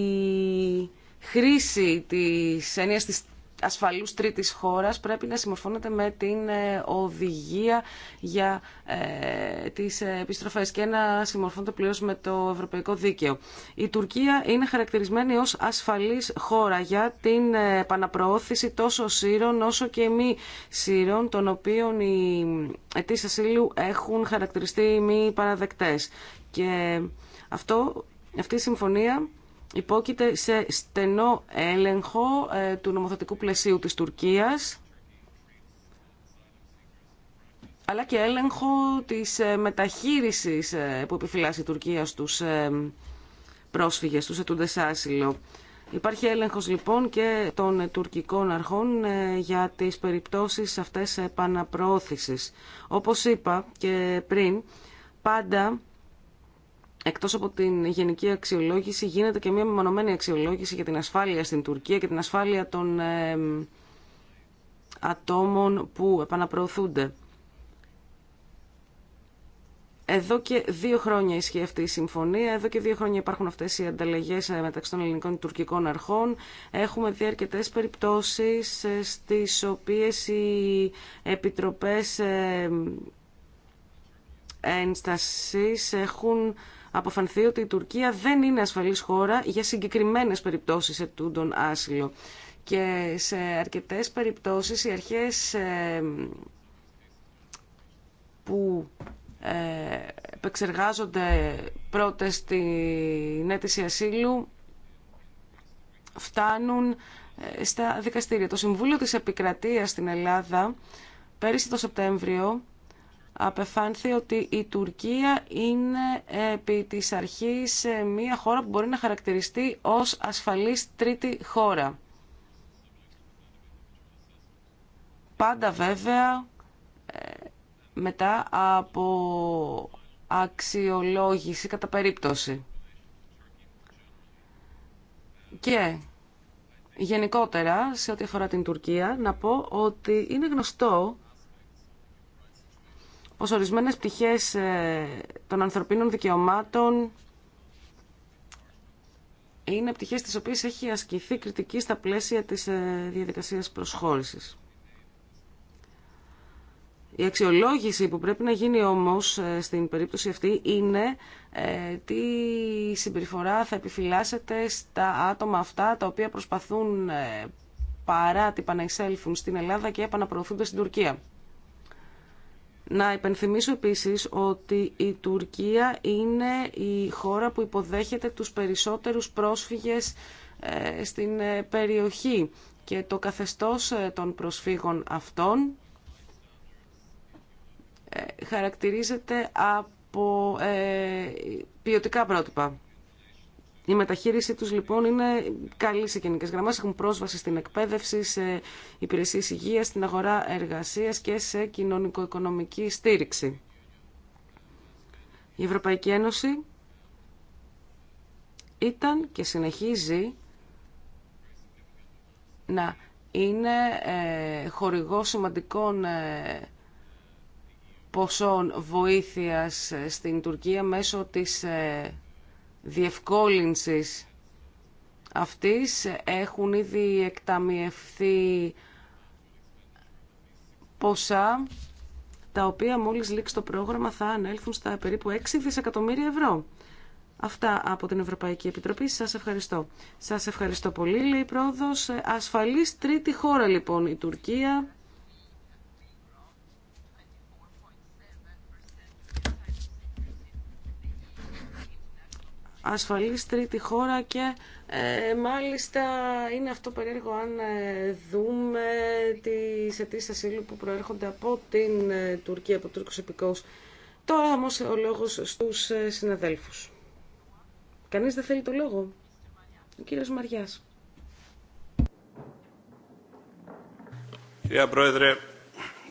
χρήση της έννοιας της ασφαλούς τρίτης χώρας πρέπει να συμμορφώνεται με την ε, οδηγία για ε, τις επιστροφές και να συμμορφώνεται πλήρως με το ευρωπαϊκό δίκαιο. Η Τουρκία είναι χαρακτηρισμένη ως ασφαλής χώρα για την ε, επαναπροώθηση τόσο σύρων όσο και μη σύρων των οποίων οι αιτήσεις ασύλου έχουν χαρακτηριστεί μη παραδεκτές. Και αυτό, αυτή η συμφωνία υπόκειται σε στενό έλεγχο ε, του νομοθετικού πλαισίου της Τουρκίας αλλά και έλεγχο της ε, μεταχείρισης ε, που επιφυλάσσει η Τουρκία στους πρόσφυγες, στους ετούντες άσυλο. Υπάρχει έλεγχος λοιπόν και των τουρκικών αρχών για τις περιπτώσεις αυτές επαναπρόθεσης. Όπως είπα και πριν, πάντα Εκτός από την γενική αξιολόγηση γίνεται και μια μεμονωμένη αξιολόγηση για την ασφάλεια στην Τουρκία και την ασφάλεια των ατόμων που επαναπροωθούνται. Εδώ και δύο χρόνια ισχύει αυτή η συμφωνία, εδώ και δύο χρόνια υπάρχουν αυτές οι ανταλλαγές ε, μεταξύ των ελληνικών και τουρκικών αρχών. Έχουμε δει αρκετέ περιπτώσεις ε, στις οποίες οι επιτροπές ε, ένστασης έχουν αποφανθεί ότι η Τουρκία δεν είναι ασφαλής χώρα για συγκεκριμένες περιπτώσεις ετούντων άσυλο. Και σε αρκετές περιπτώσεις οι αρχές ε, που ε, επεξεργάζονται πρώτες στην αίτηση ασύλου φτάνουν ε, στα δικαστήρια. Το Συμβούλιο της Επικρατείας στην Ελλάδα πέρυσι το Σεπτέμβριο απεφάνθη ότι η Τουρκία είναι επί της αρχής ε, μια χώρα που μπορεί να χαρακτηριστεί ως ασφαλής τρίτη χώρα. Πάντα βέβαια ε, μετά από αξιολόγηση κατά περίπτωση. Και γενικότερα σε ό,τι αφορά την Τουρκία να πω ότι είναι γνωστό πως ορισμένες πτυχές ε, των ανθρωπίνων δικαιωμάτων είναι πτυχές τις οποίες έχει ασκηθεί κριτική στα πλαίσια της ε, διαδικασίας προσχώρησης. Η αξιολόγηση που πρέπει να γίνει όμως ε, στην περίπτωση αυτή είναι τι συμπεριφορά θα επιφυλάσσεται στα άτομα αυτά τα οποία προσπαθούν παρά την επαναεισέλθουν στην Ελλάδα και επαναπροωθούνται στην Τουρκία. Να υπενθυμίσω επίσης ότι η Τουρκία είναι η χώρα που υποδέχεται τους περισσότερους πρόσφυγες ε, στην ε, περιοχή και το καθεστώς ε, των προσφύγων αυτών χαρακτηρίζεται από ποιοτικά πρότυπα. Η μεταχείρισή τους λοιπόν είναι καλή σε γενικέ γραμμές, έχουν πρόσβαση στην εκπαίδευση, σε υπηρεσίες υγείας, στην αγορά εργασία και σε κοινωνικο-οικονομική στήριξη. Η Ευρωπαϊκή Ένωση ήταν και συνεχίζει να είναι ε, χορηγό σημαντικών ε, ποσών βοήθειας ε, στην Τουρκία μέσω της διευκόλυνσης αυτής έχουν ήδη εκταμιευθεί ποσά τα οποία μόλις λήξει το πρόγραμμα θα ανέλθουν στα περίπου 6 δισεκατομμύρια ευρώ. Αυτά από την Ευρωπαϊκή Επιτροπή. Σας ευχαριστώ. Σας ευχαριστώ πολύ, λέει η Πρόοδος. Ασφαλής τρίτη χώρα λοιπόν η Τουρκία ασφαλής τρίτη χώρα και ε, μάλιστα είναι αυτό περίεργο αν ε, δούμε τις αιτήσεις ασύλου που προέρχονται από την ε, Τουρκία, από Τούρκους επικούς. Τώρα όμως ο λόγος στους συναδέλφους. Κανείς δεν θέλει το λόγο. Ο κύριος Μαριάς. Κυρία Πρόεδρε,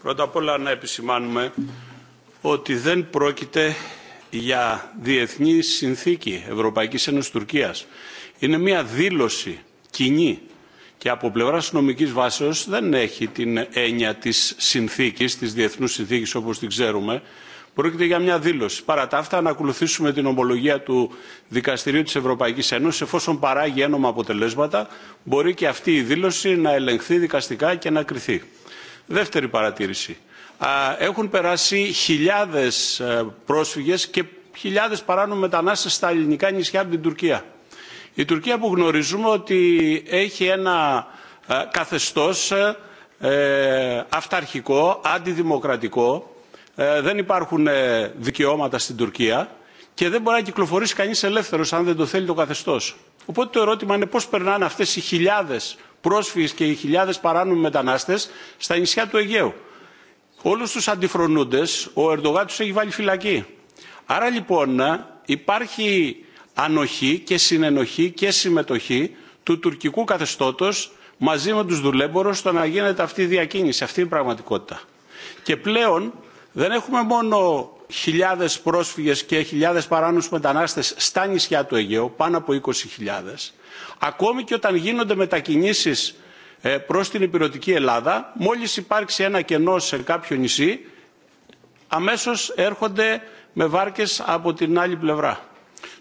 πρώτα απ' όλα να επισημάνουμε ότι δεν πρόκειται για διεθνή συνθήκη Ευρωπαϊκής Ένωσης Τουρκίας είναι μια δήλωση κοινή και από πλευράς νομικής βάσεως δεν έχει την έννοια της συνθήκης, της διεθνούς συνθήκης όπως την ξέρουμε. Πρόκειται για μια δήλωση. Παρά τα αυτά, να ακολουθήσουμε την ομολογία του Δικαστηρίου της Ευρωπαϊκής Ένωσης, εφόσον παράγει ένομα αποτελέσματα, μπορεί και αυτή η δήλωση να ελεγχθεί δικαστικά και να κριθεί. Δεύτερη παρατήρηση έχουν περάσει χιλιάδες ε, πρόσφυγες και χιλιάδες παράνομοι μετανάστες στα ελληνικά νησιά από την Τουρκία. Η Τουρκία που γνωρίζουμε ότι έχει ένα ε, καθεστώς ε, αυταρχικό, αντιδημοκρατικό, δεν υπάρχουν δικαιώματα στην Τουρκία και δεν μπορεί να κυκλοφορήσει κανείς ελεύθερος αν δεν το θέλει το καθεστώς. Οπότε το ερώτημα είναι πώς περνάνε αυτές οι χιλιάδες πρόσφυγες και οι χιλιάδες παράνομοι μετανάστες στα νησιά του Αιγαίου όλους τους αντιφρονούντες ο Ερντογάν τους έχει βάλει φυλακή. Άρα λοιπόν υπάρχει ανοχή και συνενοχή και συμμετοχή του τουρκικού καθεστώτος μαζί με τους δουλέμπορους στο να γίνεται αυτή η διακίνηση, αυτή η πραγματικότητα. Και πλέον δεν έχουμε μόνο χιλιάδες πρόσφυγες και χιλιάδες παράνομους μετανάστες στα νησιά του Αιγαίου, πάνω από 20.000. Ακόμη και όταν γίνονται μετακινήσεις ε, προς την υπηρετική Ελλάδα, μόλις υπάρξει ένα κενό σε κάποιο νησί, αμέσως έρχονται με βάρκες από την άλλη πλευρά.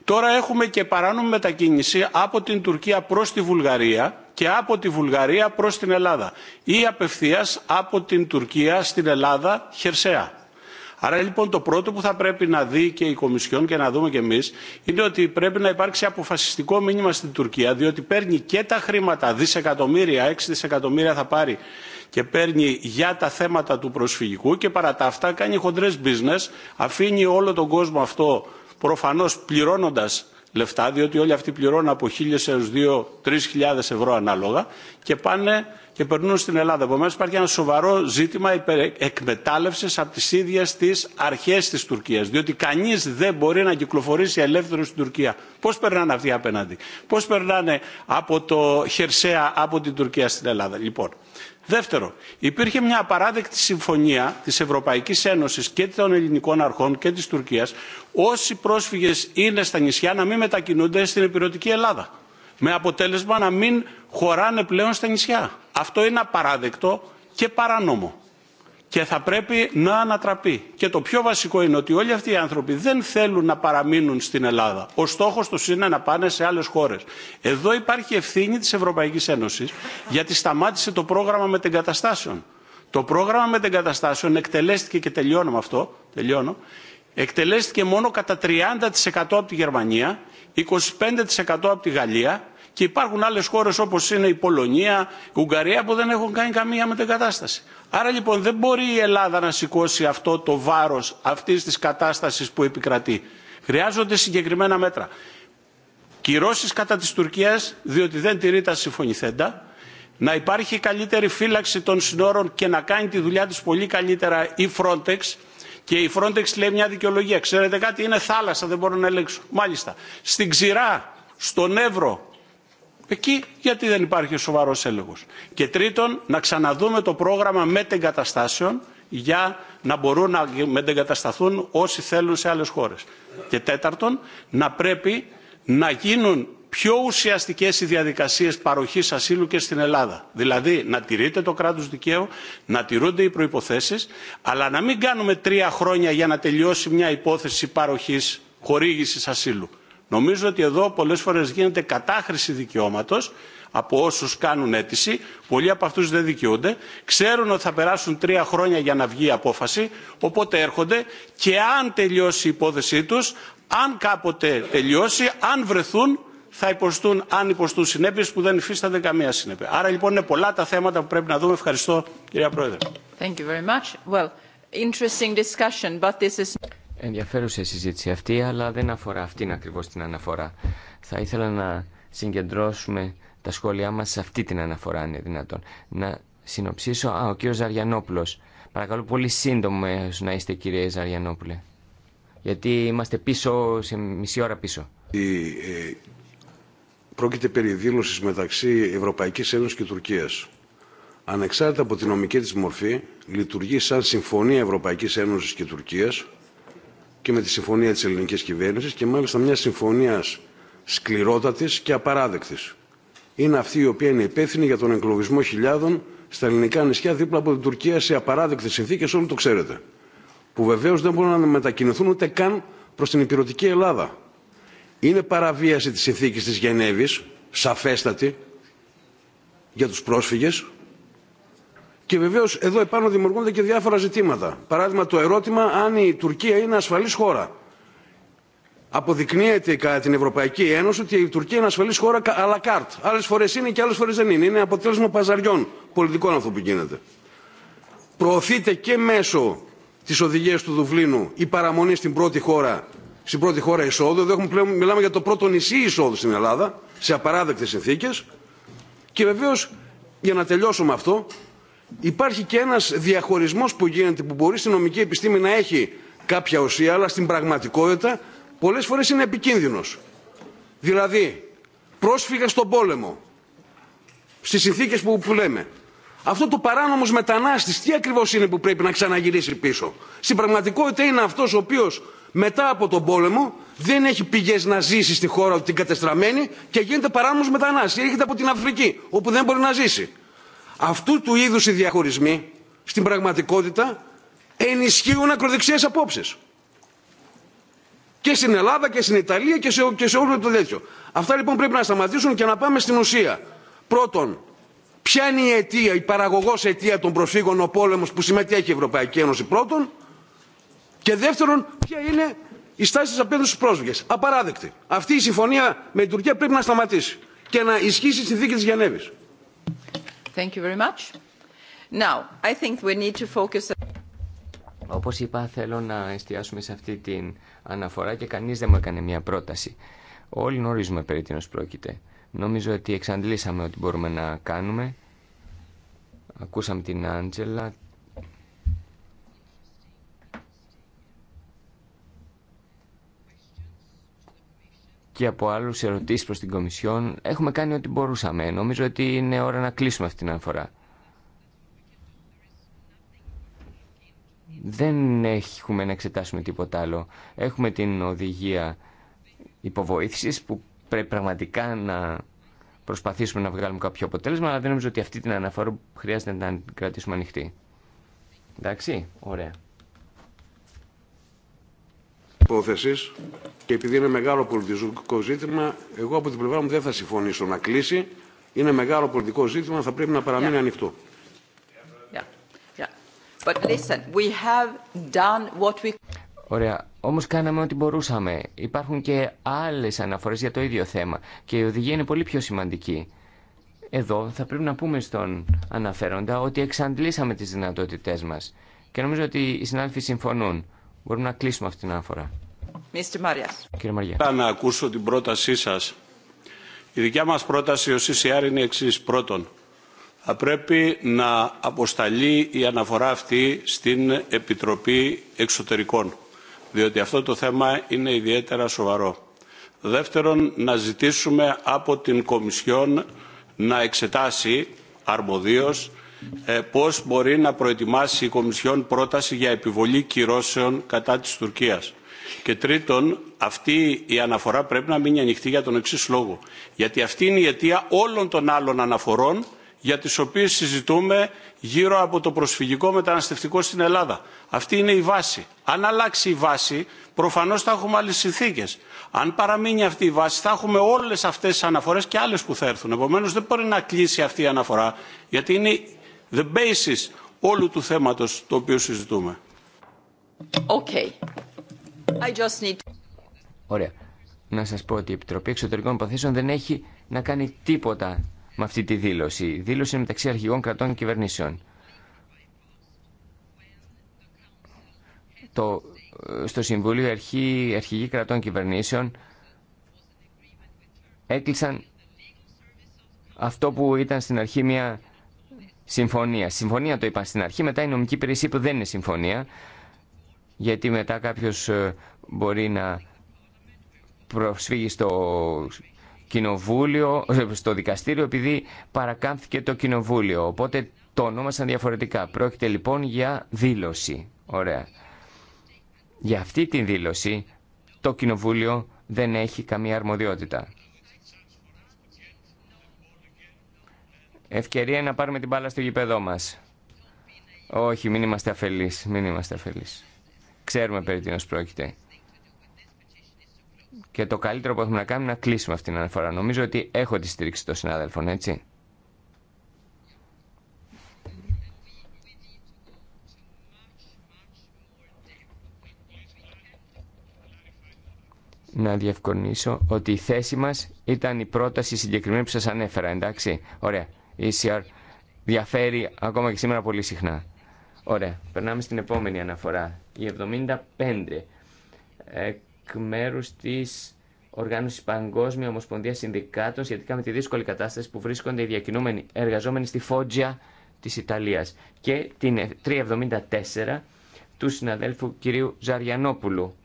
Τώρα έχουμε και παράνομη μετακίνηση από την Τουρκία προς τη Βουλγαρία και από τη Βουλγαρία προς την Ελλάδα ή απευθείας από την Τουρκία στην Ελλάδα χερσαία. Άρα λοιπόν το πρώτο που θα πρέπει να δει και η Κομισιόν και να δούμε και εμείς είναι ότι πρέπει να υπάρξει αποφασιστικό μήνυμα στην Τουρκία διότι παίρνει και τα χρήματα δισεκατομμύρια, 6 δισεκατομμύρια θα πάρει και παίρνει για τα θέματα του προσφυγικού και παρά τα αυτά κάνει χοντρές business, αφήνει όλο τον κόσμο αυτό προφανώς πληρώνοντας λεφτά, διότι όλοι αυτοί πληρώνουν από 1.000 εως 2000 2-3.000 ευρώ ανάλογα και πάνε και περνούν στην Ελλάδα. Επομένω υπάρχει ένα σοβαρό ζήτημα εκμετάλλευση από τι ίδιε τι αρχέ τη Τουρκία. Διότι κανεί δεν μπορεί να κυκλοφορήσει ελεύθερο στην Τουρκία. Πώ περνάνε αυτοί απέναντι, πώ περνάνε από το Χερσαία από την Τουρκία στην Ελλάδα. Λοιπόν, Δεύτερο, υπήρχε μια απαράδεκτη συμφωνία της Ευρωπαϊκής Ένωσης και των ελληνικών αρχών και της Τουρκίας όσοι πρόσφυγες είναι στα νησιά να μην μετακινούνται στην Επιρωτική Ελλάδα. Με αποτέλεσμα να μην χωράνε πλέον στα νησιά. Αυτό είναι απαράδεκτο και παράνομο και θα πρέπει να ανατραπεί. Και το πιο βασικό είναι ότι όλοι αυτοί οι άνθρωποι δεν θέλουν να παραμείνουν στην Ελλάδα. Ο στόχο του είναι να πάνε σε άλλε χώρε. Εδώ υπάρχει ευθύνη τη Ευρωπαϊκή Ένωση γιατί σταμάτησε το πρόγραμμα μετεγκαταστάσεων. Το πρόγραμμα μετεγκαταστάσεων εκτελέστηκε και τελειώνω με αυτό. Τελειώνω. Εκτελέστηκε μόνο κατά 30% από τη Γερμανία, 25% από τη Γαλλία και υπάρχουν άλλε χώρε όπω είναι η Πολωνία, η Ουγγαρία που δεν έχουν κάνει καμία μετεγκατάσταση. Άρα λοιπόν δεν μπορεί η Ελλάδα να σηκώσει αυτό το βάρο αυτή τη κατάσταση που επικρατεί. Χρειάζονται συγκεκριμένα μέτρα. Κυρώσει κατά τη Τουρκία διότι δεν τηρεί τα συμφωνηθέντα να υπάρχει καλύτερη φύλαξη των συνόρων και να κάνει τη δουλειά της πολύ καλύτερα η Frontex και η Frontex λέει μια δικαιολογία. Ξέρετε κάτι, είναι θάλασσα, δεν μπορώ να ελέγξω. Μάλιστα. Στην ξηρά, στον Εύρο, Εκεί γιατί δεν υπάρχει σοβαρός έλεγχος. Και τρίτον, να ξαναδούμε το πρόγραμμα μετεγκαταστάσεων για να μπορούν να μετεγκατασταθούν όσοι θέλουν σε άλλες χώρες. Και τέταρτον, να πρέπει να γίνουν πιο ουσιαστικές οι διαδικασίες παροχής ασύλου και στην Ελλάδα. Δηλαδή να τηρείται το κράτος δικαίου, να τηρούνται οι προϋποθέσεις, αλλά να μην κάνουμε τρία χρόνια για να τελειώσει μια υπόθεση παροχής χορήγησης ασύλου. Νομίζω ότι εδώ πολλές φορές γίνεται κατάχρηση δικαιώματος από όσους κάνουν αίτηση. Πολλοί από αυτούς δεν δικαιούνται. Ξέρουν ότι θα περάσουν τρία χρόνια για να βγει η απόφαση, οπότε έρχονται και αν τελειώσει η υπόθεσή τους, αν κάποτε τελειώσει, αν βρεθούν, θα υποστούν, αν υποστούν συνέπειες που δεν υφίστανται καμία συνέπεια. Άρα λοιπόν είναι πολλά τα θέματα που πρέπει να δούμε. Ευχαριστώ κυρία Πρόεδρε. Thank you very much. Well, interesting discussion, but this is ενδιαφέρουσα η συζήτηση αυτή, αλλά δεν αφορά αυτήν ακριβώ την αναφορά. Θα ήθελα να συγκεντρώσουμε τα σχόλιά μα σε αυτή την αναφορά, αν είναι δυνατόν. Να συνοψίσω. Α, ο κύριος Ζαριανόπουλο. Παρακαλώ πολύ σύντομα να είστε κύριε Ζαριανόπουλε. Γιατί είμαστε πίσω, σε μισή ώρα πίσω. Η, ε, πρόκειται περί δήλωση μεταξύ Ευρωπαϊκή Ένωση και Τουρκία. Ανεξάρτητα από τη νομική τη μορφή, λειτουργεί σαν συμφωνία Ευρωπαϊκή Ένωση και Τουρκία και με τη συμφωνία της ελληνικής κυβέρνησης και μάλιστα μια συμφωνία σκληρότατης και απαράδεκτης. Είναι αυτή η οποία είναι υπεύθυνη για τον εγκλωβισμό χιλιάδων στα ελληνικά νησιά δίπλα από την Τουρκία σε απαράδεκτες συνθήκες, όλοι το ξέρετε. Που βεβαίως δεν μπορούν να μετακινηθούν ούτε καν προς την υπηρετική Ελλάδα. Είναι παραβίαση της συνθήκης της Γενέβης, σαφέστατη, για τους πρόσφυγες και βεβαίω εδώ επάνω δημιουργούνται και διάφορα ζητήματα. Παράδειγμα το ερώτημα αν η Τουρκία είναι ασφαλή χώρα. Αποδεικνύεται κατά την Ευρωπαϊκή Ένωση ότι η Τουρκία είναι ασφαλή χώρα à la carte. Άλλε φορέ είναι και άλλε φορέ δεν είναι. Είναι αποτέλεσμα παζαριών πολιτικών αυτό που γίνεται. Προωθείται και μέσω τη οδηγία του Δουβλίνου η παραμονή στην πρώτη χώρα, στην πρώτη χώρα εισόδου. Εδώ έχουμε μιλάμε για το πρώτο νησί εισόδου στην Ελλάδα, σε απαράδεκτε συνθήκε. Και βεβαίω, για να τελειώσω με αυτό, υπάρχει και ένας διαχωρισμός που γίνεται που μπορεί στην νομική επιστήμη να έχει κάποια ουσία αλλά στην πραγματικότητα πολλές φορές είναι επικίνδυνος. Δηλαδή πρόσφυγα στον πόλεμο στις συνθήκες που, που λέμε. Αυτό το παράνομος μετανάστης τι ακριβώς είναι που πρέπει να ξαναγυρίσει πίσω. Στην πραγματικότητα είναι αυτός ο οποίος μετά από τον πόλεμο δεν έχει πηγές να ζήσει στη χώρα του την κατεστραμμένη και γίνεται παράνομος μετανάστης. Έρχεται από την Αφρική όπου δεν μπορεί να ζήσει. Αυτού του είδου οι διαχωρισμοί στην πραγματικότητα ενισχύουν ακροδεξιέ απόψει. Και στην Ελλάδα και στην Ιταλία και σε, και σε όλο το τέτοιο. Αυτά λοιπόν πρέπει να σταματήσουν και να πάμε στην ουσία. Πρώτον, ποια είναι η αιτία, η παραγωγός αιτία των προσφύγων ο πόλεμο που συμμετέχει η Ευρωπαϊκή Ένωση πρώτον. Και δεύτερον, ποια είναι η στάση τη απέναντι στου πρόσφυγε. Απαράδεκτη. Αυτή η συμφωνία με την Τουρκία πρέπει να σταματήσει και να ισχύσει η συνθήκη τη Γενέβη. Thank Όπως είπα, θέλω να εστιάσουμε σε αυτή την αναφορά και κανείς δεν μου έκανε μια πρόταση. Όλοι γνωρίζουμε περί τίνος πρόκειται. Νομίζω ότι εξαντλήσαμε ό,τι μπορούμε να κάνουμε. Ακούσαμε την Άντζελα, και από άλλους ερωτήσεις προς την Κομισιόν. Έχουμε κάνει ό,τι μπορούσαμε. Νομίζω ότι είναι ώρα να κλείσουμε αυτήν την αναφορά. Δεν έχουμε να εξετάσουμε τίποτα άλλο. Έχουμε την οδηγία υποβοήθησης που πρέπει πραγματικά να προσπαθήσουμε να βγάλουμε κάποιο αποτέλεσμα, αλλά δεν νομίζω ότι αυτή την αναφορά χρειάζεται να την κρατήσουμε ανοιχτή. Εντάξει, ωραία υπόθεση. και επειδή είναι μεγάλο πολιτικό ζήτημα, εγώ από την πλευρά μου δεν θα συμφωνήσω να κλείσει. Είναι μεγάλο πολιτικό ζήτημα, θα πρέπει να παραμείνει ανοιχτό. Yeah. Yeah. But listen, we have done what we... Ωραία. Όμω κάναμε ό,τι μπορούσαμε. Υπάρχουν και άλλε αναφορέ για το ίδιο θέμα. Και η οδηγία είναι πολύ πιο σημαντική. Εδώ θα πρέπει να πούμε στον αναφέροντα ότι εξαντλήσαμε τι δυνατότητέ μα. Και νομίζω ότι οι συνάδελφοι συμφωνούν μπορούμε να κλείσουμε αυτή την αναφορά. Κύριε Μαριά. Θα να ακούσω την πρότασή σας. Η δικιά μας πρόταση ως CCR είναι η εξή. Πρώτον, θα πρέπει να αποσταλεί η αναφορά αυτή στην Επιτροπή Εξωτερικών, διότι αυτό το θέμα είναι ιδιαίτερα σοβαρό. Δεύτερον, να ζητήσουμε από την Κομισιόν να εξετάσει αρμοδίως ε, πώς μπορεί να προετοιμάσει η Κομισιόν πρόταση για επιβολή κυρώσεων κατά της Τουρκίας. Και τρίτον, αυτή η αναφορά πρέπει να μείνει ανοιχτή για τον εξή λόγο. Γιατί αυτή είναι η αιτία όλων των άλλων αναφορών για τις οποίες συζητούμε γύρω από το προσφυγικό μεταναστευτικό στην Ελλάδα. Αυτή είναι η βάση. Αν αλλάξει η βάση, προφανώς θα έχουμε άλλες συνθήκες. Αν παραμείνει αυτή η βάση, θα έχουμε όλες αυτές τις αναφορές και άλλες που θα έρθουν. Επομένως, δεν μπορεί να κλείσει αυτή η αναφορά, γιατί είναι the basis όλου του θέματος το οποίο συζητούμε. Okay. I just need... Ωραία. Να σας πω ότι η Επιτροπή Εξωτερικών Υποθέσεων δεν έχει να κάνει τίποτα με αυτή τη δήλωση. Η δήλωση είναι μεταξύ αρχηγών κρατών και κυβερνήσεων. στο Συμβούλιο αρχή, Αρχηγοί Κρατών Κυβερνήσεων έκλεισαν αυτό που ήταν στην αρχή μια συμφωνία. Συμφωνία το είπα στην αρχή, μετά η νομική υπηρεσία που δεν είναι συμφωνία, γιατί μετά κάποιο ε, μπορεί να προσφύγει στο κοινοβούλιο, ε, στο δικαστήριο, επειδή παρακάμφθηκε το κοινοβούλιο. Οπότε το ονόμασαν διαφορετικά. Πρόκειται λοιπόν για δήλωση. Ωραία. Για αυτή τη δήλωση το κοινοβούλιο δεν έχει καμία αρμοδιότητα. Ευκαιρία να πάρουμε την μπάλα στο γήπεδό μας. Όχι, μην είμαστε αφελείς, μην είμαστε αφελείς. Ξέρουμε περί τίνο πρόκειται. Και το καλύτερο που έχουμε να κάνουμε είναι να κλείσουμε αυτήν την αναφορά. Νομίζω ότι έχω τη στήριξη των συνάδελφων, έτσι. να διευκονίσω ότι η θέση μας ήταν η πρόταση συγκεκριμένη που σας ανέφερα, εντάξει. Ωραία. ECR διαφέρει ακόμα και σήμερα πολύ συχνά. Ωραία, περνάμε στην επόμενη αναφορά. Η 75 εκ μέρου τη Οργάνωση Παγκόσμια Ομοσπονδία Συνδικάτων σχετικά με τη δύσκολη κατάσταση που βρίσκονται οι διακινούμενοι εργαζόμενοι στη Φότζια τη Ιταλία και την 374 του συναδέλφου κυρίου Ζαριανόπουλου.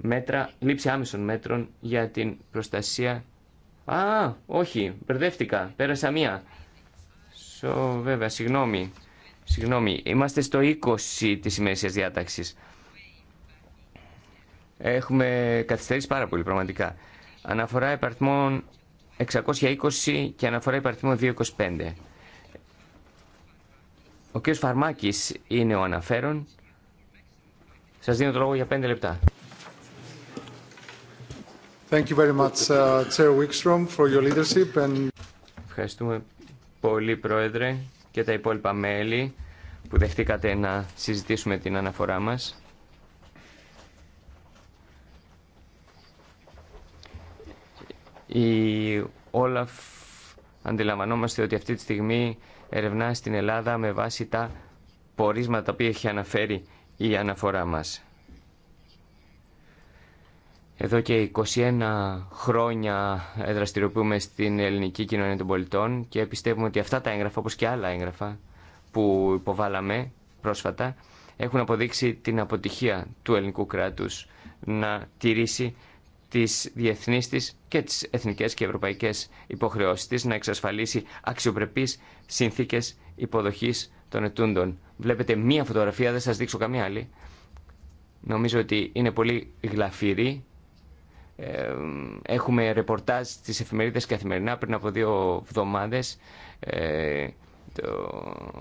Μέτρα, λήψη άμεσων μέτρων για την προστασία Α, όχι, μπερδεύτηκα, πέρασα μία. Σο, βέβαια, συγγνώμη. Συγγνώμη, είμαστε στο 20 της ημερήσιας διάταξης. Έχουμε καθυστερήσει πάρα πολύ πραγματικά. Αναφορά υπαρθμών 620 και αναφορά υπαρθμών 225. Ο κ. Φαρμάκης είναι ο αναφέρον. Σας δίνω το λόγο για 5 λεπτά. Ευχαριστούμε πολύ, Πρόεδρε, και τα υπόλοιπα μέλη που δεχτήκατε να συζητήσουμε την αναφορά μας. Η Όλαφ αντιλαμβανόμαστε ότι αυτή τη στιγμή ερευνά στην Ελλάδα με βάση τα πορίσματα που έχει αναφέρει η αναφορά μας. Εδώ και 21 χρόνια δραστηριοποιούμε στην ελληνική κοινωνία των πολιτών και πιστεύουμε ότι αυτά τα έγγραφα, όπως και άλλα έγγραφα που υποβάλαμε πρόσφατα, έχουν αποδείξει την αποτυχία του ελληνικού κράτους να τηρήσει τις διεθνείς της και τις εθνικές και ευρωπαϊκές υποχρεώσεις της να εξασφαλίσει αξιοπρεπείς συνθήκες υποδοχής των ετούντων. Βλέπετε μία φωτογραφία, δεν σας δείξω καμία άλλη. Νομίζω ότι είναι πολύ γλαφυρή ε, έχουμε ρεπορτάζ στις εφημερίδες καθημερινά πριν από δύο εβδομάδες ε,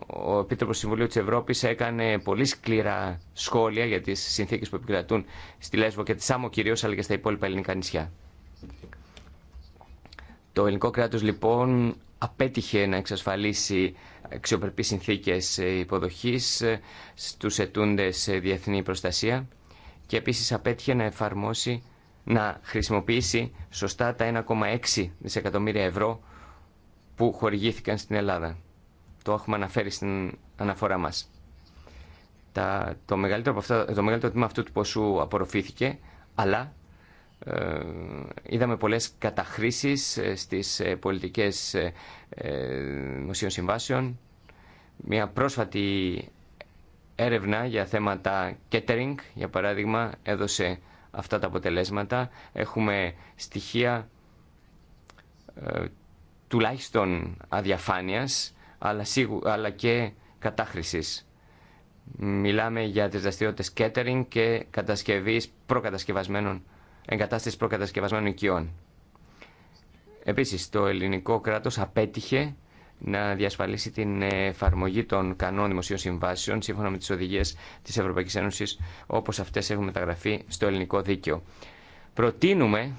ο Επίτροπος Συμβουλίου της Ευρώπης έκανε πολύ σκληρά σχόλια για τις συνθήκες που επικρατούν στη Λέσβο και τη Σάμο κυρίως αλλά και στα υπόλοιπα ελληνικά νησιά. Το ελληνικό κράτος λοιπόν απέτυχε να εξασφαλίσει αξιοπρεπείς συνθήκες υποδοχής ε, στους ετούντες διεθνή προστασία και επίσης απέτυχε να εφαρμόσει να χρησιμοποιήσει σωστά τα 1,6 δισεκατομμύρια ευρώ που χορηγήθηκαν στην Ελλάδα. Το έχουμε αναφέρει στην αναφορά μας. Τα, το, μεγαλύτερο από αυτά, το μεγαλύτερο τμήμα αυτού του ποσού απορροφήθηκε, αλλά ε, είδαμε πολλές καταχρήσεις ε, στις ε, πολιτικές ε, συμβάσεων. Μια πρόσφατη έρευνα για θέματα catering, για παράδειγμα, έδωσε αυτά τα αποτελέσματα. Έχουμε στοιχεία ε, τουλάχιστον αδιαφάνειας, αλλά, σίγου, αλλά και κατάχρησης. Μιλάμε για τις δραστηριότητες catering και κατασκευής προκατασκευασμένων, εγκατάστασης προκατασκευασμένων οικειών. Επίσης, το ελληνικό κράτος απέτυχε να διασφαλίσει την εφαρμογή των κανόνων δημοσίων συμβάσεων σύμφωνα με τις οδηγίες της Ευρωπαϊκής Ένωσης όπως αυτές έχουν μεταγραφεί στο ελληνικό δίκαιο. Προτείνουμε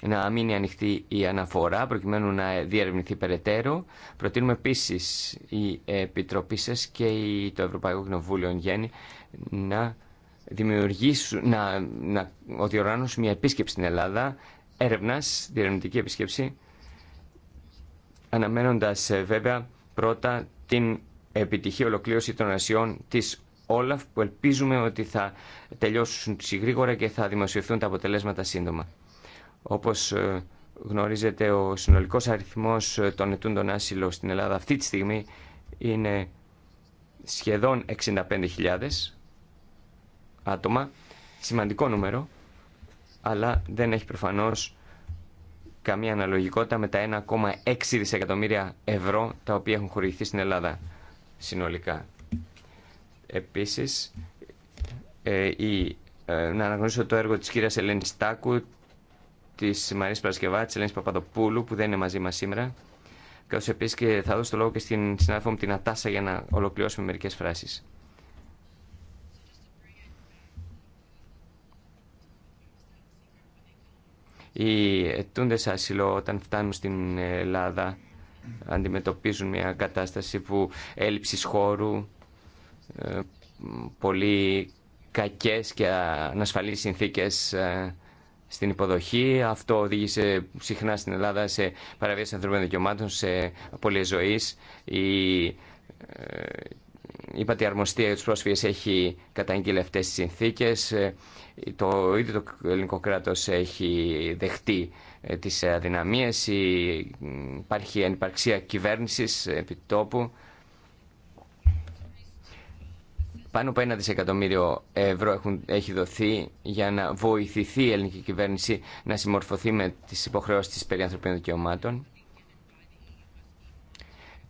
να μείνει ανοιχτή η αναφορά προκειμένου να διερευνηθεί περαιτέρω. Προτείνουμε επίσης η Επιτροπή σα και το Ευρωπαϊκό Κοινοβούλιο γέννη να δημιουργήσουν, να, να, μια επίσκεψη στην Ελλάδα Έρευνα, διερευνητική επισκέψη, αναμένοντας ε, βέβαια πρώτα την επιτυχή ολοκλήρωση των ασιών της Όλαφ που ελπίζουμε ότι θα τελειώσουν γρήγορα και θα δημοσιευθούν τα αποτελέσματα σύντομα. Όπως ε, γνωρίζετε ο συνολικός αριθμός ε, των ετούντων άσυλων στην Ελλάδα αυτή τη στιγμή είναι σχεδόν 65.000 άτομα, σημαντικό νούμερο αλλά δεν έχει προφανώς καμία αναλογικότητα με τα 1,6 δισεκατομμύρια ευρώ τα οποία έχουν χορηγηθεί στην Ελλάδα συνολικά. Επίσης, ε, η, ε, να αναγνωρίσω το έργο της κυρίας Ελένης Τάκου, της Μαρίας Παρασκευά, της Ελένης Παπαδοπούλου που δεν είναι μαζί μας σήμερα. Καθώς επίσης και θα δώσω το λόγο και στην συνάδελφό μου την Ατάσα για να ολοκληρώσουμε μερικές φράσεις. Οι αιτούντε άσυλο όταν φτάνουν στην Ελλάδα αντιμετωπίζουν μια κατάσταση που έλλειψη χώρου, ε, πολύ κακές και ανασφαλείς συνθήκες ε, στην υποδοχή. Αυτό οδήγησε συχνά στην Ελλάδα σε παραβίαση ανθρωπίνων δικαιωμάτων, σε απώλεια ζωής. Ε, η αρμοστία για τους πρόσφυγες έχει καταγγείλει αυτές τις συνθήκες. Ε, το ίδιο το ελληνικό κράτος έχει δεχτεί ε, τις αδυναμίες. Υπάρχει ανυπαρξία κυβέρνησης επιτόπου. Πάνω από ένα δισεκατομμύριο ευρώ έχουν, έχει δοθεί για να βοηθηθεί η ελληνική κυβέρνηση να συμμορφωθεί με τις υποχρεώσεις της περί ανθρωπίνων δικαιωμάτων.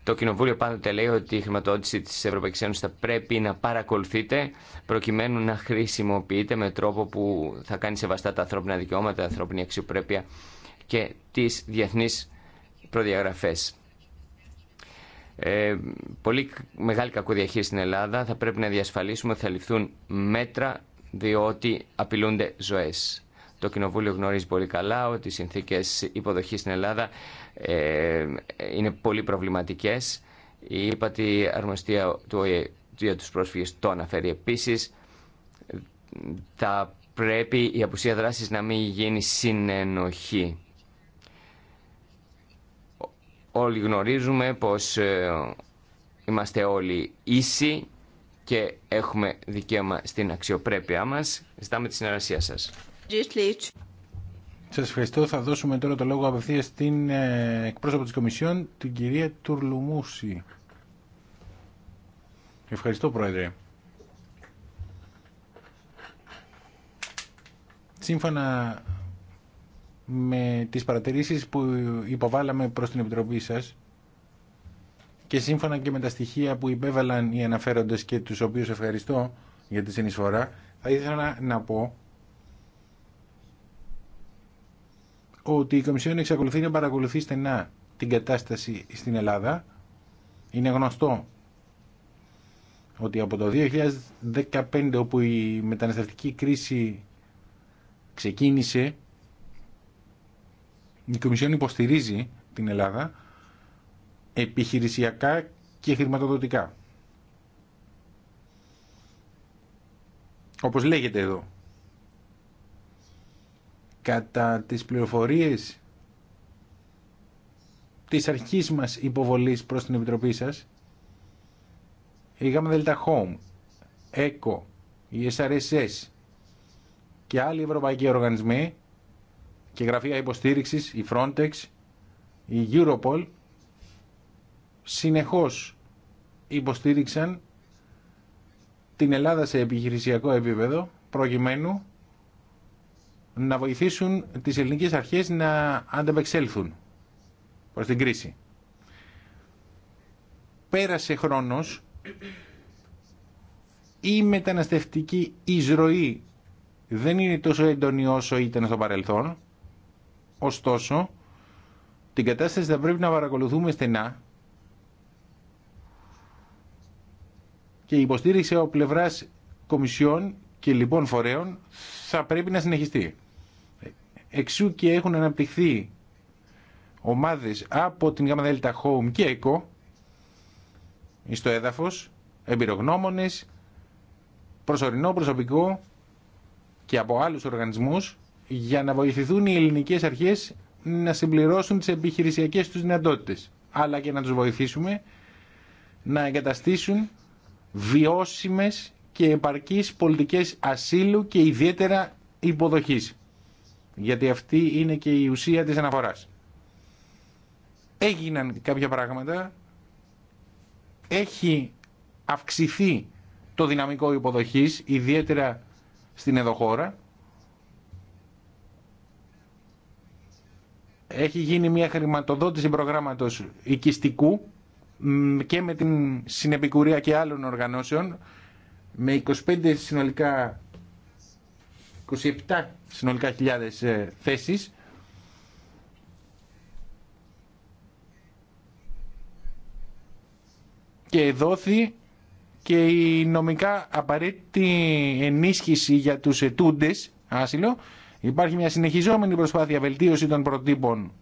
Το Κοινοβούλιο πάντοτε λέει ότι η χρηματοδότηση τη Ευρωπαϊκής Ένωσης θα πρέπει να παρακολουθείτε προκειμένου να χρησιμοποιείται με τρόπο που θα κάνει σεβαστά τα ανθρώπινα δικαιώματα, τα ανθρώπινη αξιοπρέπεια και τι διεθνεί προδιαγραφέ. Ε, πολύ μεγάλη κακοδιαχείριση στην Ελλάδα. Θα πρέπει να διασφαλίσουμε ότι θα ληφθούν μέτρα διότι απειλούνται ζωέ. Το Κοινοβούλιο γνωρίζει πολύ καλά ότι οι συνθήκε υποδοχή στην Ελλάδα ε, είναι πολύ προβληματικές. Η ύπατη αρμοστία του ΟΗΕ για τους πρόσφυγες το αναφέρει επίσης. Θα πρέπει η απουσία δράσης να μην γίνει συνενοχή. Όλοι γνωρίζουμε πως ε, είμαστε όλοι ίσοι και έχουμε δικαίωμα στην αξιοπρέπειά μας. Ζητάμε τη συνεργασία σας. Σα ευχαριστώ. Θα δώσουμε τώρα το λόγο απευθείας στην ε, εκπρόσωπο της Κομισιόν, την κυρία Τουρλουμούση. Ευχαριστώ, Πρόεδρε. Σύμφωνα με τις παρατηρήσεις που υποβάλαμε προς την Επιτροπή σας και σύμφωνα και με τα στοιχεία που υπέβαλαν οι αναφέροντες και τους οποίους ευχαριστώ για τη συνεισφορά, θα ήθελα να πω ότι η Κομισιόν εξακολουθεί να παρακολουθεί στενά την κατάσταση στην Ελλάδα. Είναι γνωστό ότι από το 2015 όπου η μεταναστευτική κρίση ξεκίνησε η Κομισιόν υποστηρίζει την Ελλάδα επιχειρησιακά και χρηματοδοτικά. Όπως λέγεται εδώ κατά τις πληροφορίες της αρχής μας υποβολής προς την Επιτροπή σας η ΓΔ Home, ΕΚΟ, η SRSS και άλλοι ευρωπαϊκοί οργανισμοί και γραφεία υποστήριξης, η Frontex, η Europol συνεχώς υποστήριξαν την Ελλάδα σε επιχειρησιακό επίπεδο προκειμένου να βοηθήσουν τις ελληνικές αρχές να ανταπεξέλθουν προς την κρίση. Πέρασε χρόνος η μεταναστευτική εισρωή δεν είναι τόσο έντονη όσο ήταν στο παρελθόν. Ωστόσο, την κατάσταση θα πρέπει να παρακολουθούμε στενά και η υποστήριξη από πλευράς κομισιών και λοιπόν φορέων θα πρέπει να συνεχιστεί. Εξού και έχουν αναπτυχθεί ομάδες από την ΓΔ Home και ΕΚΟ στο έδαφος, εμπειρογνώμονες, προσωρινό προσωπικό και από άλλους οργανισμούς για να βοηθηθούν οι ελληνικές αρχές να συμπληρώσουν τις επιχειρησιακές τους δυνατότητες αλλά και να τους βοηθήσουμε να εγκαταστήσουν βιώσιμες και επαρκείς πολιτικές ασύλου και ιδιαίτερα υποδοχής γιατί αυτή είναι και η ουσία της αναφοράς. Έγιναν κάποια πράγματα, έχει αυξηθεί το δυναμικό υποδοχής, ιδιαίτερα στην εδωχώρα. Έχει γίνει μια χρηματοδότηση προγράμματος οικιστικού και με την συνεπικουρία και άλλων οργανώσεων με 25 συνολικά 27 συνολικά χιλιάδες ε, θέσεις. Και δόθη και η νομικά απαραίτητη ενίσχυση για τους ετούντες άσυλο. Υπάρχει μια συνεχιζόμενη προσπάθεια βελτίωση των προτύπων,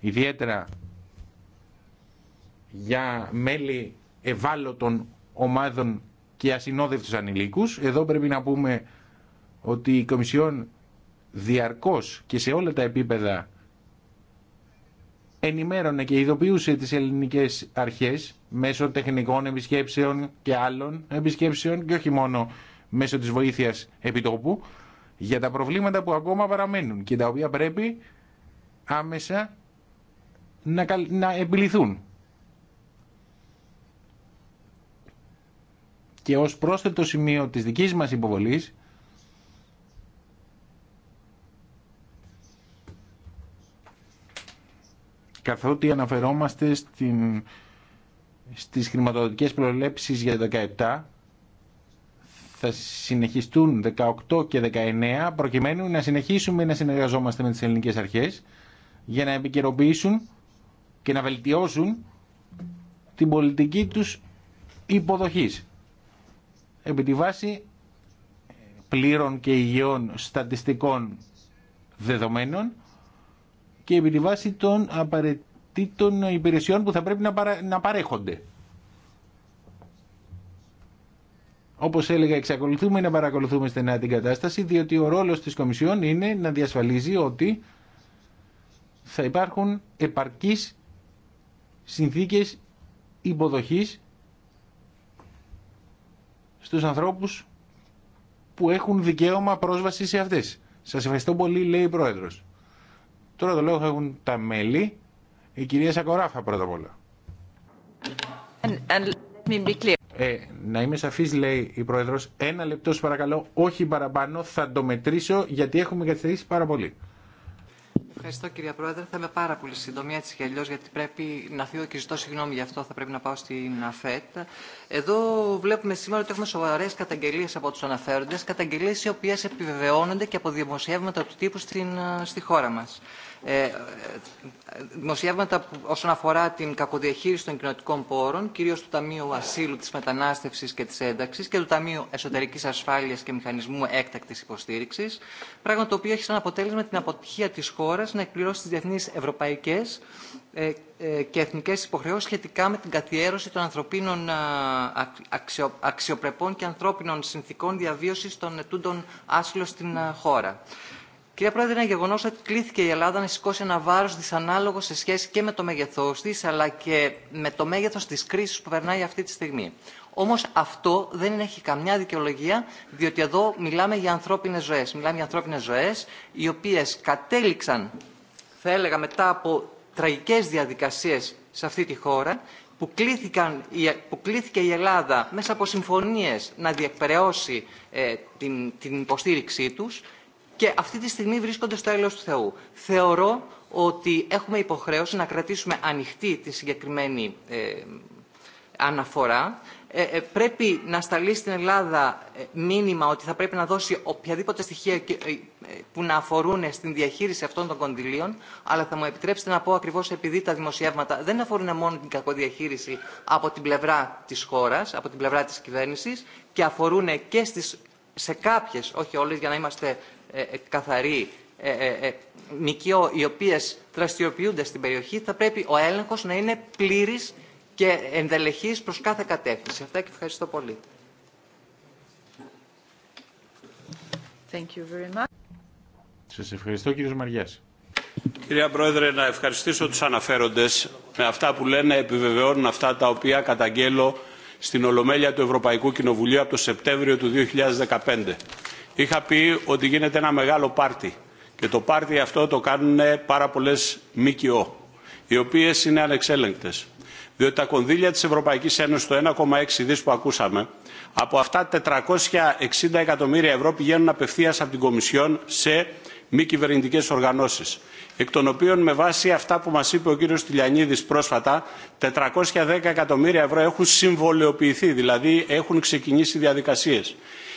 ιδιαίτερα για μέλη ευάλωτων ομάδων και ασυνόδευτους ανηλίκους. Εδώ πρέπει να πούμε ότι η Κομισιόν διαρκώς και σε όλα τα επίπεδα ενημέρωνε και ειδοποιούσε τις ελληνικές αρχές μέσω τεχνικών επισκέψεων και άλλων επισκέψεων και όχι μόνο μέσω της βοήθειας επιτόπου για τα προβλήματα που ακόμα παραμένουν και τα οποία πρέπει άμεσα να, να επιληθούν. Και ως πρόσθετο σημείο της δικής μας υποβολής καθότι αναφερόμαστε στην, στις χρηματοδοτικές προβλέψεις για 17 θα συνεχιστούν 18 και 19 προκειμένου να συνεχίσουμε να συνεργαζόμαστε με τις ελληνικές αρχές για να επικαιροποιήσουν και να βελτιώσουν την πολιτική τους υποδοχής επί τη βάση πλήρων και υγιών στατιστικών δεδομένων και επί τη βάση των απαραίτητων υπηρεσιών που θα πρέπει να παρέχονται. Όπως έλεγα, εξακολουθούμε να παρακολουθούμε στενά την κατάσταση, διότι ο ρόλος της Κομισιόν είναι να διασφαλίζει ότι θα υπάρχουν επαρκείς συνθήκες υποδοχής στους ανθρώπους που έχουν δικαίωμα πρόσβαση σε αυτές. Σας ευχαριστώ πολύ, λέει η Πρόεδρος. Τώρα το λόγο έχουν τα μέλη. Η κυρία Σακοράφα πρώτα απ' όλα. Ε, να είμαι σαφή, λέει η πρόεδρο. ένα λεπτό σας παρακαλώ, όχι παραπάνω, θα το μετρήσω γιατί έχουμε καθυστερήσει πάρα πολύ. Ευχαριστώ κυρία Πρόεδρε. Θα είμαι πάρα πολύ σύντομη έτσι και αλλιώ, γιατί πρέπει να φύγω και ζητώ συγγνώμη γι' αυτό. Θα πρέπει να πάω στην ΑΦΕΤ. Εδώ βλέπουμε σήμερα ότι έχουμε σοβαρέ καταγγελίε από του αναφέροντε, καταγγελίε οι οποίε επιβεβαιώνονται και από δημοσιεύματα του τύπου στην, ε, στη χώρα μα. Ε, ε, δημοσιεύματα όσον αφορά την κακοδιαχείριση των κοινωτικών πόρων, κυρίω του Ταμείου Ασύλου, τη μετανάστευση και τη ένταξη και του Ταμείου Εσωτερική Ασφάλειας και Μηχανισμού έκτακτη υποστηρίξη, πράγμα το οποίο έχει σαν αποτέλεσμα την αποτυχία τη χώρα να εκπληρώσει τις διεθνείς ευρωπαϊκές ε, και εθνικέ υποχρεώσει σχετικά με την καθιέρωση των ανθρωπίνων αξιοπρεπών και ανθρώπινων συνθήκων διαβίωση των ετούντων άσυλο στην χώρα. Κυρία Πρόεδρε, είναι γεγονό ότι κλήθηκε η Ελλάδα να σηκώσει ένα βάρο δυσανάλογο σε σχέση και με το μέγεθό τη, αλλά και με το μέγεθο τη κρίση που περνάει αυτή τη στιγμή. Όμω αυτό δεν έχει καμιά δικαιολογία, διότι εδώ μιλάμε για ανθρώπινε ζωέ. Μιλάμε για ανθρώπινε ζωέ, οι οποίε κατέληξαν, θα έλεγα, μετά από τραγικέ διαδικασίε σε αυτή τη χώρα, που, κλήθηκαν, που κλήθηκε η Ελλάδα μέσα από συμφωνίες να διεκπαιρεώσει ε, την, την υποστήριξή τους και αυτή τη στιγμή βρίσκονται στο έλεος του Θεού. Θεωρώ ότι έχουμε υποχρέωση να κρατήσουμε ανοιχτή τη συγκεκριμένη ε, αναφορά. Ε, ε, πρέπει να σταλεί στην Ελλάδα μήνυμα ότι θα πρέπει να δώσει οποιαδήποτε στοιχεία που να αφορούν στην διαχείριση αυτών των κονδυλίων, αλλά θα μου επιτρέψετε να πω ακριβώ επειδή τα δημοσιεύματα δεν αφορούν μόνο την κακοδιαχείριση από την πλευρά τη χώρα, από την πλευρά τη κυβέρνηση και αφορούν και στις, σε κάποιε, όχι όλε για να είμαστε ε, ε, καθαρή ε, ΜΚΟ οι οποίες δραστηριοποιούνται στην περιοχή θα πρέπει ο έλεγχος να είναι πλήρης και ενδελεχής προς κάθε κατεύθυνση. Αυτά και ευχαριστώ πολύ. Thank Σας ευχαριστώ κύριε Μαριάς. Κυρία Πρόεδρε, να ευχαριστήσω τους αναφέροντες. Με αυτά που λένε επιβεβαιώνουν αυτά τα οποία καταγγέλω στην Ολομέλεια του Ευρωπαϊκού Κοινοβουλίου από το Σεπτέμβριο του 2015 είχα πει ότι γίνεται ένα μεγάλο πάρτι και το πάρτι αυτό το κάνουν πάρα πολλέ ΜΚΟ, οι οποίε είναι ανεξέλεγκτε. Διότι τα κονδύλια τη Ευρωπαϊκή Ένωση, το 1,6 δι που ακούσαμε, από αυτά 460 εκατομμύρια ευρώ πηγαίνουν απευθεία από την Κομισιόν σε μη κυβερνητικέ οργανώσει, εκ των οποίων με βάση αυτά που μα είπε ο κ. Τηλιανίδης πρόσφατα, 410 εκατομμύρια ευρώ έχουν συμβολεοποιηθεί, δηλαδή έχουν ξεκινήσει διαδικασίε.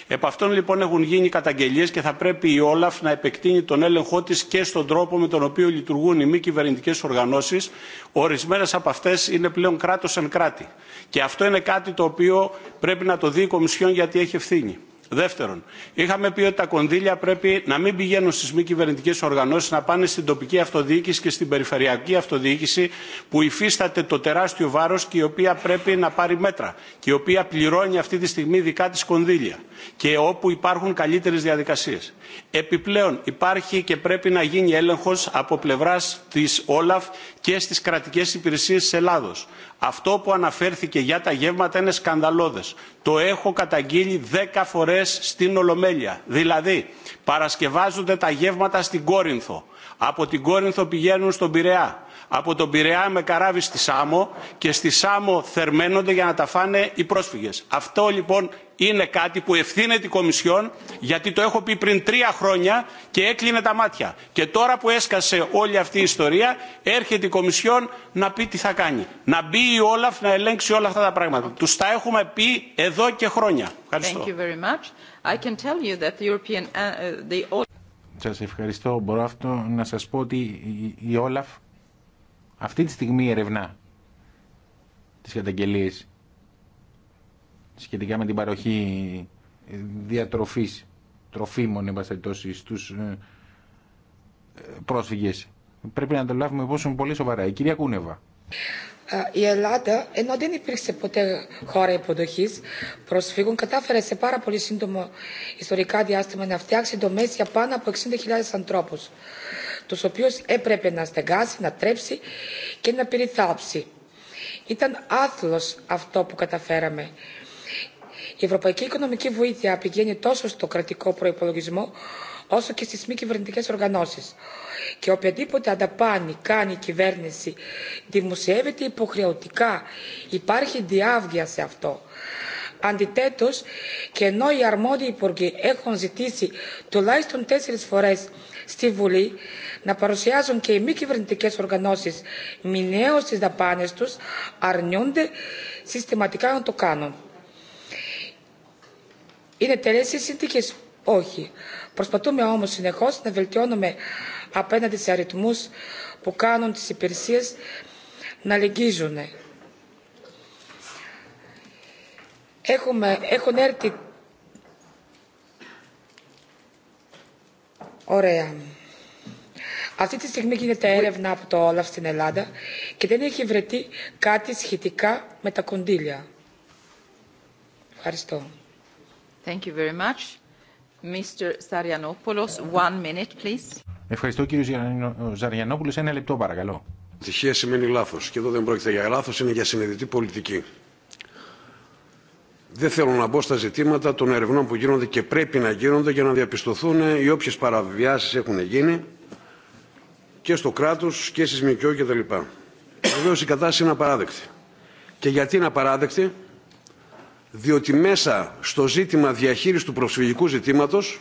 Επ' αυτών λοιπόν έχουν γίνει καταγγελίες και θα πρέπει η Όλαφ να επεκτείνει τον έλεγχό τη και στον τρόπο με τον οποίο λειτουργούν οι μη κυβερνητικέ οργανώσεις. Ορισμένε από αυτές είναι πλέον κράτος εν κράτη. Και αυτό είναι κάτι το οποίο πρέπει να το δει η Κομισιόν γιατί έχει ευθύνη. Δεύτερον, είχαμε πει ότι τα κονδύλια πρέπει να μην πηγαίνουν στι μη κυβερνητικέ οργανώσει, να πάνε στην τοπική αυτοδιοίκηση και στην περιφερειακή αυτοδιοίκηση που υφίσταται το τεράστιο βάρο και η οποία πρέπει να πάρει μέτρα και η οποία πληρώνει αυτή τη στιγμή δικά τη κονδύλια και όπου υπάρχουν καλύτερε διαδικασίε. Επιπλέον, υπάρχει και πρέπει να γίνει έλεγχο από πλευρά τη Όλαφ και στις κρατικές υπηρεσίες της Ελλάδος. Αυτό που αναφέρθηκε για τα γεύματα είναι σκανδαλώδες. Το έχω καταγγείλει δέκα φορές στην Ολομέλεια. Δηλαδή, παρασκευάζονται τα γεύματα στην Κόρινθο. Από την Κόρινθο πηγαίνουν στον Πειραιά. Από τον Πειραιά με καράβι στη Σάμο και στη Σάμο θερμαίνονται για να τα φάνε οι πρόσφυγες. Αυτό λοιπόν είναι κάτι που ευθύνεται η Κομισιόν γιατί το έχω πει πριν τρία χρόνια και έκλεινε τα μάτια. Και τώρα που έσκασε όλη αυτή η ιστορία έρχεται η Κομισιόν να πει τι θα κάνει. Να μπει η Όλαφ να ελέγξει όλα αυτά τα πράγματα. Του Τους τα έχουμε πει εδώ και χρόνια. Ευχαριστώ. Σας ευχαριστώ. Μπορώ αυτό να σας πω ότι η Όλαφ αυτή τη στιγμή ερευνά τις καταγγελίες σχετικά με την παροχή ε, διατροφής, τροφίμων, εν στους ε, πρόσφυγες. Πρέπει να το λάβουμε πόσο πολύ σοβαρά. Η κυρία Κούνεβα. Η Ελλάδα, ενώ δεν υπήρξε ποτέ χώρα υποδοχή προσφύγων, κατάφερε σε πάρα πολύ σύντομο ιστορικά διάστημα να φτιάξει δομέ για πάνω από 60.000 ανθρώπου, του οποίου έπρεπε να στεγάσει, να τρέψει και να περιθάψει. Ήταν άθλος αυτό που καταφέραμε. Η ευρωπαϊκή οικονομική βοήθεια πηγαίνει τόσο στο κρατικό προπολογισμό όσο και στι μη κυβερνητικέ οργανώσει. Και οποιαδήποτε ανταπάνη κάνει η κυβέρνηση δημοσιεύεται υποχρεωτικά. Υπάρχει διάβγεια σε αυτό. Αντιθέτω, και ενώ οι αρμόδιοι υπουργοί έχουν ζητήσει τουλάχιστον τέσσερι φορέ στη Βουλή να παρουσιάζουν και οι μη κυβερνητικέ οργανώσει μηνιαίω τι δαπάνε του, αρνιούνται συστηματικά να το κάνουν. Είναι οι συνθήκε. Όχι. Προσπαθούμε όμω συνεχώ να βελτιώνουμε απέναντι σε αριθμού που κάνουν τι υπηρεσίε να λυγίζουν. Έχουμε, έχουν έρθει Ωραία. Αυτή τη στιγμή γίνεται έρευνα από το Όλαφ στην Ελλάδα και δεν έχει βρεθεί κάτι σχετικά με τα κοντήλια. Ευχαριστώ. Ευχαριστώ κύριε Ζαριανόπουλος. Ένα λεπτό παρακαλώ. Τυχαία σημαίνει λάθος και εδώ δεν πρόκειται για λάθος, είναι για συνειδητή πολιτική. Δεν θέλω να μπω στα ζητήματα των ερευνών που γίνονται και πρέπει να γίνονται για να διαπιστωθούν οι όποιες παραβιάσεις έχουν γίνει και στο κράτος και στις ΜΚΟ κτλ. Βεβαίω η κατάσταση είναι απαράδεκτη. Και γιατί είναι απαράδεκτη, διότι μέσα στο ζήτημα διαχείρισης του προσφυγικού ζητήματος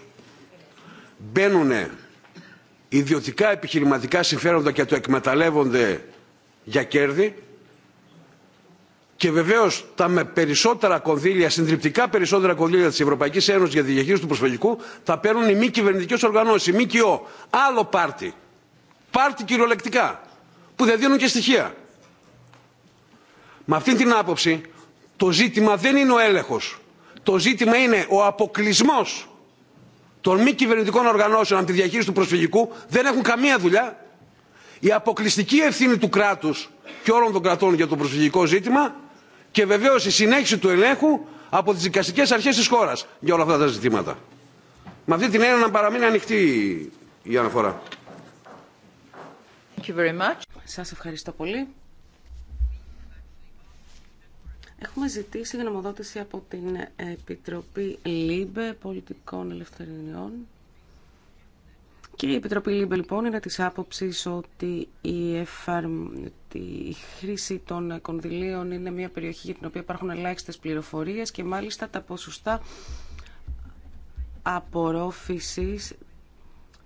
μπαίνουν ιδιωτικά επιχειρηματικά συμφέροντα και το εκμεταλλεύονται για κέρδη και βεβαίως τα με περισσότερα κονδύλια, συντριπτικά περισσότερα κονδύλια της Ευρωπαϊκής Ένωσης για τη διαχείριση του προσφυγικού τα παίρνουν οι μη κυβερνητικέ οργανώσεις, οι ΜΚΟ, άλλο πάρτι, πάρτι κυριολεκτικά, που δεν δίνουν και στοιχεία. Με αυτή την άποψη το ζήτημα δεν είναι ο έλεγχος. Το ζήτημα είναι ο αποκλεισμό των μη κυβερνητικών οργανώσεων από τη διαχείριση του προσφυγικού. Δεν έχουν καμία δουλειά. Η αποκλειστική ευθύνη του κράτους και όλων των κρατών για το προσφυγικό ζήτημα και βεβαίω η συνέχιση του ελέγχου από τις δικαστικές αρχές της χώρα για όλα αυτά τα ζητήματα. Με αυτή την έννοια να παραμείνει ανοιχτή η αναφορά. Σα ευχαριστώ πολύ. Έχουμε ζητήσει γνωμοδότηση από την Επιτροπή ΛΥΜΠΕ Πολιτικών Ελευθερινιών. και η Επιτροπή ΛΥΜΠΕ λοιπόν είναι της άποψης ότι η, η χρήση των κονδυλίων είναι μια περιοχή για την οποία υπάρχουν ελάχιστες πληροφορίες και μάλιστα τα ποσοστά απορρόφησης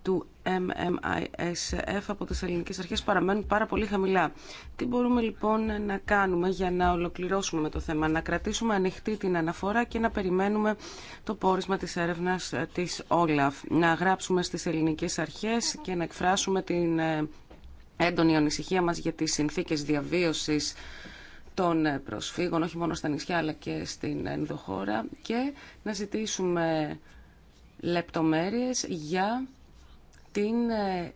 του MMISF από τις ελληνικές αρχές παραμένουν πάρα πολύ χαμηλά. Τι μπορούμε λοιπόν να κάνουμε για να ολοκληρώσουμε με το θέμα, να κρατήσουμε ανοιχτή την αναφορά και να περιμένουμε το πόρισμα της έρευνας της Όλαφ, να γράψουμε στις ελληνικές αρχές και να εκφράσουμε την ε, έντονη ανησυχία μας για τις συνθήκες διαβίωσης των προσφύγων, όχι μόνο στα νησιά αλλά και στην ενδοχώρα και να ζητήσουμε λεπτομέρειες για την ε,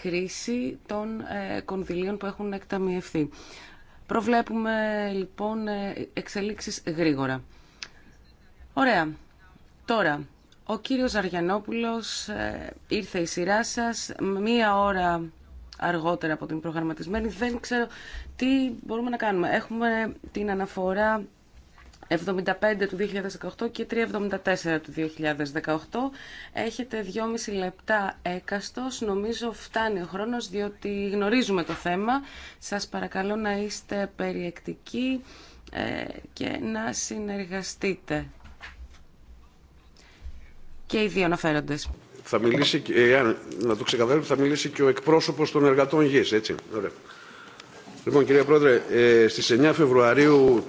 χρήση των ε, κονδυλίων που έχουν εκταμιευθεί. Προβλέπουμε λοιπόν ε, εξελίξεις γρήγορα. Ωραία. Τώρα, ο κύριος Αργιανόπουλος ήρθε η σειρά σας μία ώρα αργότερα από την προγραμματισμένη. Δεν ξέρω τι μπορούμε να κάνουμε. Έχουμε την αναφορά 75 του 2018 και 374 του 2018. Έχετε 2,5 λεπτά έκαστος. Νομίζω φτάνει ο χρόνος διότι γνωρίζουμε το θέμα. Σας παρακαλώ να είστε περιεκτικοί ε, και να συνεργαστείτε. Και οι δύο αναφέροντες. Θα μιλήσει, ε, να το ξεκαθαρίσω, θα μιλήσει και ο εκπρόσωπος των εργατών γης, έτσι. Λοιπόν, κυρία Πρόεδρε, ε, στις 9 Φεβρουαρίου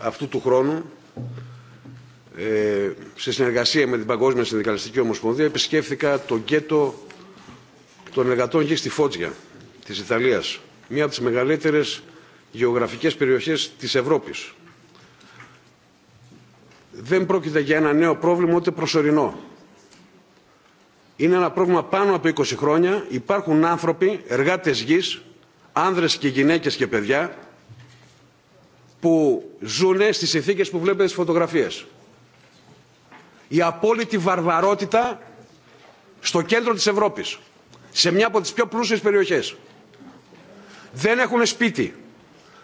αυτού του χρόνου ε, σε συνεργασία με την Παγκόσμια Συνδικαλιστική Ομοσπονδία επισκέφθηκα το γκέτο των εργατών γη στη Φότζια της Ιταλίας μία από τις μεγαλύτερες γεωγραφικές περιοχές της Ευρώπης. Δεν πρόκειται για ένα νέο πρόβλημα ούτε προσωρινό. Είναι ένα πρόβλημα πάνω από 20 χρόνια. Υπάρχουν άνθρωποι, εργάτες γης, άνδρες και γυναίκες και παιδιά, που ζουν στις συνθήκε που βλέπετε στις φωτογραφίες. Η απόλυτη βαρβαρότητα στο κέντρο της Ευρώπης, σε μια από τις πιο πλούσιες περιοχές. Δεν έχουν σπίτι,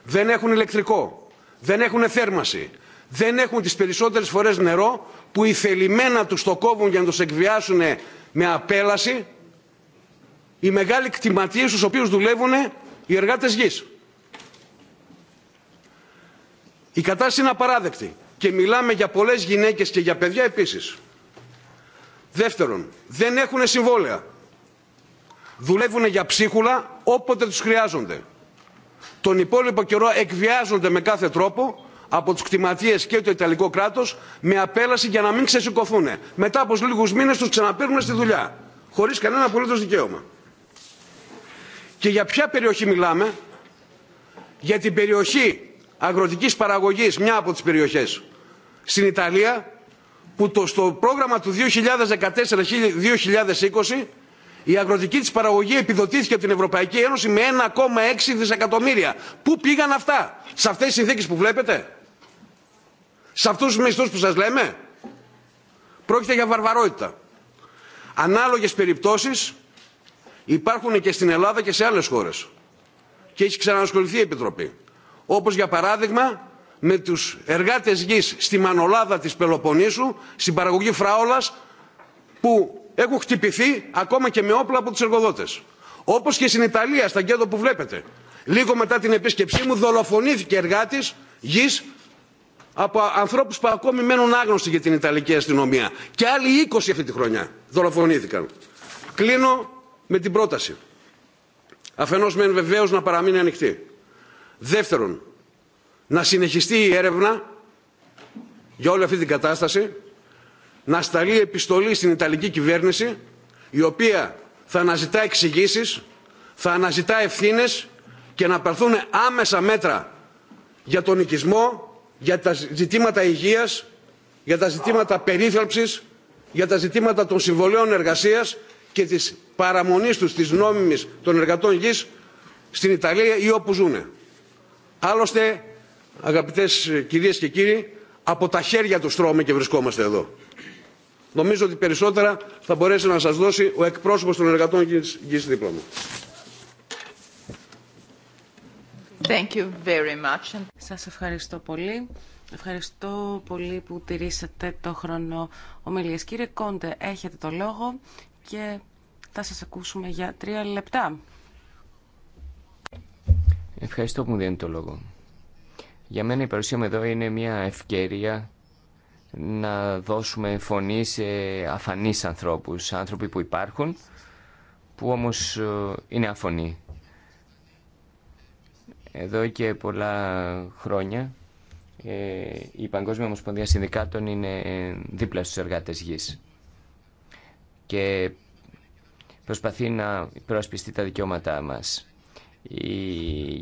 δεν έχουν ηλεκτρικό, δεν έχουν θέρμαση, δεν έχουν τις περισσότερες φορές νερό που οι θελημένα τους το κόβουν για να τους εκβιάσουν με απέλαση οι μεγάλοι κτηματίες στους οποίους δουλεύουν οι εργάτες γης. Η κατάσταση είναι απαράδεκτη και μιλάμε για πολλές γυναίκες και για παιδιά επίσης. Δεύτερον, δεν έχουν συμβόλαια. Δουλεύουν για ψίχουλα όποτε τους χρειάζονται. Τον υπόλοιπο καιρό εκβιάζονται με κάθε τρόπο από τους κτηματίες και το Ιταλικό κράτος με απέλαση για να μην ξεσηκωθούν. Μετά από λίγους μήνες τους ξαναπήρνουν στη δουλειά, χωρίς κανένα απολύτως δικαίωμα. Και για ποια περιοχή μιλάμε, για την περιοχή αγροτικής παραγωγής, μια από τις περιοχές στην Ιταλία, που το, στο πρόγραμμα του 2014-2020 η αγροτική της παραγωγή επιδοτήθηκε από την Ευρωπαϊκή Ένωση με 1,6 δισεκατομμύρια. Πού πήγαν αυτά, σε αυτές τις συνθήκες που βλέπετε, σε αυτούς τους μισθούς που σας λέμε. Πρόκειται για βαρβαρότητα. Ανάλογες περιπτώσεις υπάρχουν και στην Ελλάδα και σε άλλες χώρες. Και έχει ξανασχοληθεί η Επιτροπή όπως για παράδειγμα με τους εργάτες γης στη Μανολάδα της Πελοποννήσου, στην παραγωγή φράολας, που έχουν χτυπηθεί ακόμα και με όπλα από τους εργοδότες. Όπως και στην Ιταλία, στα γκέτο που βλέπετε. Λίγο μετά την επίσκεψή μου δολοφονήθηκε εργάτης γης από ανθρώπους που ακόμη μένουν άγνωστοι για την Ιταλική αστυνομία. Και άλλοι 20 αυτή τη χρονιά δολοφονήθηκαν. Κλείνω με την πρόταση. Αφενός μεν βεβαίως να παραμείνει ανοιχτή Δεύτερον, να συνεχιστεί η έρευνα για όλη αυτή την κατάσταση, να σταλεί επιστολή στην Ιταλική κυβέρνηση, η οποία θα αναζητά εξηγήσει, θα αναζητά ευθύνε και να παρθούν άμεσα μέτρα για τον οικισμό, για τα ζητήματα υγείας, για τα ζητήματα περίθαλψης, για τα ζητήματα των συμβολέων εργασίας και της παραμονής τους της νόμιμης των εργατών γης στην Ιταλία ή όπου ζούνε. Άλλωστε, αγαπητές ε, κυρίες και κύριοι, από τα χέρια του τρώμε και βρισκόμαστε εδώ. Νομίζω ότι περισσότερα θα μπορέσει να σας δώσει ο εκπρόσωπος των εργατών γης δίπλα μου. Thank you very much. Σας ευχαριστώ πολύ. Ευχαριστώ πολύ που τηρήσατε το χρόνο ομιλίας. Κύριε Κόντε, έχετε το λόγο και θα σας ακούσουμε για τρία λεπτά. Ευχαριστώ που μου δίνετε το λόγο. Για μένα η παρουσία μου εδώ είναι μια ευκαιρία να δώσουμε φωνή σε αφανείς ανθρώπους, άνθρωποι που υπάρχουν, που όμως ε, είναι αφωνοί. Εδώ και πολλά χρόνια ε, η Παγκόσμια Ομοσπονδία Συνδικάτων είναι δίπλα στους εργάτες γης και προσπαθεί να προασπιστεί τα δικαιώματά μας. Η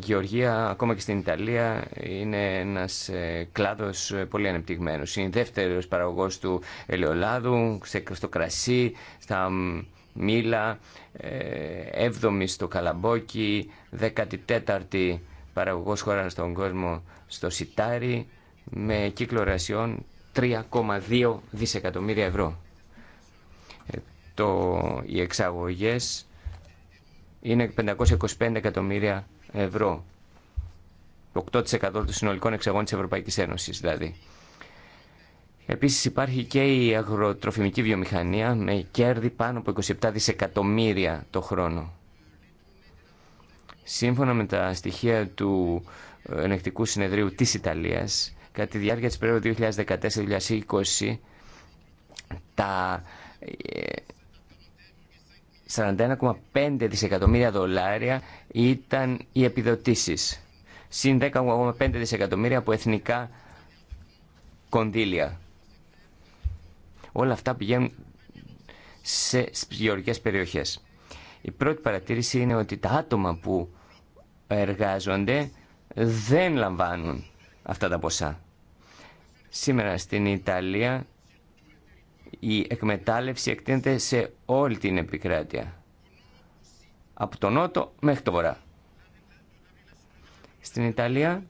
γεωργία, ακόμα και στην Ιταλία, είναι ένας ε, κλάδος πολύ ανεπτυγμένος. Είναι δεύτερος παραγωγός του ελαιολάδου, στο κρασί, στα μήλα, ε, έβδομη στο καλαμπόκι, δέκατη τέταρτη παραγωγός χώρα στον κόσμο στο σιτάρι, με κύκλο ρασιών 3,2 δισεκατομμύρια ευρώ. Ε, το, οι εξαγωγές είναι 525 εκατομμύρια ευρώ. 8% των συνολικών εξαγών της Ευρωπαϊκής Ένωσης δηλαδή. Επίσης υπάρχει και η αγροτροφημική βιομηχανία με κέρδη πάνω από 27 δισεκατομμύρια το χρόνο. Σύμφωνα με τα στοιχεία του Ενεκτικού Συνεδρίου της Ιταλίας, κατά τη διάρκεια της περίοδου 2014-2020, τα ε, 41,5 δισεκατομμύρια δολάρια ήταν οι επιδοτήσεις. Συν 10,5 δισεκατομμύρια από εθνικά κονδύλια. Όλα αυτά πηγαίνουν σε γεωργικές περιοχές. Η πρώτη παρατήρηση είναι ότι τα άτομα που εργάζονται δεν λαμβάνουν αυτά τα ποσά. Σήμερα στην Ιταλία η εκμετάλλευση εκτείνεται σε όλη την επικράτεια. Από τον νότο μέχρι τον βορρά. Στην Ιταλία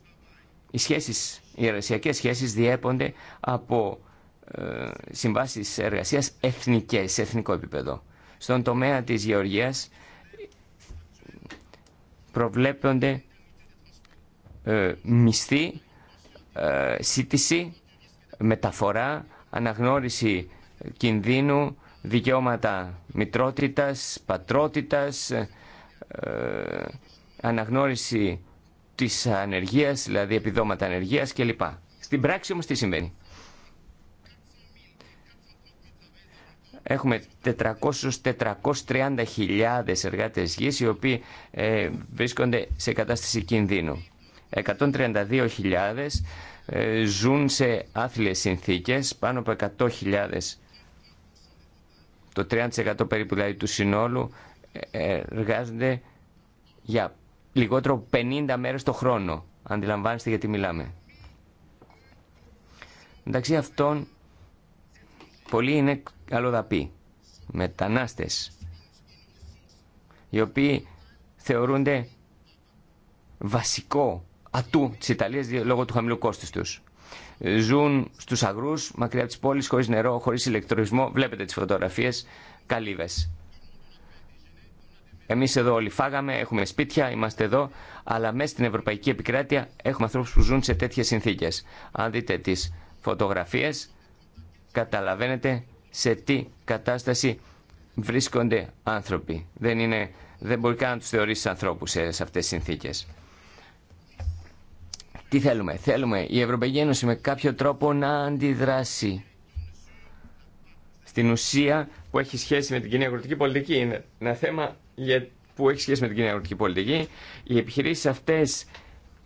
οι σχέσεις, οι σχέσεις διέπονται από ε, συμβάσεις εργασίας εθνικές, σε εθνικό επίπεδο. Στον τομέα της γεωργίας προβλέπονται ε, μισθή, ε, μεταφορά, αναγνώριση κινδύνου δικαιώματα μητρότητας, πατρότητας, ε, αναγνώριση της ανεργίας, δηλαδή επιδόματα ανεργίας κλπ. Στην πράξη όμως τι συμβαίνει. Έχουμε 400-430.000 εργάτες γης οι οποίοι ε, βρίσκονται σε κατάσταση κινδύνου. 132.000 ε, ζουν σε άθλιες συνθήκες, πάνω από 100.000 το 30% περίπου δηλαδή του συνόλου ε, εργάζονται για λιγότερο 50 μέρες το χρόνο. Αντιλαμβάνεστε γιατί μιλάμε. Μεταξύ αυτών, πολλοί είναι αλλοδαποί, μετανάστες, οι οποίοι θεωρούνται βασικό ατού της Ιταλίας λόγω του χαμηλού κόστους τους ζουν στους αγρούς, μακριά από τις πόλεις, χωρίς νερό, χωρίς ηλεκτρισμό. Βλέπετε τις φωτογραφίες, καλύβε. Εμείς εδώ όλοι φάγαμε, έχουμε σπίτια, είμαστε εδώ, αλλά μέσα στην Ευρωπαϊκή Επικράτεια έχουμε ανθρώπου που ζουν σε τέτοιε συνθήκες. Αν δείτε τις φωτογραφίες, καταλαβαίνετε σε τι κατάσταση βρίσκονται άνθρωποι. Δεν, είναι, δεν μπορεί καν να του θεωρήσει ανθρώπους σε, σε αυτές τις συνθήκες. Τι θέλουμε. Θέλουμε η Ευρωπαϊκή Ένωση με κάποιο τρόπο να αντιδράσει. Στην ουσία που έχει σχέση με την κοινή αγροτική πολιτική είναι ένα θέμα που έχει σχέση με την κοινή αγροτική πολιτική. Οι επιχειρήσει αυτέ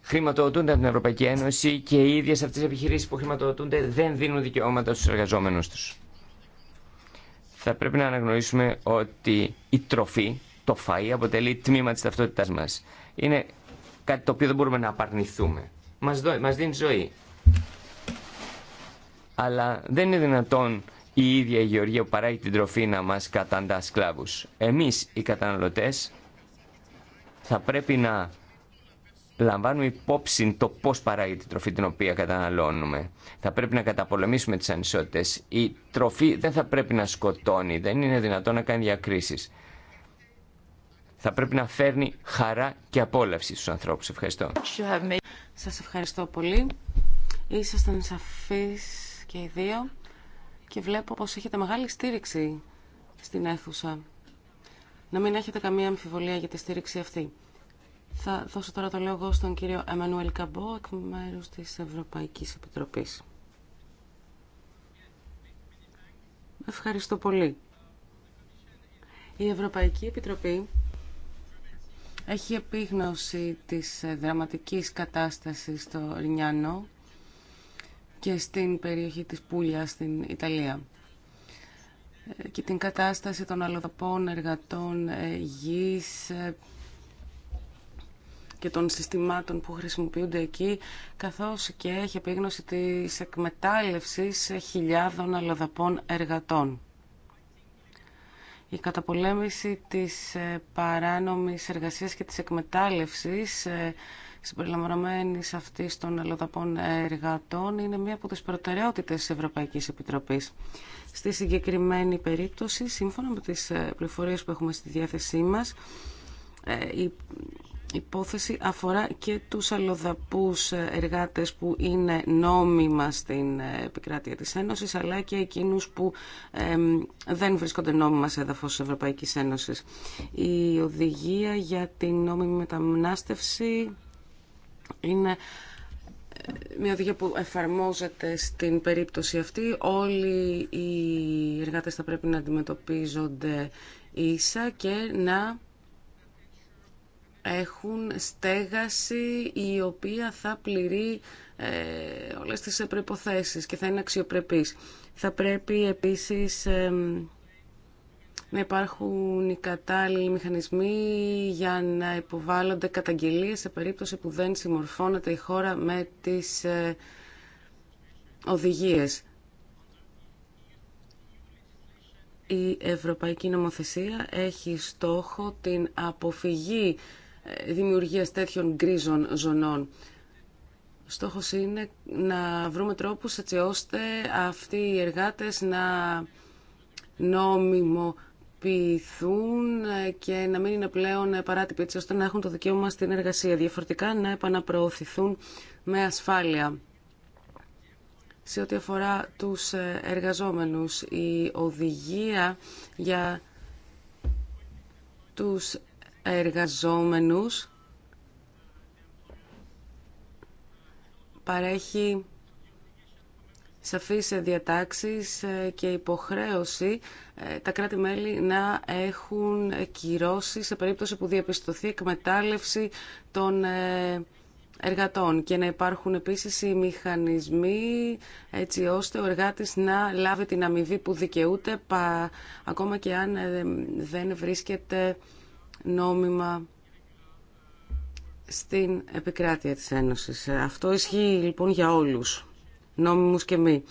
χρηματοδοτούνται από την Ευρωπαϊκή Ένωση και οι ίδιες αυτέ οι επιχειρήσει που χρηματοδοτούνται δεν δίνουν δικαιώματα στου εργαζόμενου του. Θα πρέπει να αναγνωρίσουμε ότι η τροφή, το φαΐ, αποτελεί τμήμα της ταυτότητάς μας. Είναι κάτι το οποίο δεν μπορούμε να απαρνηθούμε μας, δω, μας δίνει ζωή. Αλλά δεν είναι δυνατόν η ίδια η γεωργία που παράγει την τροφή να μας καταντά σκλάβους. Εμείς οι καταναλωτές θα πρέπει να λαμβάνουμε υπόψη το πώς παράγει την τροφή την οποία καταναλώνουμε. Θα πρέπει να καταπολεμήσουμε τις ανισότητες. Η τροφή δεν θα πρέπει να σκοτώνει, δεν είναι δυνατόν να κάνει διακρίσεις θα πρέπει να φέρνει χαρά και απόλαυση στους ανθρώπους. Ευχαριστώ. Σας ευχαριστώ πολύ. Ήσασταν σαφείς και οι δύο και βλέπω πως έχετε μεγάλη στήριξη στην αίθουσα. Να μην έχετε καμία αμφιβολία για τη στήριξη αυτή. Θα δώσω τώρα το λόγο στον κύριο Εμμανουέλ Καμπό, εκ μέρου τη Ευρωπαϊκή Επιτροπή. Ευχαριστώ πολύ. Η Ευρωπαϊκή Επιτροπή έχει επίγνωση της ε, δραματικής κατάστασης στο Ρινιάνο και στην περιοχή της Πούλια στην Ιταλία ε, και την κατάσταση των αλλοδαπών εργατών ε, γης και των συστημάτων που χρησιμοποιούνται εκεί, καθώς και έχει επίγνωση της εκμετάλλευσης χιλιάδων αλλοδαπών εργατών. Η καταπολέμηση της ε, παράνομης εργασίας και της εκμετάλλευσης ε, συμπεριλαμβανομένης αυτής των αλλοδαπών εργατών είναι μία από τις προτεραιότητες της Ευρωπαϊκής Επιτροπής. Στη συγκεκριμένη περίπτωση, σύμφωνα με τις ε, πληροφορίες που έχουμε στη διάθεσή μας, υπόθεση αφορά και τους αλλοδαπούς εργάτες που είναι νόμιμα στην ε, επικράτεια της Ένωσης αλλά και εκείνους που δεν βρίσκονται νόμιμα σε έδαφος της Ευρωπαϊκής Ένωσης. Η οδηγία για την νόμιμη μεταμνάστευση είναι ε, μια οδηγία που εφαρμόζεται στην περίπτωση αυτή. Όλοι οι εργάτες θα πρέπει να αντιμετωπίζονται ίσα και να έχουν στέγαση η οποία θα πληρεί ε, όλες τις προϋποθέσεις και θα είναι αξιοπρεπής. Θα πρέπει επίσης να υπάρχουν οι κατάλληλοι μηχανισμοί για να υποβάλλονται καταγγελίες σε περίπτωση που δεν συμμορφώνεται η χώρα με τις ε, οδηγίες. Η Ευρωπαϊκή Νομοθεσία έχει στόχο την αποφυγή ε, δημιουργία τέτοιων γκρίζων ζωνών. Στόχος είναι να βρούμε τρόπους έτσι ώστε αυτοί οι εργάτες να νομιμοποιηθούν και να μην είναι πλέον παράτυποι έτσι ώστε να έχουν το δικαίωμα στην εργασία. Διαφορετικά να επαναπροωθηθούν με ασφάλεια. Σε ό,τι αφορά τους ε, εργαζόμενους, η οδηγία για τους εργαζόμενους παρέχει σαφείς διατάξεις ε, και υποχρέωση ε, τα κράτη-μέλη να έχουν κυρώσει σε περίπτωση που διαπιστωθεί εκμετάλλευση των ε, εργατών και να υπάρχουν επίσης οι μηχανισμοί έτσι ώστε ο εργάτης να λάβει την αμοιβή που δικαιούται ακόμα και αν δεν βρίσκεται νόμιμα στην επικράτεια της Ένωσης. Αυτό ισχύει λοιπόν για όλους, νόμιμους και μη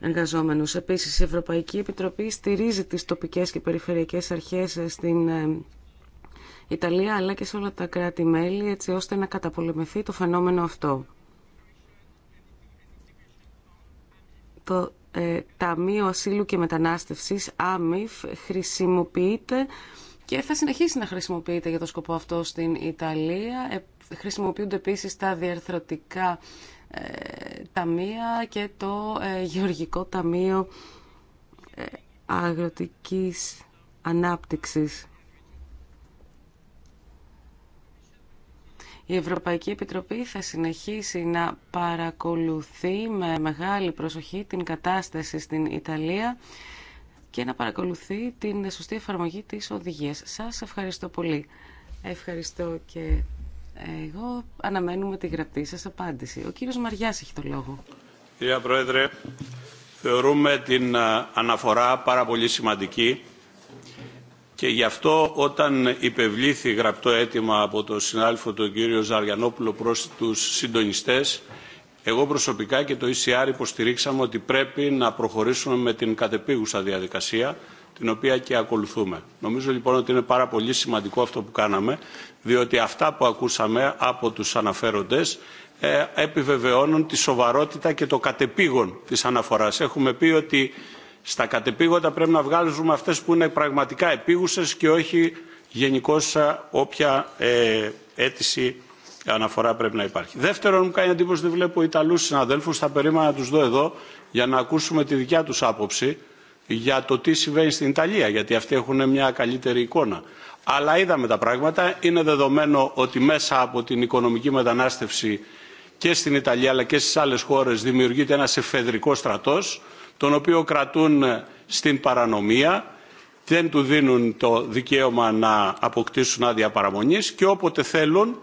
εργαζόμενους. Επίσης, η Ευρωπαϊκή Επιτροπή στηρίζει τις τοπικές και περιφερειακές αρχές στην ε, Ιταλία αλλά και σε όλα τα κράτη-μέλη έτσι ώστε να καταπολεμηθεί το φαινόμενο αυτό. Το ε, Ταμείο Ασύλου και Μετανάστευσης, ΆΜΙΦ, χρησιμοποιείται και θα συνεχίσει να χρησιμοποιείται για το σκοπό αυτό στην Ιταλία. Ε, χρησιμοποιούνται επίσης τα διαρθρωτικά ε, ταμεία και το ε, Γεωργικό Ταμείο Αγροτικής Ανάπτυξης. Η Ευρωπαϊκή Επιτροπή θα συνεχίσει να παρακολουθεί με μεγάλη προσοχή την κατάσταση στην Ιταλία και να παρακολουθεί την σωστή εφαρμογή της οδηγίας. Σας ευχαριστώ πολύ. Ευχαριστώ και εγώ. Αναμένουμε τη γραπτή σας απάντηση. Ο κύριος Μαριάς έχει το λόγο. Κυρία Πρόεδρε, θεωρούμε την αναφορά πάρα πολύ σημαντική και γι' αυτό όταν υπευλήθη γραπτό αίτημα από τον συνάδελφο τον κύριο Ζαριανόπουλο προς τους συντονιστές εγώ προσωπικά και το ECR υποστηρίξαμε ότι πρέπει να προχωρήσουμε με την κατεπίγουσα διαδικασία, την οποία και ακολουθούμε. Νομίζω λοιπόν ότι είναι πάρα πολύ σημαντικό αυτό που κάναμε, διότι αυτά που ακούσαμε από τους αναφέροντες ε, επιβεβαιώνουν τη σοβαρότητα και το κατεπήγον της αναφοράς. Έχουμε πει ότι στα κατεπήγοντα πρέπει να βγάλουμε αυτές που είναι πραγματικά επίγουσες και όχι γενικώ ε, όποια ε, αίτηση ε, αναφορά πρέπει να υπάρχει. Δεύτερον, μου κάνει εντύπωση ότι βλέπω Ιταλούς συναδέλφου, θα περίμενα να τους δω εδώ για να ακούσουμε τη δικιά του άποψη για το τι συμβαίνει στην Ιταλία, γιατί αυτοί έχουν μια καλύτερη εικόνα. Αλλά είδαμε τα πράγματα, είναι δεδομένο ότι μέσα από την οικονομική μετανάστευση και στην Ιταλία αλλά και στις άλλες χώρες δημιουργείται ένας εφεδρικός στρατός, τον οποίο κρατούν στην παρανομία, δεν του δίνουν το δικαίωμα να αποκτήσουν άδεια παραμονής και όποτε θέλουν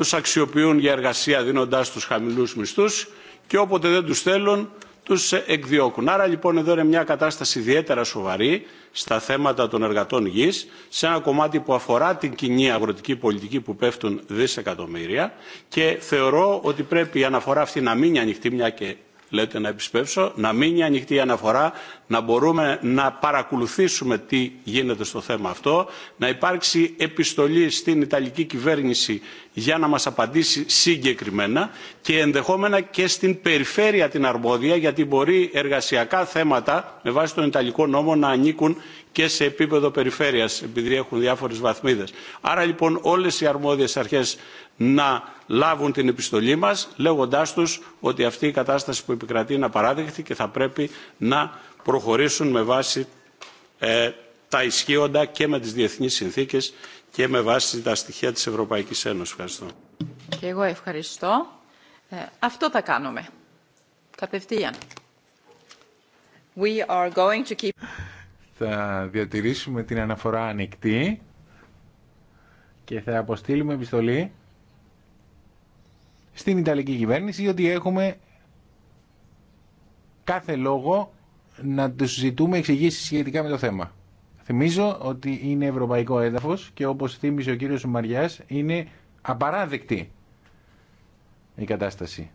τους αξιοποιούν για εργασία δίνοντάς τους χαμηλούς μισθούς και όποτε δεν τους θέλουν τους εκδιώκουν. Άρα λοιπόν εδώ είναι μια κατάσταση ιδιαίτερα σοβαρή στα θέματα των εργατών γης, σε ένα κομμάτι που αφορά την κοινή αγροτική πολιτική που πέφτουν δισεκατομμύρια και θεωρώ ότι πρέπει η αναφορά αυτή να μείνει ανοιχτή μια και λέτε να επισπεύσω, να μείνει ανοιχτή η αναφορά, να μπορούμε να παρακολουθήσουμε τι γίνεται στο θέμα αυτό, να υπάρξει επιστολή στην Ιταλική κυβέρνηση για να μας απαντήσει συγκεκριμένα και ενδεχόμενα και στην περιφέρεια την αρμόδια γιατί μπορεί εργασιακά θέματα με βάση τον Ιταλικό νόμο να ανήκουν και σε επίπεδο περιφέρειας επειδή έχουν διάφορες βαθμίδες. Άρα λοιπόν όλες οι αρμόδιες αρχές να λάβουν την επιστολή μας λέγοντάς τους ότι αυτή η κατάσταση που επικρατεί είναι απαράδεκτη και θα πρέπει να προχωρήσουν με βάση ε, τα ισχύοντα και με τις διεθνείς συνθήκες και με βάση τα στοιχεία της Ευρωπαϊκής Ένωσης. Ευχαριστώ. Και εγώ ευχαριστώ. Ε, αυτό θα κάνουμε. Κατευθείαν. We are Θα διατηρήσουμε την αναφορά ανοιχτή και θα αποστείλουμε επιστολή στην Ιταλική κυβέρνηση ότι έχουμε κάθε λόγο να τους ζητούμε εξηγήσει σχετικά με το θέμα. Θυμίζω ότι είναι ευρωπαϊκό έδαφος και όπως θύμισε ο κύριος Μαριάς είναι απαράδεκτη η κατάσταση.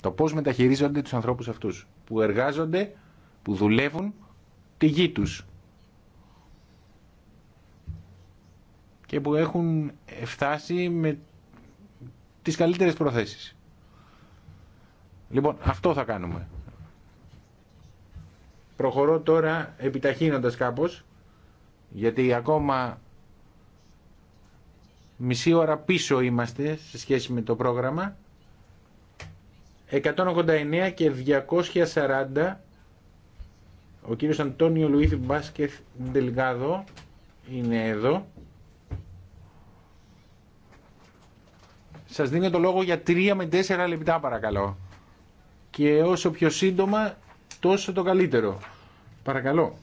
Το πώς μεταχειρίζονται τους ανθρώπους αυτούς που εργάζονται, που δουλεύουν τη γη τους και που έχουν φτάσει με τις καλύτερες προθέσεις. Λοιπόν, αυτό θα κάνουμε. Προχωρώ τώρα επιταχύνοντας κάπως, γιατί ακόμα μισή ώρα πίσω είμαστε σε σχέση με το πρόγραμμα. 189 και 240 ο κύριος Αντώνιο Λουίθι Μπάσκεθ Ντελγάδο είναι εδώ. Σα δίνω το λόγο για 3 με 4 λεπτά παρακαλώ. Και όσο πιο σύντομα τόσο το καλύτερο. Παρακαλώ.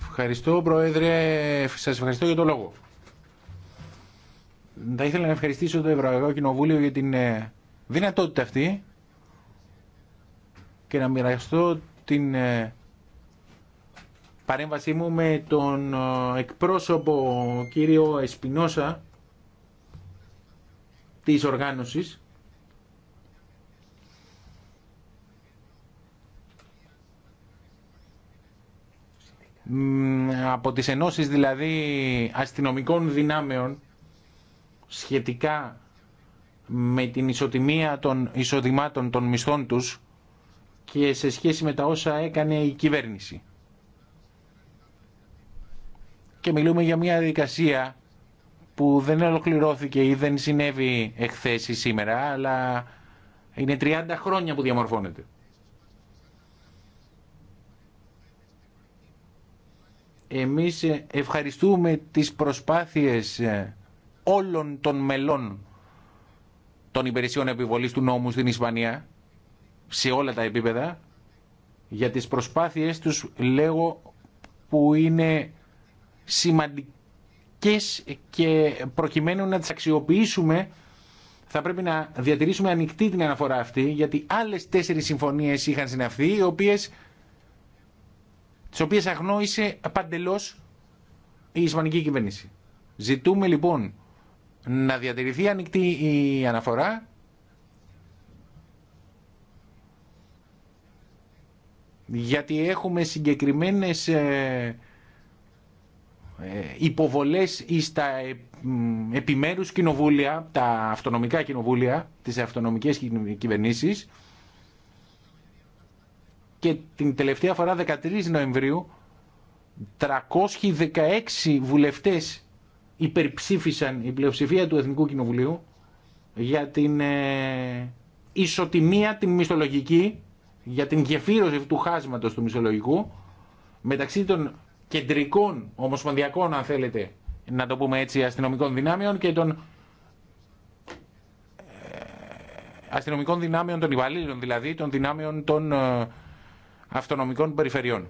Ευχαριστώ Πρόεδρε, Σα ευχαριστώ για το λόγο. Θα ήθελα να ευχαριστήσω το Ευρωπαϊκό Κοινοβούλιο για την ε, δυνατότητα αυτή και να μοιραστώ την ε, παρέμβασή μου με τον ε, εκπρόσωπο κύριο Εσπινόσα της οργάνωσης από τις ενώσεις δηλαδή αστυνομικών δυνάμεων σχετικά με την ισοτιμία των εισοδημάτων των μισθών τους και σε σχέση με τα όσα έκανε η κυβέρνηση και μιλούμε για μια διαδικασία που δεν ολοκληρώθηκε ή δεν συνέβη εχθές ή σήμερα, αλλά είναι 30 χρόνια που διαμορφώνεται. Εμείς ευχαριστούμε τις προσπάθειες όλων των μελών των υπηρεσιών επιβολής του νόμου στην Ισπανία, σε όλα τα επίπεδα, για τις προσπάθειες τους, λέγω, που είναι σημαντικές και προκειμένου να τις αξιοποιήσουμε θα πρέπει να διατηρήσουμε ανοιχτή την αναφορά αυτή γιατί άλλες τέσσερις συμφωνίες είχαν συναυθεί οι οποίες, τις οποίες αγνόησε παντελώς η Ισπανική κυβέρνηση. Ζητούμε λοιπόν να διατηρηθεί ανοιχτή η αναφορά γιατί έχουμε συγκεκριμένες ε, ε, υποβολές στα ε, επιμέρους κοινοβούλια, τα αυτονομικά κοινοβούλια, τις αυτονομικές κυβερνήσεις και την τελευταία φορά 13 Νοεμβρίου 316 βουλευτές υπερψήφισαν η πλειοψηφία του Εθνικού Κοινοβουλίου για την ε, ισοτιμία την μισθολογική, για την γεφύρωση του χάσματος του μισθολογικού μεταξύ των κεντρικών ομοσπονδιακών, αν θέλετε, να το πούμε έτσι, αστυνομικών δυνάμεων και των ε, αστυνομικών δυνάμεων των υπαλλήλων, δηλαδή των δυνάμεων των ε, αυτονομικών περιφερειών.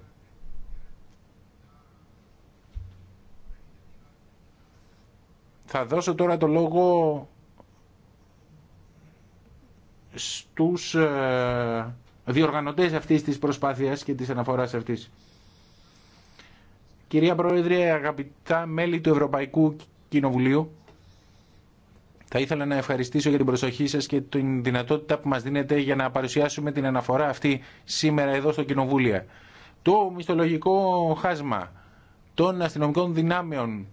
Θα δώσω τώρα το λόγο στους ε, διοργανωτές αυτής της προσπάθειας και της αναφοράς αυτής. Κυρία Πρόεδρε, αγαπητά μέλη του Ευρωπαϊκού Κοινοβουλίου, θα ήθελα να ευχαριστήσω για την προσοχή σας και την δυνατότητα που μας δίνετε για να παρουσιάσουμε την αναφορά αυτή σήμερα εδώ στο Κοινοβούλιο. Το μισθολογικό χάσμα των αστυνομικών δυνάμεων,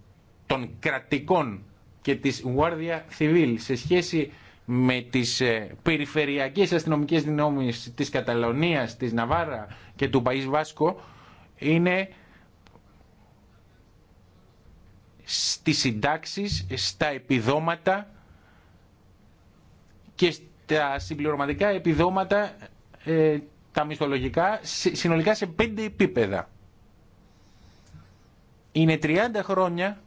των κρατικών και της Guardia Civil σε σχέση με τις ε, περιφερειακές αστυνομικές δυνάμεις της Καταλωνίας, της Ναβάρα και του Παΐς Βάσκο είναι στις συντάξεις, στα επιδόματα και στα συμπληρωματικά επιδόματα ε, τα μισθολογικά συνολικά σε πέντε επίπεδα. Είναι 30 χρόνια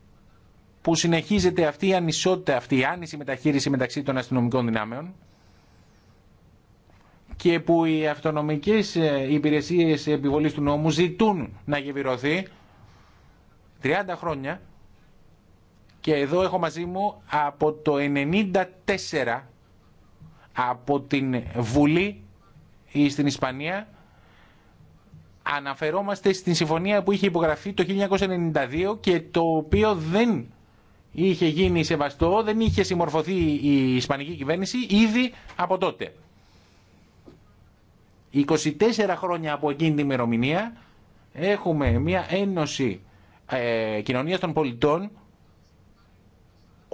που συνεχίζεται αυτή η ανισότητα, αυτή η άνηση μεταχείριση μεταξύ των αστυνομικών δυνάμεων και που οι αυτονομικές ε, υπηρεσίες επιβολής του νόμου ζητούν να γεβηρωθεί 30 χρόνια και εδώ έχω μαζί μου από το 94 από την Βουλή στην Ισπανία αναφερόμαστε στην συμφωνία που είχε υπογραφεί το 1992 και το οποίο δεν είχε γίνει σεβαστό, δεν είχε συμμορφωθεί η Ισπανική κυβέρνηση ήδη από τότε. 24 χρόνια από εκείνη την ημερομηνία έχουμε μια ένωση ε, κοινωνίας των πολιτών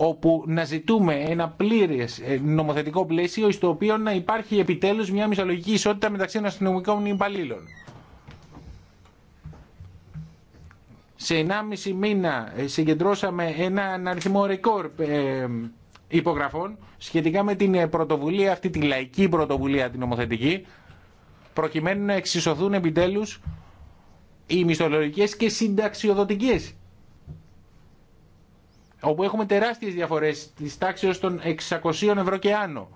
όπου να ζητούμε ένα πλήρες ε, νομοθετικό πλαίσιο στο οποίο να υπάρχει επιτέλους μια μισολογική ισότητα μεταξύ των αστυνομικών υπαλλήλων. Σε 1,5 μήνα ε, συγκεντρώσαμε ένα αριθμό ρεκόρ ε, υπογραφών σχετικά με την πρωτοβουλία, αυτή τη λαϊκή πρωτοβουλία την νομοθετική, προκειμένου να εξισωθούν επιτέλους οι μισθολογικέ και συνταξιοδοτικές όπου έχουμε τεράστιες διαφορές της τάξης των 600 ευρώ και άνω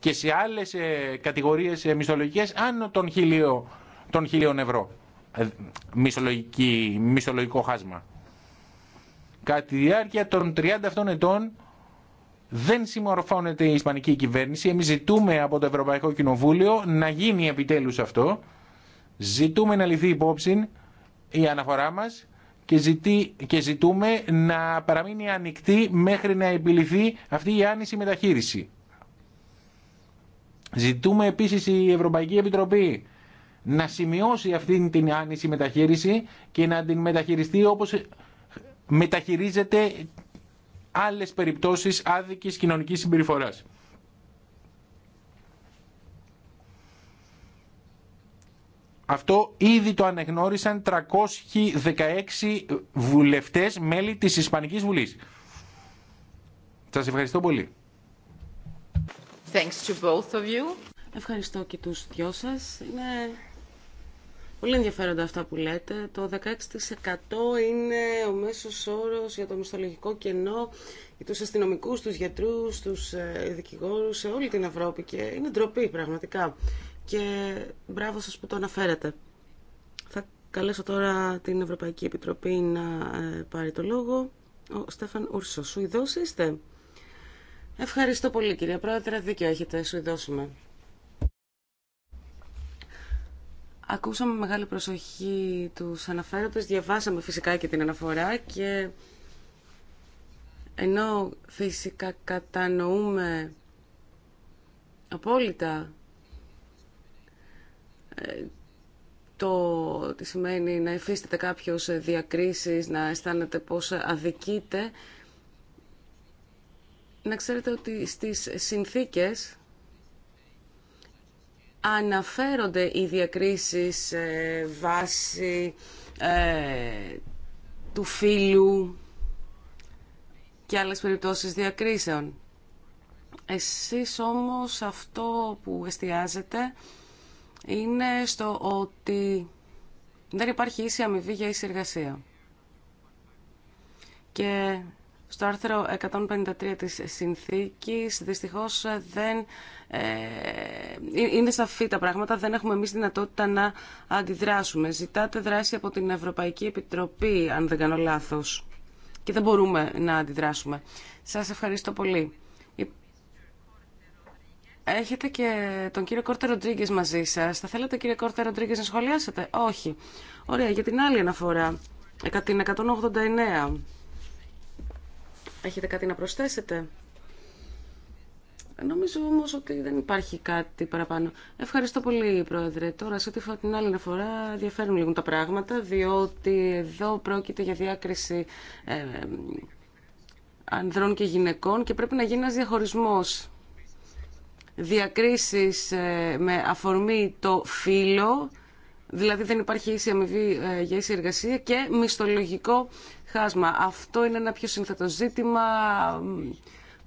και σε άλλες ε, κατηγορίες ε, μισθολογικές άνω των 1000, των χίλιων ευρώ ε, μισθολογικό χάσμα. Κατά τη διάρκεια των 30 αυτών ετών δεν συμμορφώνεται η Ισπανική κυβέρνηση. Εμείς ζητούμε από το Ευρωπαϊκό Κοινοβούλιο να γίνει επιτέλους αυτό. Ζητούμε να λυθεί υπόψη η αναφορά μας και, και ζητούμε να παραμείνει ανοιχτή μέχρι να επιληθεί αυτή η άνηση μεταχείριση. Ζητούμε επίσης η Ευρωπαϊκή Επιτροπή να σημειώσει αυτή την άνηση μεταχείριση και να την μεταχειριστεί όπως μεταχειρίζεται άλλες περιπτώσεις άδικης κοινωνικής συμπεριφοράς. Αυτό ήδη το ανεγνώρισαν 316 βουλευτές μέλη της Ισπανικής Βουλής. Σας ευχαριστώ πολύ. Thanks to both of you. Ευχαριστώ και τους δυο σας. Είναι πολύ ενδιαφέροντα αυτά που λέτε. Το 16% είναι ο μέσος όρος για το μισθολογικό κενό για τους αστυνομικούς, τους γιατρούς, τους ε, δικηγόρους σε όλη την Ευρώπη και είναι ντροπή πραγματικά και μπράβο σας που το αναφέρατε. Θα καλέσω τώρα την Ευρωπαϊκή Επιτροπή να ε, πάρει το λόγο. Ο Στέφαν Ούρσο, Σουηδός είστε. Ευχαριστώ πολύ κυρία Πρόεδρε, δίκιο έχετε, σου ειδώσουμε. Ακούσαμε μεγάλη προσοχή τους αναφέροντες, διαβάσαμε φυσικά και την αναφορά και ενώ φυσικά κατανοούμε απόλυτα το τι σημαίνει να υφίσταται κάποιος διακρίσεις, να αισθάνεται πως αδικείτε Να ξέρετε ότι στις συνθήκες αναφέρονται οι διακρίσεις ε, βάση ε, του φίλου και άλλες περιπτώσεις διακρίσεων. Εσείς όμως αυτό που εστιάζετε είναι στο ότι δεν υπάρχει ίση αμοιβή για ίση εργασία. Και στο άρθρο 153 της συνθήκης δυστυχώς ε, δεν ε, ε είναι σαφή τα πράγματα, δεν έχουμε εμείς δυνατότητα να αντιδράσουμε. Ζητάτε δράση από την Ευρωπαϊκή Επιτροπή, αν δεν κάνω λάθος, και δεν μπορούμε να αντιδράσουμε. Σας ευχαριστώ πολύ. Έχετε και τον κύριο Κόρτα Ροντρίγκε μαζί σα. Θα θέλατε, κύριε Κόρτα Ροντρίγκε, να σχολιάσετε. Όχι. Ωραία, για την άλλη αναφορά. Ε, την 189. Έχετε κάτι να προσθέσετε. Ε, νομίζω όμω ότι δεν υπάρχει κάτι παραπάνω. Ευχαριστώ πολύ, Πρόεδρε. Τώρα, σε ό,τι αφορά την άλλη αναφορά, διαφέρουν λίγο τα πράγματα, διότι εδώ πρόκειται για διάκριση ε, ανδρών και γυναικών και πρέπει να γίνει ένα διαχωρισμό διακρίσεις ε, με αφορμή το φύλλο, δηλαδή δεν υπάρχει ίση αμοιβή ε, για ίση εργασία και μισθολογικό χάσμα. Αυτό είναι ένα πιο σύνθετο ζήτημα.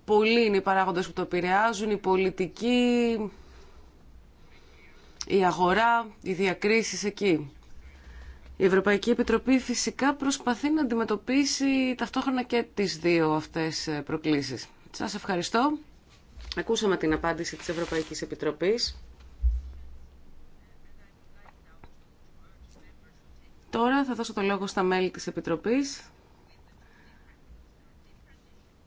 Πολλοί είναι οι παράγοντες που το επηρεάζουν, η πολιτική, η αγορά, οι διακρίσεις εκεί. Η Ευρωπαϊκή Επιτροπή φυσικά προσπαθεί να αντιμετωπίσει ταυτόχρονα και τις δύο αυτές ε, προκλήσεις. Σας ευχαριστώ. Ακούσαμε την απάντηση της Ευρωπαϊκής Επιτροπής. Τώρα θα δώσω το λόγο στα μέλη της Επιτροπής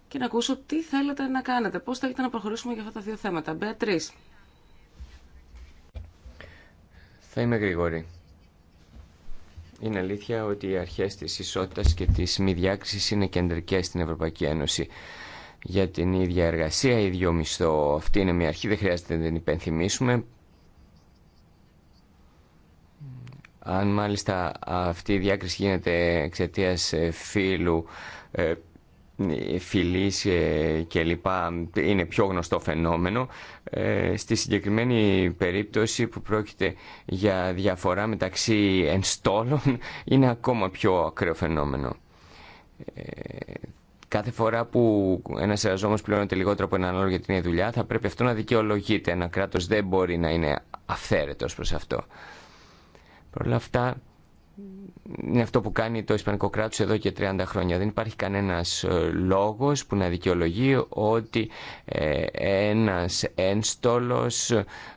και να ακούσω τι θέλετε να κάνετε, πώς θέλετε να προχωρήσουμε για αυτά τα δύο θέματα. Μπέατρις. Θα είμαι γρήγορη. Είναι αλήθεια ότι οι αρχές της ισότητας και της μη διάκρισης είναι κεντρικές στην Ευρωπαϊκή Ένωση για την ίδια εργασία, ίδιο μισθό. Αυτή είναι μια αρχή, δεν χρειάζεται να την υπενθυμίσουμε. Αν μάλιστα αυτή η διάκριση γίνεται εξαιτία ε, φίλου, ε, φιλής ε, και λοιπά, είναι πιο γνωστό φαινόμενο. Στη συγκεκριμένη περίπτωση που πρόκειται για διαφορά μεταξύ ενστόλων, είναι ακόμα πιο ακραίο φαινόμενο κάθε φορά που ένα εργαζόμενο πληρώνεται λιγότερο από έναν άλλο για την ίδια δουλειά, θα πρέπει αυτό να δικαιολογείται. Ένα κράτο δεν μπορεί να είναι αυθαίρετο προ αυτό. Παρ' όλα αυτά, είναι αυτό που κάνει το Ισπανικό κράτος εδώ και 30 χρόνια. Δεν υπάρχει κανένας ε, λόγος που να δικαιολογεί ότι ε, ένας ένστολος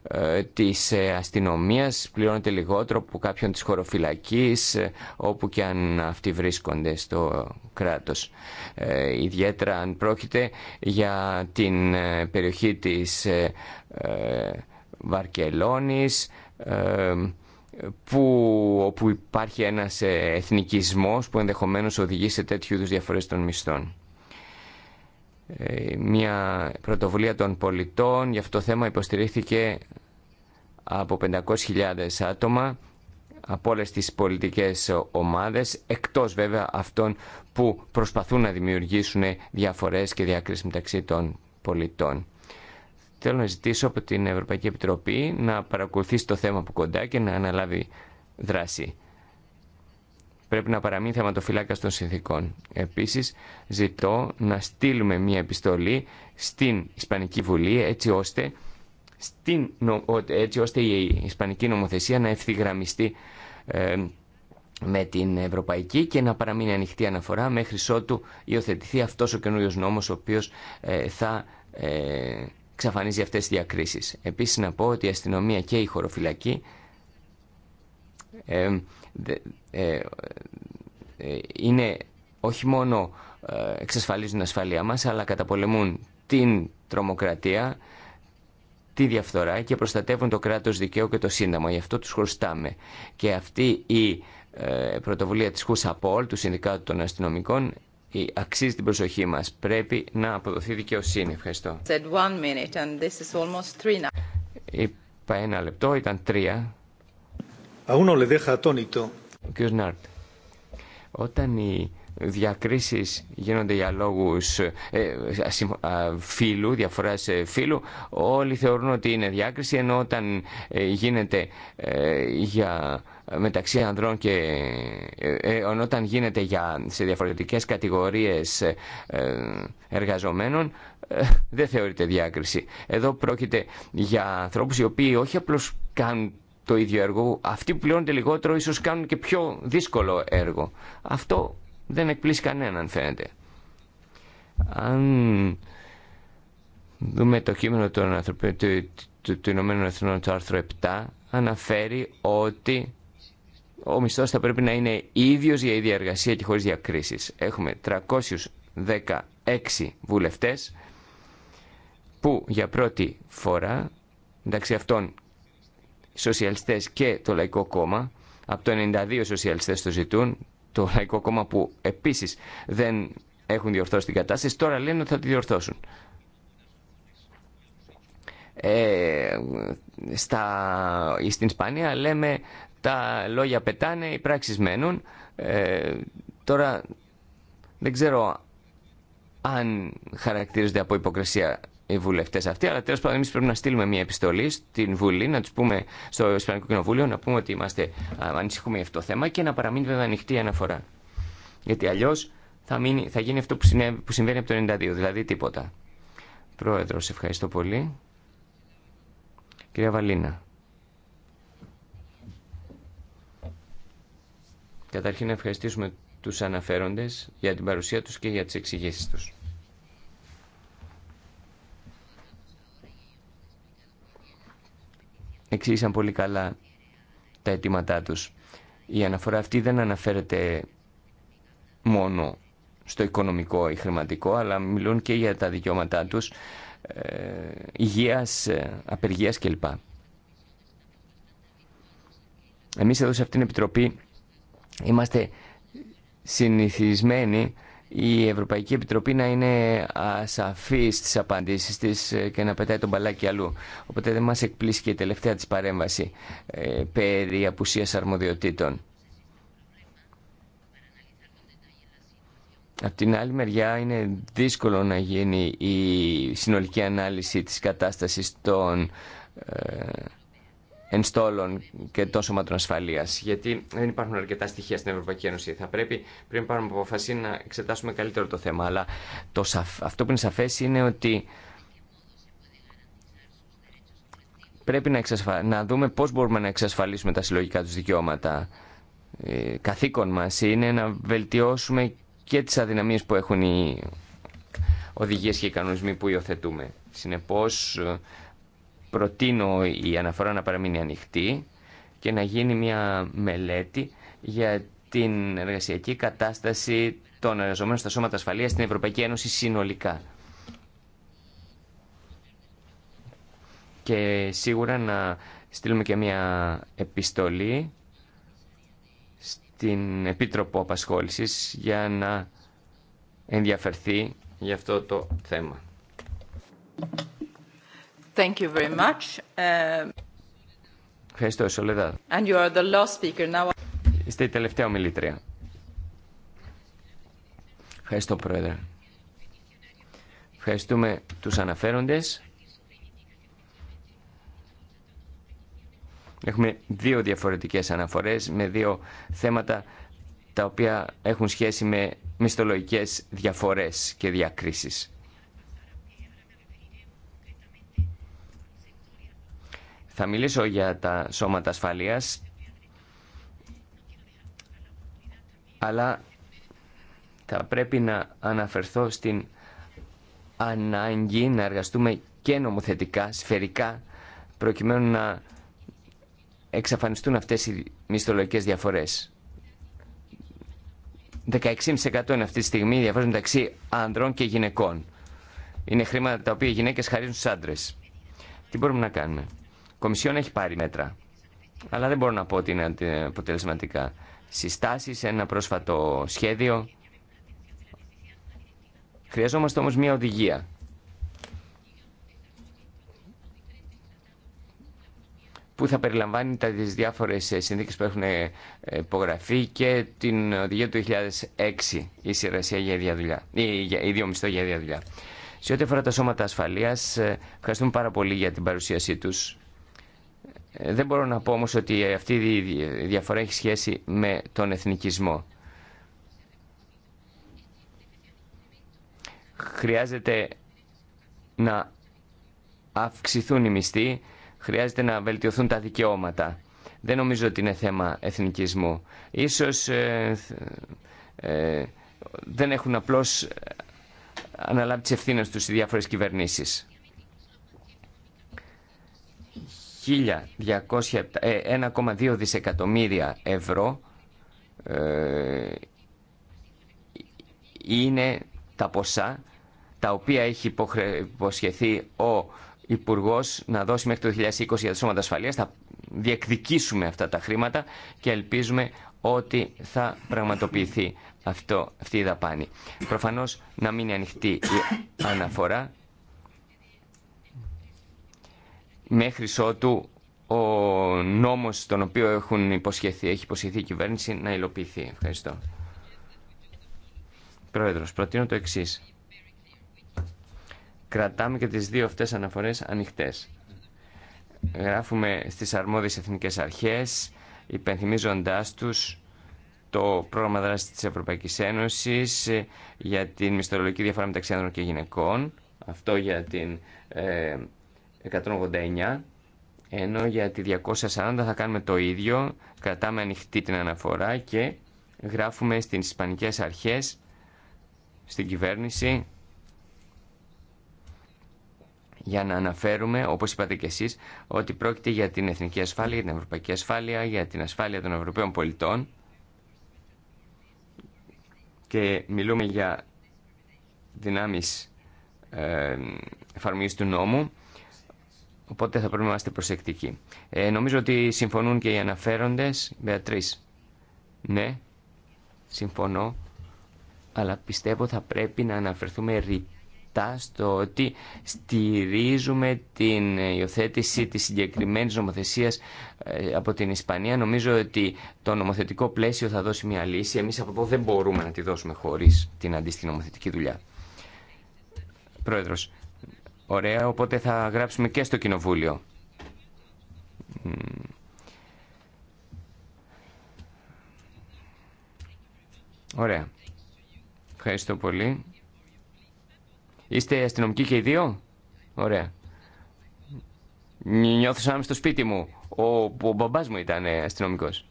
ε, της αστυνομίας πληρώνεται λιγότερο από κάποιον της χωροφυλακής όπου και αν αυτοί βρίσκονται στο κράτος. Ιδιαίτερα αν πρόκειται για την περιοχή της Βαρκελόνης που, όπου υπάρχει ένας ε, εθνικισμός που ενδεχομένως οδηγεί σε τέτοιου είδους διαφορές των μισθών. Ε, μια πρωτοβουλία των πολιτών για αυτό το θέμα υποστηρίχθηκε από 500.000 άτομα από όλε τις πολιτικές ομάδες, εκτός βέβαια αυτών που προσπαθούν να δημιουργήσουν διαφορές και διάκριση μεταξύ των πολιτών. Θέλω να ζητήσω από την Ευρωπαϊκή Επιτροπή να παρακολουθήσει το θέμα από κοντά και να αναλάβει δράση. Πρέπει να παραμείνει θεματοφυλάκα των συνθήκων. Επίσης, ζητώ να στείλουμε μια επιστολή στην Ισπανική Βουλή έτσι ώστε, στην, έτσι ώστε η Ισπανική νομοθεσία να ευθυγραμμιστεί ε, με την Ευρωπαϊκή και να παραμείνει ανοιχτή αναφορά μέχρι ότου υιοθετηθεί αυτός ο καινούριο νόμος ο οποίος ε, θα ε, εξαφανίζει αυτές τις διακρίσεις. Επίσης να πω ότι η αστυνομία και η χωροφυλακή ε, ε, ε, είναι όχι μόνο εξασφαλίζουν την ασφαλεία μας, αλλά καταπολεμούν την τρομοκρατία, τη διαφθορά και προστατεύουν το κράτος δικαίου και το σύνταγμα. Γι' αυτό τους χρωστάμε. Και αυτή η πρωτοβουλία της Χουσαπόλ, του Συνδικάτου των Αστυνομικών, αξίζει την προσοχή μας. Πρέπει να αποδοθεί δικαιοσύνη. Ευχαριστώ. Είπα ένα λεπτό, ήταν τρία. Ο κ. Νάρτ, όταν οι διακρίσεις γίνονται για λόγους ε, ε φύλου, διαφοράς ε, φύλου, όλοι θεωρούν ότι είναι διάκριση, ενώ όταν ε, γίνεται για μεταξύ ανδρών και ε, ε, ε, όταν γίνεται για, σε διαφορετικές κατηγορίες εργαζομένων δεν θεωρείται διάκριση. Εδώ πρόκειται για ανθρώπους οι οποίοι όχι απλώς κάνουν το ίδιο έργο, αυτοί που πληρώνονται λιγότερο ίσως κάνουν και πιο δύσκολο έργο. Αυτό δεν εκπλήσει κανέναν φαίνεται. Αν δούμε το κείμενο του, ΗΕ του, του το άρθρο 7, αναφέρει ότι ο μισθό θα πρέπει να είναι ίδιος για ίδια εργασία και χωρίς διακρίσεις. Έχουμε 316 βουλευτές που για πρώτη φορά, μεταξύ αυτών σοσιαλιστές και το Λαϊκό Κόμμα, από το 92 σοσιαλιστές το ζητούν, το Λαϊκό Κόμμα που επίσης δεν έχουν διορθώσει την κατάσταση, τώρα λένε ότι θα τη διορθώσουν. Ε, στα, στην Ισπανία λέμε τα λόγια πετάνε, οι πράξεις μένουν. Ε, τώρα δεν ξέρω αν χαρακτηρίζονται από υποκρισία οι βουλευτέ αυτοί, αλλά τέλο πάντων εμεί πρέπει να στείλουμε μια επιστολή στην Βουλή, να του πούμε στο Ισπανικό Κοινοβούλιο, να πούμε ότι είμαστε, ανησυχούμε για αυτό το θέμα και να παραμείνει βέβαια ανοιχτή η αναφορά. Γιατί αλλιώ θα, θα γίνει αυτό που, που συμβαίνει από το 92, δηλαδή τίποτα. Πρόεδρο, ευχαριστώ πολύ. Κυρία Βαλίνα. Καταρχήν να ευχαριστήσουμε τους αναφέροντες για την παρουσία τους και για τις εξηγήσεις τους. Εξήγησαν πολύ καλά τα αιτήματά τους. Η αναφορά αυτή δεν αναφέρεται μόνο στο οικονομικό ή χρηματικό, αλλά μιλούν και για τα δικαιώματά τους, ε, υγείας, ε, απεργίας κλπ. Εμείς εδώ σε αυτήν την Επιτροπή Είμαστε συνηθισμένοι η Ευρωπαϊκή Επιτροπή να είναι ασαφή στις απαντήσεις της ε, και να πετάει τον μπαλάκι αλλού. Οπότε δεν μας εκπλήσει και η τελευταία της παρέμβαση ε, περί απουσίας αρμοδιοτήτων. Απ' την άλλη μεριά είναι δύσκολο να γίνει η συνολική ανάλυση της κατάστασης των ε, ενστόλων και των σωμάτων ασφαλεία. Γιατί δεν υπάρχουν αρκετά στοιχεία στην Ευρωπαϊκή Ένωση. Θα πρέπει πριν πάρουμε αποφασή να εξετάσουμε καλύτερο το θέμα. Αλλά το, αυτό που είναι σαφέ είναι ότι πρέπει να, δούμε πώ μπορούμε να εξασφαλίσουμε τα συλλογικά του δικαιώματα. Ε, καθήκον μα είναι να βελτιώσουμε και τι αδυναμίε που έχουν οι οδηγίε και οι κανονισμοί που υιοθετούμε. Συνεπώ. Ε, προτείνω η αναφορά να παραμείνει ανοιχτή και να γίνει μια μελέτη για την εργασιακή κατάσταση των εργαζομένων στα σώματα ασφαλείας στην Ευρωπαϊκή Ένωση συνολικά. Και σίγουρα να στείλουμε και μια επιστολή στην Επίτροπο Απασχόλησης για να ενδιαφερθεί για αυτό το θέμα. Uh, Ευχαριστώ, Σολεδά. Είστε η τελευταία ομιλήτρια. Ευχαριστώ, Πρόεδρε. Ευχαριστούμε τους αναφέροντες. Έχουμε δύο διαφορετικές αναφορές με δύο θέματα τα οποία έχουν σχέση με μισθολογικές διαφορές και διακρίσεις. Θα μιλήσω για τα σώματα ασφαλείας, αλλά θα πρέπει να αναφερθώ στην ανάγκη να εργαστούμε και νομοθετικά, σφαιρικά, προκειμένου να εξαφανιστούν αυτές οι μισθολογικές διαφορές. 16,5% είναι αυτή τη στιγμή η διαφορά μεταξύ ανδρών και γυναικών. Είναι χρήματα τα οποία οι γυναίκες χαρίζουν στους άντρες. Τι μπορούμε να κάνουμε. Κομισιόν έχει πάρει μέτρα, αλλά δεν μπορώ να πω ότι είναι αποτελεσματικά. Συστάσεις, ένα πρόσφατο σχέδιο. Χρειαζόμαστε όμως μια οδηγία. που θα περιλαμβάνει τα διάφορες ε, συνθήκες που έχουν ε, υπογραφεί και την οδηγία του 2006 η συνεργασία για ίδια δουλειά, ή ίδιο μισθό για ίδια δουλειά. Σε ό,τι αφορά τα σώματα ασφαλείας, ε, ευχαριστούμε πάρα πολύ για την παρουσίασή τους. Δεν μπορώ να πω όμως ότι αυτή η διαφορά έχει σχέση με τον εθνικισμό. Χρειάζεται να αυξηθούν οι μισθοί, χρειάζεται να βελτιωθούν τα δικαιώματα. Δεν νομίζω ότι είναι θέμα εθνικισμού. Ίσως ε, ε, δεν έχουν απλώς αναλάβει τις ευθύνες τους οι διάφορες κυβερνήσεις. 1,2 ε, δισεκατομμύρια ευρώ ε, είναι τα ποσά τα οποία έχει υποσχεθεί ο Υπουργό να δώσει μέχρι το 2020 για τα σώματα Ασφαλείας. Θα διεκδικήσουμε αυτά τα χρήματα και ελπίζουμε ότι θα πραγματοποιηθεί αυτό, αυτή η δαπάνη. Προφανώς να μην είναι ανοιχτή η αναφορά μέχρι ότου ο νόμος τον οποίο έχουν υποσχεθεί, έχει υποσχεθεί η κυβέρνηση να υλοποιηθεί. Ευχαριστώ. Πρόεδρος, προτείνω το εξής. Κρατάμε και τις δύο αυτές αναφορές ανοιχτές. Γράφουμε στις αρμόδιες εθνικές αρχές, υπενθυμίζοντάς τους το πρόγραμμα δράσης της Ευρωπαϊκής Ένωσης για την μισθολογική διαφορά μεταξύ άνδρων και γυναικών. Αυτό για την ε, 189 ενώ για τη 240 θα κάνουμε το ίδιο, κρατάμε ανοιχτή την αναφορά και γράφουμε στις Ισπανικές αρχές, στην κυβέρνηση, για να αναφέρουμε, όπως είπατε και εσείς, ότι πρόκειται για την εθνική ασφάλεια, για την ευρωπαϊκή ασφάλεια, για την ασφάλεια των Ευρωπαίων πολιτών και μιλούμε για δυνάμεις ε, εφαρμογής του νόμου Οπότε θα πρέπει να είμαστε προσεκτικοί. Ε, νομίζω ότι συμφωνούν και οι αναφέροντες. Μπεατρής, ναι, συμφωνώ, αλλά πιστεύω θα πρέπει να αναφερθούμε ρητά στο ότι στηρίζουμε την υιοθέτηση της συγκεκριμένης νομοθεσίας ε, από την Ισπανία. Νομίζω ότι το νομοθετικό πλαίσιο θα δώσει μια λύση. Εμείς από εδώ δεν μπορούμε να τη δώσουμε χωρίς την αντίστοιχη νομοθετική δουλειά. Πρόεδρος, Ωραία, οπότε θα γράψουμε και στο Κοινοβούλιο. Ωραία. Ευχαριστώ πολύ. Είστε αστυνομικοί και οι δύο. Ωραία. Νιώθω σαν να είμαι στο σπίτι μου. Ο, ο μπαμπάς μου ήταν ε, αστυνομικός.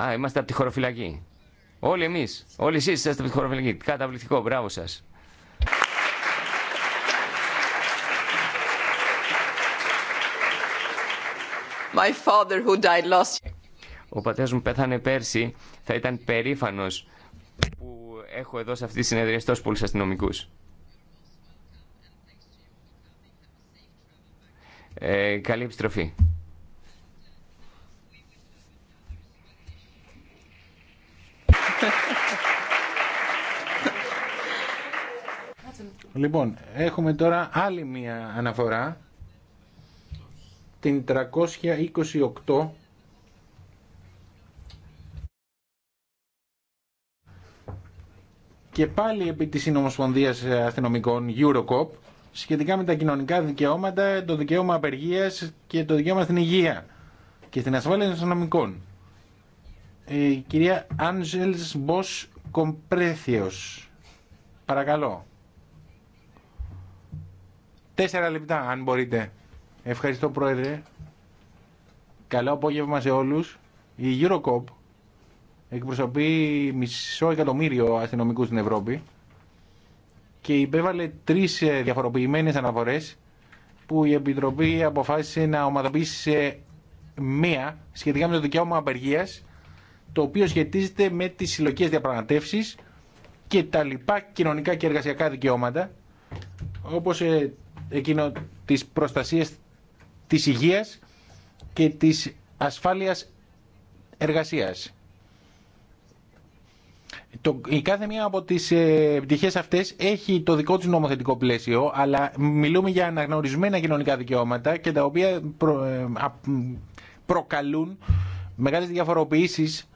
Α, είμαστε από τη χωροφυλακή. Όλοι εμείς, όλοι εσείς είστε από τη χωροφυλακή. Καταβλητικό, μπράβο σας. Ο πατέρας μου πέθανε πέρσι, θα ήταν περήφανος που έχω εδώ σε αυτή τη συνεδρία τόσους πολλούς αστυνομικούς. Ε, καλή επιστροφή. Λοιπόν, έχουμε τώρα άλλη μία αναφορά την 328 και πάλι επί της Συνομοσπονδίας Αστυνομικών Eurocop σχετικά με τα κοινωνικά δικαιώματα, το δικαίωμα απεργίας και το δικαίωμα στην υγεία και στην ασφάλεια των αστυνομικών. Η ε, κυρία Άντζελς Μπος Κομπρέθιος. Παρακαλώ. Τέσσερα λεπτά αν μπορείτε. Ευχαριστώ Πρόεδρε. Καλό απόγευμα σε όλους. Η Eurocop εκπροσωπεί μισό εκατομμύριο αστυνομικού στην Ευρώπη και υπέβαλε τρεις ε, διαφοροποιημένες αναφορές που η Επιτροπή αποφάσισε να ομαδοποιήσει σε μία σχετικά με το δικαίωμα απεργίας το οποίο σχετίζεται με τις συλλογικέ διαπραγματεύσεις και τα λοιπά κοινωνικά και εργασιακά δικαιώματα όπως ε, εκείνο της προστασίας της υγείας και της ασφάλειας εργασίας. Το, η κάθε μία από τις ε, πτυχές αυτές έχει το δικό της νομοθετικό πλαίσιο, αλλά μιλούμε για αναγνωρισμένα κοινωνικά δικαιώματα και τα οποία ε, προκαλούν μεγάλες διαφοροποιήσεις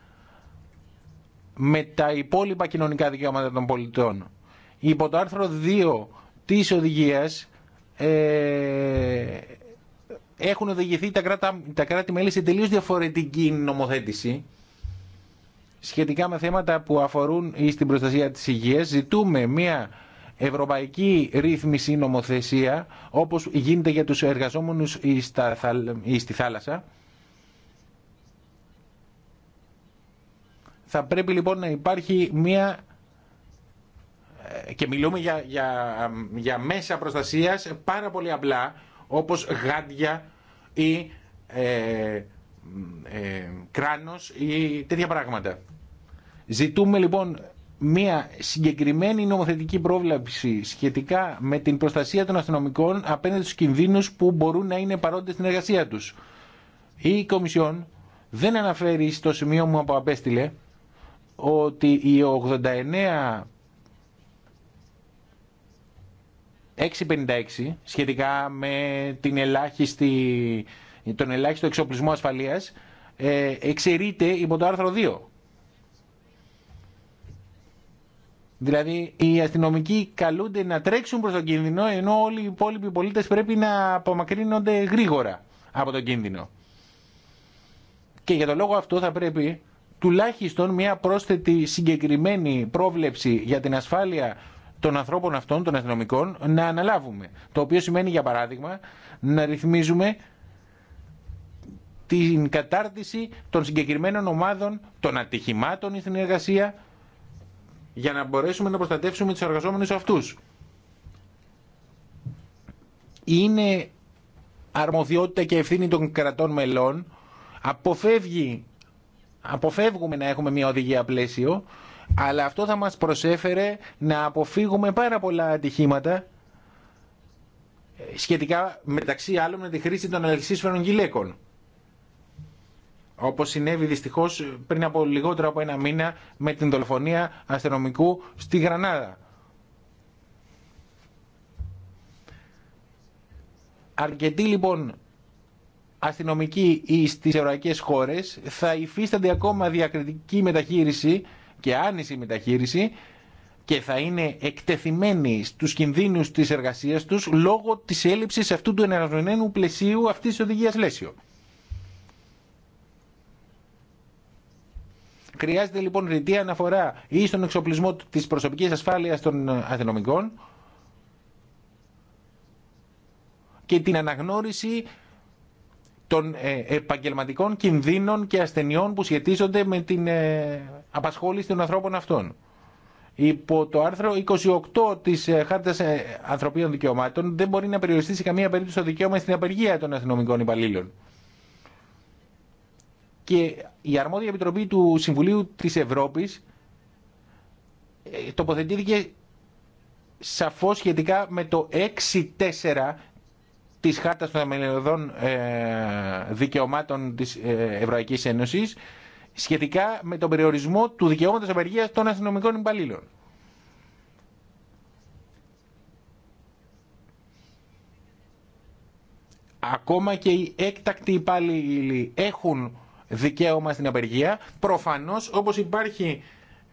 με τα υπόλοιπα κοινωνικά δικαιώματα των πολιτών. Υπό το άρθρο 2 της οδηγίας ε, έχουν οδηγηθεί τα, κράτα, τα κράτη-μέλη σε τελείως διαφορετική νομοθέτηση σχετικά με θέματα που αφορούν στην προστασία της υγείας. Ζητούμε μια ευρωπαϊκή ρύθμιση νομοθεσία όπως γίνεται για τους εργαζόμενους στη θάλασσα. Θα πρέπει λοιπόν να υπάρχει μια ε, και μιλούμε για, για, για μέσα προστασίας πάρα πολύ απλά όπως γάντια ή ε, ε, κράνος ή τέτοια πράγματα. Ζητούμε λοιπόν μια συγκεκριμένη νομοθετική πρόβλεψη σχετικά με την προστασία των αστυνομικών απέναντι στους κινδύνους που μπορούν να είναι παρόντες στην εργασία τους. Η Κομισιόν δεν αναφέρει στο σημείο μου από απέστειλε ότι οι 89 656 σχετικά με την ελάχιστη, τον ελάχιστο εξοπλισμό ασφαλείας ε, εξαιρείται υπό το άρθρο 2. Δηλαδή οι αστυνομικοί καλούνται να τρέξουν προς τον κίνδυνο ενώ όλοι οι υπόλοιποι πολίτες πρέπει να απομακρύνονται γρήγορα από τον κίνδυνο. Και για τον λόγο αυτό θα πρέπει τουλάχιστον μια πρόσθετη συγκεκριμένη πρόβλεψη για την ασφάλεια των ανθρώπων αυτών, των αστυνομικών, να αναλάβουμε. Το οποίο σημαίνει, για παράδειγμα, να ρυθμίζουμε την κατάρτιση των συγκεκριμένων ομάδων, των ατυχημάτων στην εργασία, για να μπορέσουμε να προστατεύσουμε τους εργαζόμενους αυτούς. Είναι αρμοδιότητα και ευθύνη των κρατών μελών. Αποφεύγει, αποφεύγουμε να έχουμε μια οδηγία πλαίσιο αλλά αυτό θα μας προσέφερε να αποφύγουμε πάρα πολλά ατυχήματα ε, σχετικά μεταξύ άλλων με τη χρήση των αλεξίσφαιρων γυλαίκων. Όπως συνέβη δυστυχώς πριν από λιγότερο από ένα μήνα με την δολοφονία αστυνομικού στη Γρανάδα. Αρκετοί λοιπόν αστυνομικοί στις ευρωπαϊκές χώρες θα υφίστανται ακόμα διακριτική μεταχείριση και άνηση μεταχείριση και θα είναι εκτεθειμένοι στους κινδύνου της εργασίας τους λόγω της έλλειψης αυτού του εναρμονισμένου πλαισίου αυτής τη οδηγίας λέσιο. Χρειάζεται λοιπόν ρητή αναφορά ή στον εξοπλισμό της προσωπικής ασφάλειας των αστυνομικών και την αναγνώριση των ε, επαγγελματικών κινδύνων και ασθενειών που σχετίζονται με την ε, απασχόληση των ανθρώπων αυτών. Υπό το άρθρο 28 της ε, Χάρτας Ανθρωπίων Δικαιωμάτων δεν μπορεί να περιοριστεί σε καμία περίπτωση το δικαίωμα στην απεργία των αστυνομικών υπαλλήλων. Και η αρμόδια επιτροπή του Συμβουλίου της Ευρώπης τοποθετήθηκε σαφώς σχετικά με το 6-4 της Χάρτας των ε, Δικαιωμάτων της ε, Ευρωπαϊκής Ένωσης σχετικά με τον περιορισμό του δικαιώματος απεργίας των αστυνομικών υπαλλήλων. Ακόμα και οι έκτακτοι υπάλληλοι έχουν δικαίωμα στην απεργία. Προφανώς όπως υπάρχει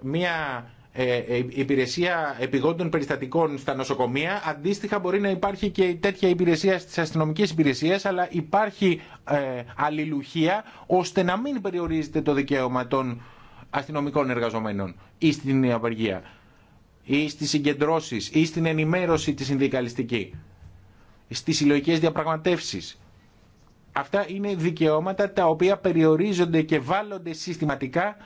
μια ε, ε, υπηρεσία επιγόντων περιστατικών στα νοσοκομεία. Αντίστοιχα μπορεί να υπάρχει και τέτοια υπηρεσία στις αστυνομικές υπηρεσίες, αλλά υπάρχει ε, αλληλουχία ώστε να μην περιορίζεται το δικαίωμα των αστυνομικών εργαζομένων ή στην απεργία ή στις συγκεντρώσεις ή στην ενημέρωση τη συνδικαλιστική, στις συλλογικέ διαπραγματεύσεις. Αυτά είναι δικαιώματα τα οποία περιορίζονται και βάλλονται συστηματικά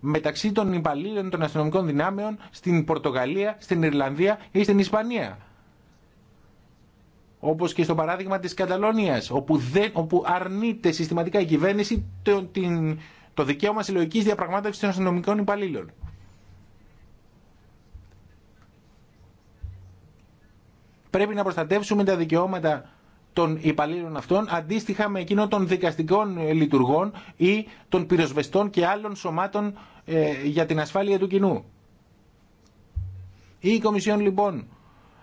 μεταξύ των υπαλλήλων των αστυνομικών δυνάμεων στην Πορτογαλία, στην Ιρλανδία ή στην Ισπανία. Όπως και στο παράδειγμα της Καταλόνιας, όπου, όπου αρνείται συστηματικά η κυβέρνηση το, την, το δικαίωμα συλλογικής διαπραγμάτευσης των αστυνομικών υπαλλήλων. Πρέπει να προστατεύσουμε τα δικαιώματα των υπαλλήλων αυτών αντίστοιχα με εκείνο των δικαστικών ε, λειτουργών ή των πυροσβεστών και άλλων σωμάτων ε, για την ασφάλεια του κοινού. Η Κομισιόν λοιπόν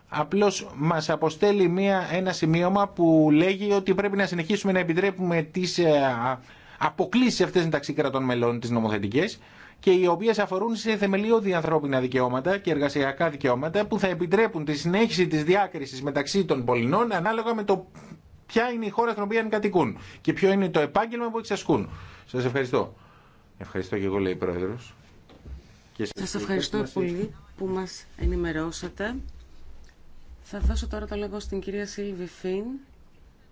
απλώς μας αποστέλει μια, ένα σημείωμα που λέγει ότι πρέπει να συνεχίσουμε να επιτρέπουμε τις ε, αποκλήσεις αυτές μεταξύ κρατών μελών τις νομοθετικές και οι οποίε αφορούν σε θεμελιώδη ανθρώπινα δικαιώματα και εργασιακά δικαιώματα που θα επιτρέπουν τη συνέχιση τη διάκριση μεταξύ των πολινών ανάλογα με το ποια είναι η χώρα στην οποία κατοικούν και ποιο είναι το επάγγελμα που εξασκούν. Σα ευχαριστώ. Ευχαριστώ και εγώ, λέει η Πρόεδρο. Σα ευχαριστώ πολύ που μα ενημερώσατε. Θα δώσω τώρα το λόγο στην κυρία Σίλβη Φίν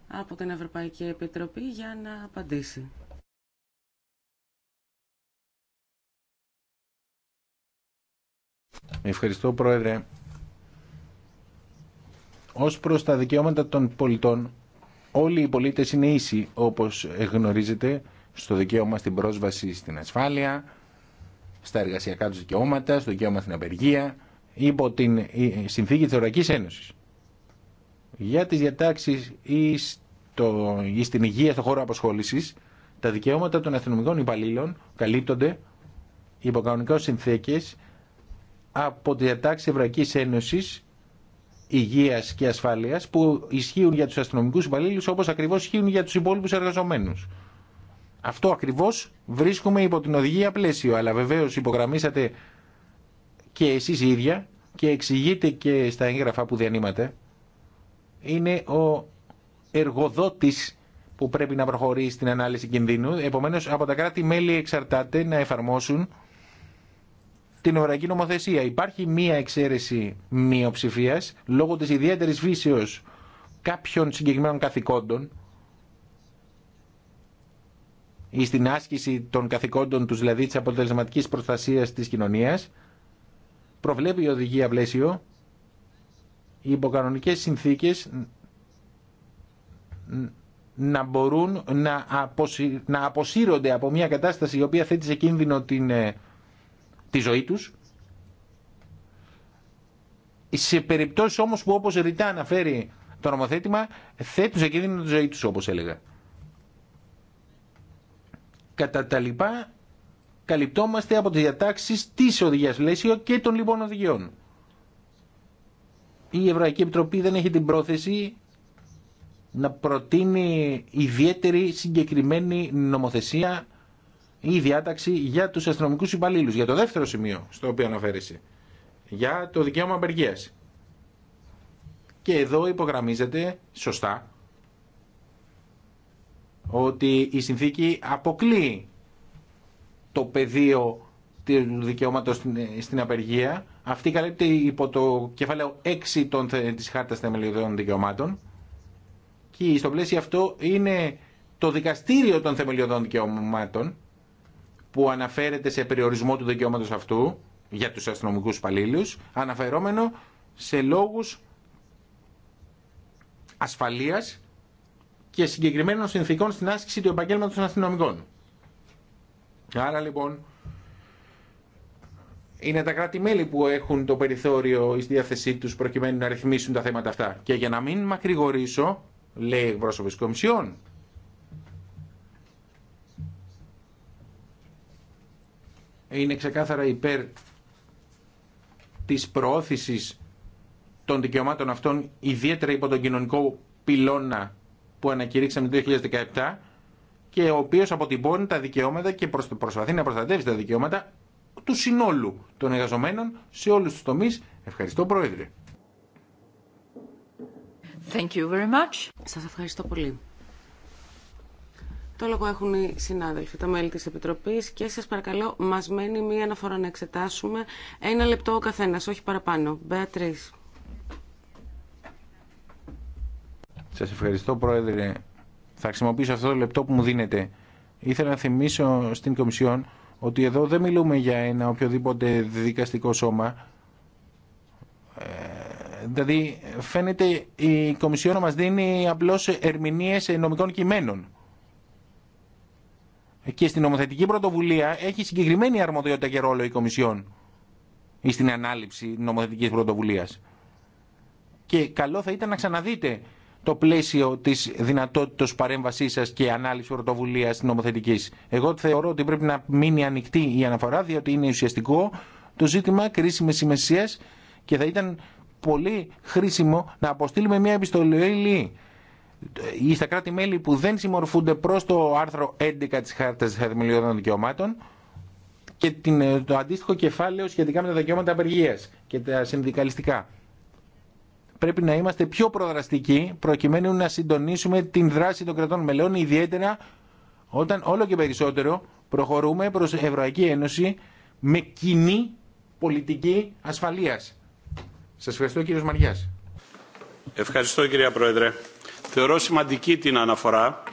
από την Ευρωπαϊκή Επιτροπή για να απαντήσει. Ευχαριστώ Πρόεδρε. Ως προς τα δικαιώματα των πολιτών, όλοι οι πολίτες είναι ίσοι όπως γνωρίζετε στο δικαίωμα στην πρόσβαση στην ασφάλεια, στα εργασιακά τους δικαιώματα, στο δικαίωμα στην απεργία, υπό την συνθήκη της Ένωσης. Για τις διατάξεις ή, ή στην υγεία στον χώρο αποσχόλησης, τα δικαιώματα των αστυνομικών υπαλλήλων καλύπτονται υπό κανονικές συνθήκες από τη διατάξη Ευρωπαϊκή Ένωσης Υγείας και Ασφάλειας που ισχύουν για τους αστυνομικούς υπαλλήλους όπως ακριβώς ισχύουν για τους υπόλοιπους εργαζομένους. Αυτό ακριβώς βρίσκουμε υπό την οδηγία πλαίσιο, αλλά βεβαίως υπογραμμίσατε και εσείς ίδια και εξηγείτε και στα έγγραφα που διανύματε, είναι ο εργοδότης που πρέπει να προχωρήσει στην ανάλυση κινδύνου. Επομένως, από τα κράτη-μέλη εξαρτάται να εφαρμόσουν την ορακή νομοθεσία. Υπάρχει μία εξαίρεση μειοψηφία λόγω της ιδιαίτερης φύσεως κάποιων συγκεκριμένων καθηκόντων ή στην άσκηση των καθηκόντων τους, δηλαδή της αποτελεσματικής προστασίας της κοινωνίας, προβλέπει η οδηγία πλαίσιο οι υποκανονικές συνθήκες να μπορούν να, αποσύρονται από μια εξαιρεση μειοψηφια λογω της ιδιαιτερης φυσεω καποιων συγκεκριμενων καθηκοντων η οποία θέτει σε κίνδυνο την ε, τη ζωή τους. Σε περιπτώσει όμως που όπως ρητά αναφέρει το νομοθέτημα θέτουν σε κίνδυνο τη ζωή του, όπως έλεγα. Κατά τα λοιπά καλυπτόμαστε από τις διατάξεις της οδηγία Λέσιο και των λοιπόν οδηγιών. Η Ευρωπαϊκή Επιτροπή δεν έχει την πρόθεση να προτείνει ιδιαίτερη συγκεκριμένη νομοθεσία η διάταξη για τους αστυνομικού υπαλλήλου. για το δεύτερο σημείο στο οποίο αναφέρεσαι, για το δικαίωμα απεργίας. Και εδώ υπογραμμίζεται σωστά ότι η συνθήκη αποκλείει το πεδίο του δικαιώματος στην απεργία. Αυτή καλύπτει υπό το κεφάλαιο 6 των, της Χάρτας Θεμελιωδών Δικαιωμάτων και στο πλαίσιο αυτό είναι το Δικαστήριο των Θεμελιωδών Δικαιωμάτων που αναφέρεται σε περιορισμό του δικαιώματο αυτού για τους αστυνομικού υπαλλήλου, αναφερόμενο σε λόγους ασφαλεία και συγκεκριμένων συνθήκων στην άσκηση του επαγγέλματος των αστυνομικών. Άρα λοιπόν είναι τα κράτη-μέλη που έχουν το περιθώριο στη διάθεσή τους προκειμένου να ρυθμίσουν τα θέματα αυτά. Και για να μην μακρηγορήσω, λέει εκπρόσωπος Κομισιόν, είναι ξεκάθαρα υπέρ της προώθησης των δικαιωμάτων αυτών, ιδιαίτερα υπό τον κοινωνικό πυλώνα που ανακηρύξαμε το 2017 και ο οποίος αποτυπώνει τα δικαιώματα και προσπαθεί να προστατεύσει τα δικαιώματα του συνόλου των εργαζομένων σε όλους τους τομείς. Ευχαριστώ Πρόεδρε. Thank you very much. Σας ευχαριστώ πολύ. Το λόγο έχουν οι συνάδελφοι, τα μέλη της Επιτροπής και σας παρακαλώ μας μένει μία αναφορά να εξετάσουμε. Ένα λεπτό ο καθένας, όχι παραπάνω. Μπέατρης. Σας ευχαριστώ Πρόεδρε. Θα χρησιμοποιήσω αυτό το λεπτό που μου δίνετε. Ήθελα να θυμίσω στην Κομισιόν ότι εδώ δεν μιλούμε για ένα οποιοδήποτε δικαστικό σώμα. Ε, δηλαδή φαίνεται η Κομισιόν μας δίνει απλώς ερμηνείες νομικών κειμένων και στην νομοθετική πρωτοβουλία έχει συγκεκριμένη αρμοδιότητα και ρόλο η Κομισιόν ή στην ανάληψη νομοθετικής πρωτοβουλίας. Και καλό θα ήταν να ξαναδείτε το πλαίσιο της δυνατότητας παρέμβασής σας και ανάληψη πρωτοβουλίας νομοθετικής. Εγώ θεωρώ ότι πρέπει να μείνει ανοιχτή η αναφορά διότι είναι ουσιαστικό το ζήτημα κρίσιμης σημασία και θα ήταν πολύ χρήσιμο να αποστείλουμε μια επιστολή ή στα κράτη-μέλη που δεν συμμορφούνται προ το άρθρο 11 της Χάρτας των Δικαιωμάτων και ε, το αντίστοιχο κεφάλαιο σχετικά με τα δικαιώματα απεργία και τα συνδικαλιστικά. Πρέπει να είμαστε πιο προδραστικοί προκειμένου να συντονίσουμε την δράση των κρατών μελών, ιδιαίτερα όταν όλο και περισσότερο προχωρούμε προ Ευρωπαϊκή Ένωση με κοινή πολιτική ασφαλεία. Σα ευχαριστώ κύριο Μαριά. Ευχαριστώ κυρία Πρόεδρε. Θεωρώ σημαντική την αναφορά.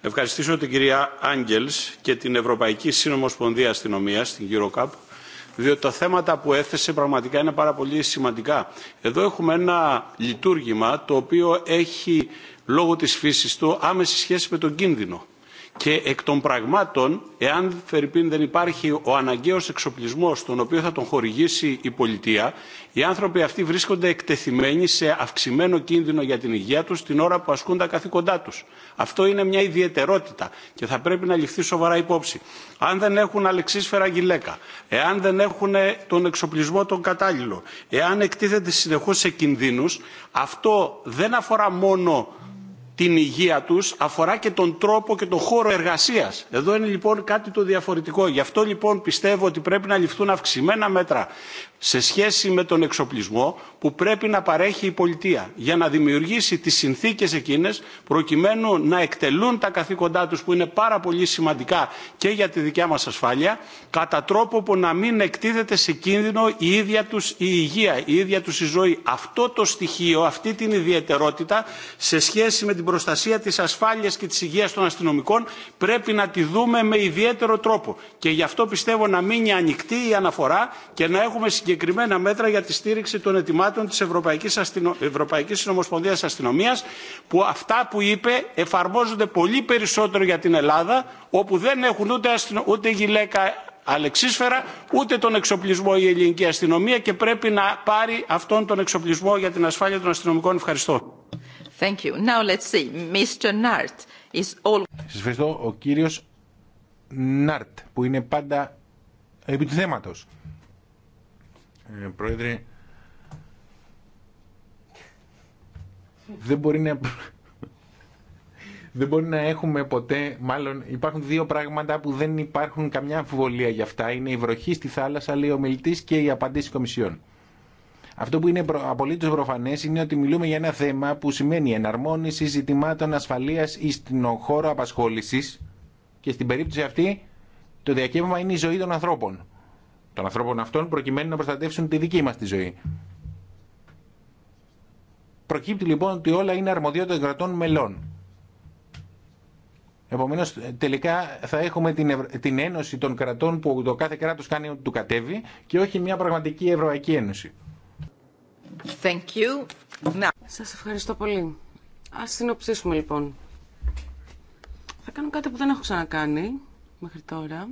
ευχαριστήσω την κυρία Άγγελς και την Ευρωπαϊκή Συνομοσπονδία αστυνομία, την EuroCup, διότι τα θέματα που έθεσε πραγματικά είναι πάρα πολύ σημαντικά. Εδώ έχουμε ένα λειτουργήμα το οποίο έχει λόγω της φύσης του άμεση σχέση με τον κίνδυνο και εκ των πραγμάτων, εάν δεν υπάρχει ο αναγκαίος εξοπλισμός τον οποίο θα τον χορηγήσει η πολιτεία, οι άνθρωποι αυτοί βρίσκονται εκτεθειμένοι σε αυξημένο κίνδυνο για την υγεία τους την ώρα που ασκούν τα καθήκοντά τους. Αυτό είναι μια ιδιαιτερότητα και θα πρέπει να ληφθεί σοβαρά υπόψη. Αν δεν έχουν αλεξίσφαιρα γυλαίκα, εάν δεν έχουν τον εξοπλισμό τον κατάλληλο, εάν εκτίθεται συνεχώς σε κινδύνους, αυτό δεν αφορά μόνο την υγεία τους αφορά και τον τρόπο και τον χώρο εργασίας. Εδώ είναι λοιπόν κάτι το διαφορετικό. Γι' αυτό λοιπόν πιστεύω ότι πρέπει να ληφθούν αυξημένα μέτρα σε σχέση με τον εξοπλισμό που πρέπει να παρέχει η πολιτεία για να δημιουργήσει τις συνθήκες εκείνες προκειμένου να εκτελούν τα καθήκοντά τους που είναι πάρα πολύ σημαντικά και για τη δικιά μας ασφάλεια κατά τρόπο που να μην εκτίθεται σε κίνδυνο η ίδια τους η υγεία, η ίδια τους η ζωή. Αυτό το στοιχείο, αυτή την ιδιαιτερότητα σε σχέση με την προστασία της ασφάλειας και της υγείας των αστυνομικών πρέπει να τη δούμε με ιδιαίτερο τρόπο. Και γι' αυτό πιστεύω να μείνει ανοιχτή η αναφορά και να έχουμε συγκεκριμένα μέτρα για τη στήριξη των ετοιμάτων της Ευρωπαϊκής, Ευρωπαϊκής Συνομοσπονδίας Αστυνομίας που αυτά που είπε εφαρμόζονται πολύ περισσότερο για την Ελλάδα όπου δεν έχουν ούτε, αστυνο... ούτε γυλαίκα αλεξίσφαιρα ούτε τον εξοπλισμό η ελληνική αστυνομία και πρέπει να πάρει αυτόν τον εξοπλισμό για την ασφάλεια των αστυνομικών. Ευχαριστώ. Thank Σας ευχαριστώ. Ο κύριος Νάρτ, που είναι πάντα επί του θέματος. Ε, πρόεδρε, δεν μπορεί να... [LAUGHS] Δεν να έχουμε ποτέ, μάλλον υπάρχουν δύο πράγματα που δεν υπάρχουν καμιά αμφιβολία για αυτά. Είναι η βροχή στη θάλασσα, λέει ο μιλητή, και η απαντήση κομισιών. Αυτό που είναι απολύτω προφανέ είναι ότι μιλούμε για ένα θέμα που σημαίνει εναρμόνιση ζητημάτων ασφαλεία στην χώρο απασχόληση και στην περίπτωση αυτή το διακύβευμα είναι η ζωή των ανθρώπων. Των ανθρώπων αυτών προκειμένου να προστατεύσουν τη δική μα τη ζωή. Προκύπτει λοιπόν ότι όλα είναι αρμοδιότητα των κρατών μελών. Επομένω, τελικά θα έχουμε την, την ένωση των κρατών που το κάθε κράτο κάνει ό,τι του κατέβει και όχι μια πραγματική Ευρωπαϊκή Ένωση. Thank Σας ευχαριστώ πολύ. Ας συνοψίσουμε λοιπόν. Θα κάνω κάτι που δεν έχω ξανακάνει μέχρι τώρα.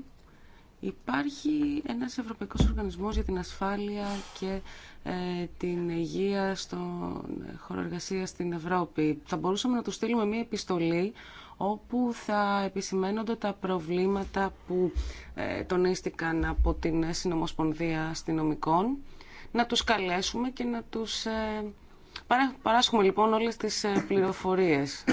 Υπάρχει ένας Ευρωπαϊκός Οργανισμός για την Ασφάλεια και ε, την Υγεία στον χώρο εργασία στην Ευρώπη. Θα μπορούσαμε να του στείλουμε μία επιστολή όπου θα επισημένονται τα προβλήματα που ε, τονίστηκαν από την Συνομοσπονδία Αστυνομικών να τους καλέσουμε και να τους ε, παράσχουμε λοιπόν όλες τις ε, πληροφορίες.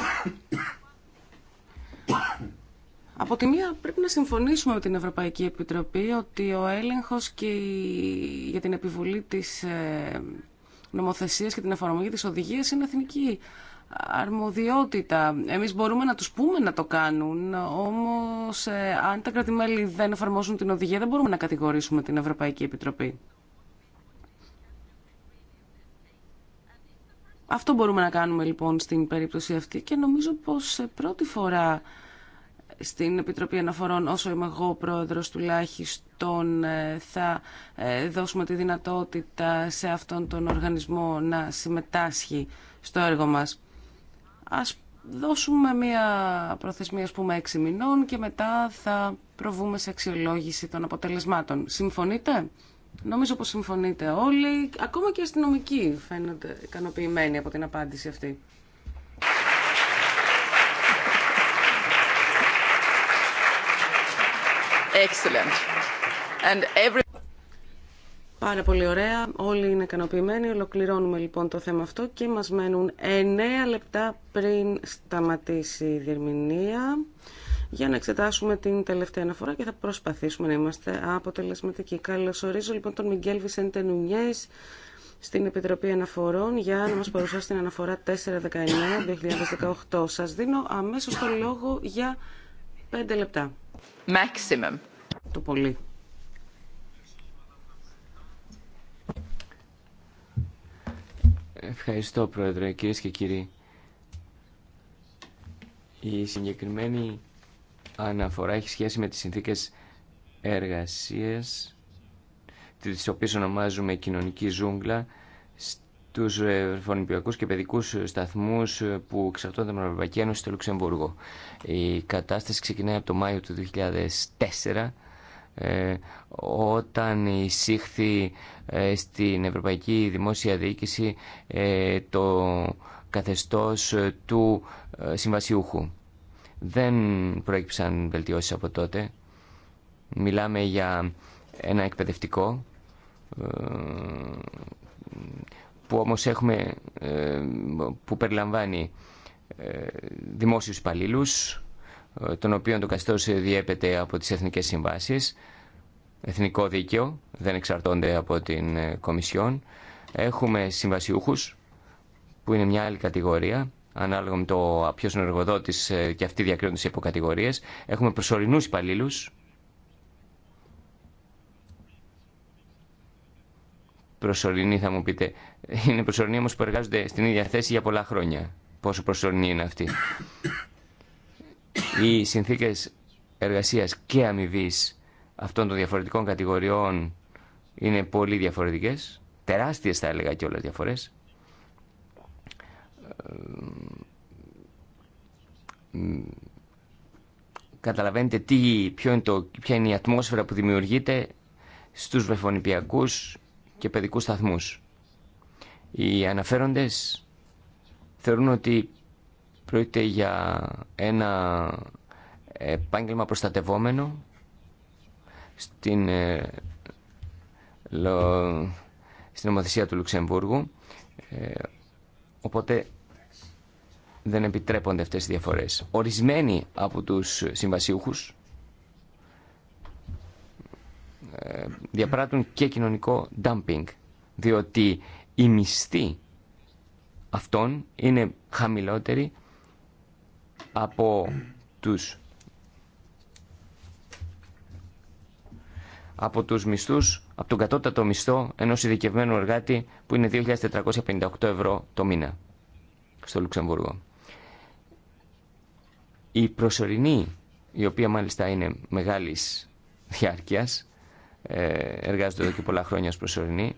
Από τη μία πρέπει να συμφωνήσουμε με την Ευρωπαϊκή Επιτροπή ότι ο έλεγχος και για την επιβολή της ε, νομοθεσίας και την εφαρμογή της οδηγίας είναι εθνική αρμοδιότητα. Εμείς μπορούμε να τους πούμε να το κάνουν, όμως αν τα κράτη-μέλη δεν εφαρμόσουν την οδηγία δεν μπορούμε να κατηγορήσουμε την Ευρωπαϊκή Επιτροπή. Αυτό μπορούμε να κάνουμε λοιπόν στην περίπτωση αυτή και νομίζω πως ε, πρώτη φορά στην Επιτροπή Αναφορών, όσο είμαι εγώ πρόεδρος τουλάχιστον, ε, θα ε, δώσουμε τη δυνατότητα σε αυτόν τον οργανισμό να συμμετάσχει στο έργο μας. Ας δώσουμε μια προθεσμία, ας πούμε, έξι μηνών και μετά θα προβούμε σε αξιολόγηση των αποτελεσμάτων. Συμφωνείτε? Νομίζω πως συμφωνείτε όλοι, ακόμα και οι αστυνομικοί φαίνονται ικανοποιημένοι από την απάντηση αυτή. Excellent. And every... Πάρα πολύ ωραία. Όλοι είναι ικανοποιημένοι. Ολοκληρώνουμε λοιπόν το θέμα αυτό και μας μένουν 9 λεπτά πριν σταματήσει η διερμηνία για να εξετάσουμε την τελευταία αναφορά και θα προσπαθήσουμε να είμαστε αποτελεσματικοί. Καλωσορίζω λοιπόν τον Μιγγέλ Βισέντε στην Επιτροπή Αναφορών για να μας παρουσιάσει την αναφορά 419-2018. Σας δίνω αμέσως το λόγο για 5 λεπτά. Maximum. Το πολύ. Ευχαριστώ, Πρόεδρε, κυρίες και κύριοι. Η συγκεκριμένη αναφορά έχει σχέση με τις συνθήκες εργασίας, τις οποίες ονομάζουμε κοινωνική ζούγκλα, στους φωνηπιακούς και παιδικούς σταθμούς που εξαρτώνται από την Ευρωπαϊκή Ένωση στο Λουξεμβούργο. Η κατάσταση ξεκινάει από το Μάιο του 2004, ε, όταν εισήχθη ε, στην Ευρωπαϊκή Δημόσια Διοίκηση ε, το καθεστώς του συμβασιούχου. Δεν προέκυψαν βελτιώσεις από τότε. Μιλάμε για ένα εκπαιδευτικό ε, που όμως έχουμε ε, που περιλαμβάνει ε, δημόσιους υπαλλήλου, τον οποίο το καθεστώς διέπεται από τις εθνικές συμβάσεις εθνικό δίκαιο δεν εξαρτώνται από την Κομισιόν έχουμε συμβασιούχους που είναι μια άλλη κατηγορία ανάλογα με το ποιο είναι ο εργοδότη ε, και αυτοί διακρίνονται σε υποκατηγορίε. Έχουμε προσωρινού υπαλλήλου. Προσωρινοί θα μου πείτε. Είναι προσωρινοί όμω που εργάζονται στην ίδια θέση για πολλά χρόνια. Πόσο προσωρινοί είναι αυτοί. Οι συνθήκε εργασία και αμοιβή αυτών των διαφορετικών κατηγοριών είναι πολύ διαφορετικέ. Τεράστιε θα έλεγα κιόλα διαφορέ καταλαβαίνετε τι, ποιο είναι το, ποια είναι η ατμόσφαιρα που δημιουργείται στους βεφονιπιακούς και παιδικούς σταθμούς. Οι αναφέροντες θεωρούν ότι πρόκειται για ένα επάγγελμα προστατευόμενο στην, ε, στην νομοθεσία του Λουξεμβούργου. Ε, οπότε δεν επιτρέπονται αυτές οι διαφορές. Ορισμένοι από τους συμβασίουχους ε, διαπράττουν και κοινωνικό dumping, διότι οι μισθοί αυτών είναι χαμηλότεροι από τους από τους μισθούς, από τον κατώτατο μισθό ενός ειδικευμένου εργάτη που είναι 2.458 ευρώ το μήνα στο Λουξεμβούργο. Η προσωρινή, η οποία μάλιστα είναι μεγάλης διάρκειας, ε, εργάζονται εδώ και πολλά χρόνια ως προσωρινή,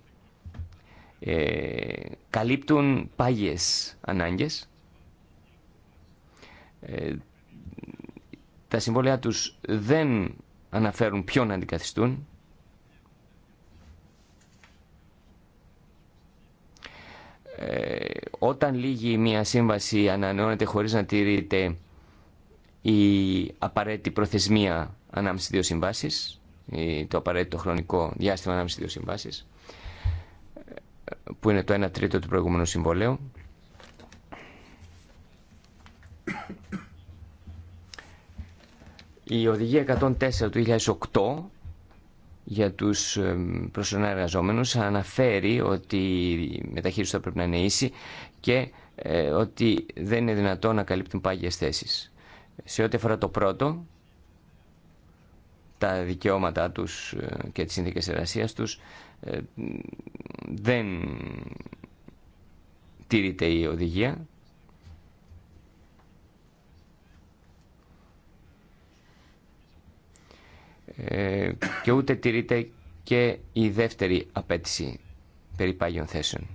ε, καλύπτουν πάγιες ανάγκες. Ε, τα συμβόλαιά τους δεν αναφέρουν ποιον αντικαθιστούν. όταν λύγει μια σύμβαση ανανεώνεται χωρίς να τηρείται η απαραίτητη προθεσμία ανάμεσα δύο συμβάσεις, το απαραίτητο χρονικό διάστημα ανάμεσα δύο συμβάσεις, που είναι το 1 τρίτο του προηγούμενου συμβολέου. Η οδηγία 104 του 2008 για τους προσωρινά εργαζόμενους αναφέρει ότι η μεταχείριση θα πρέπει να είναι ίση και ε, ότι δεν είναι δυνατό να καλύπτουν πάγιες θέσεις. Σε ό,τι αφορά το πρώτο, τα δικαιώματά τους ε, και τις συνθήκες εργασίας τους, ε, δεν τήρηται η οδηγία. Ε, και ούτε τηρείται και η δεύτερη απέτηση περί πάγιων θέσεων.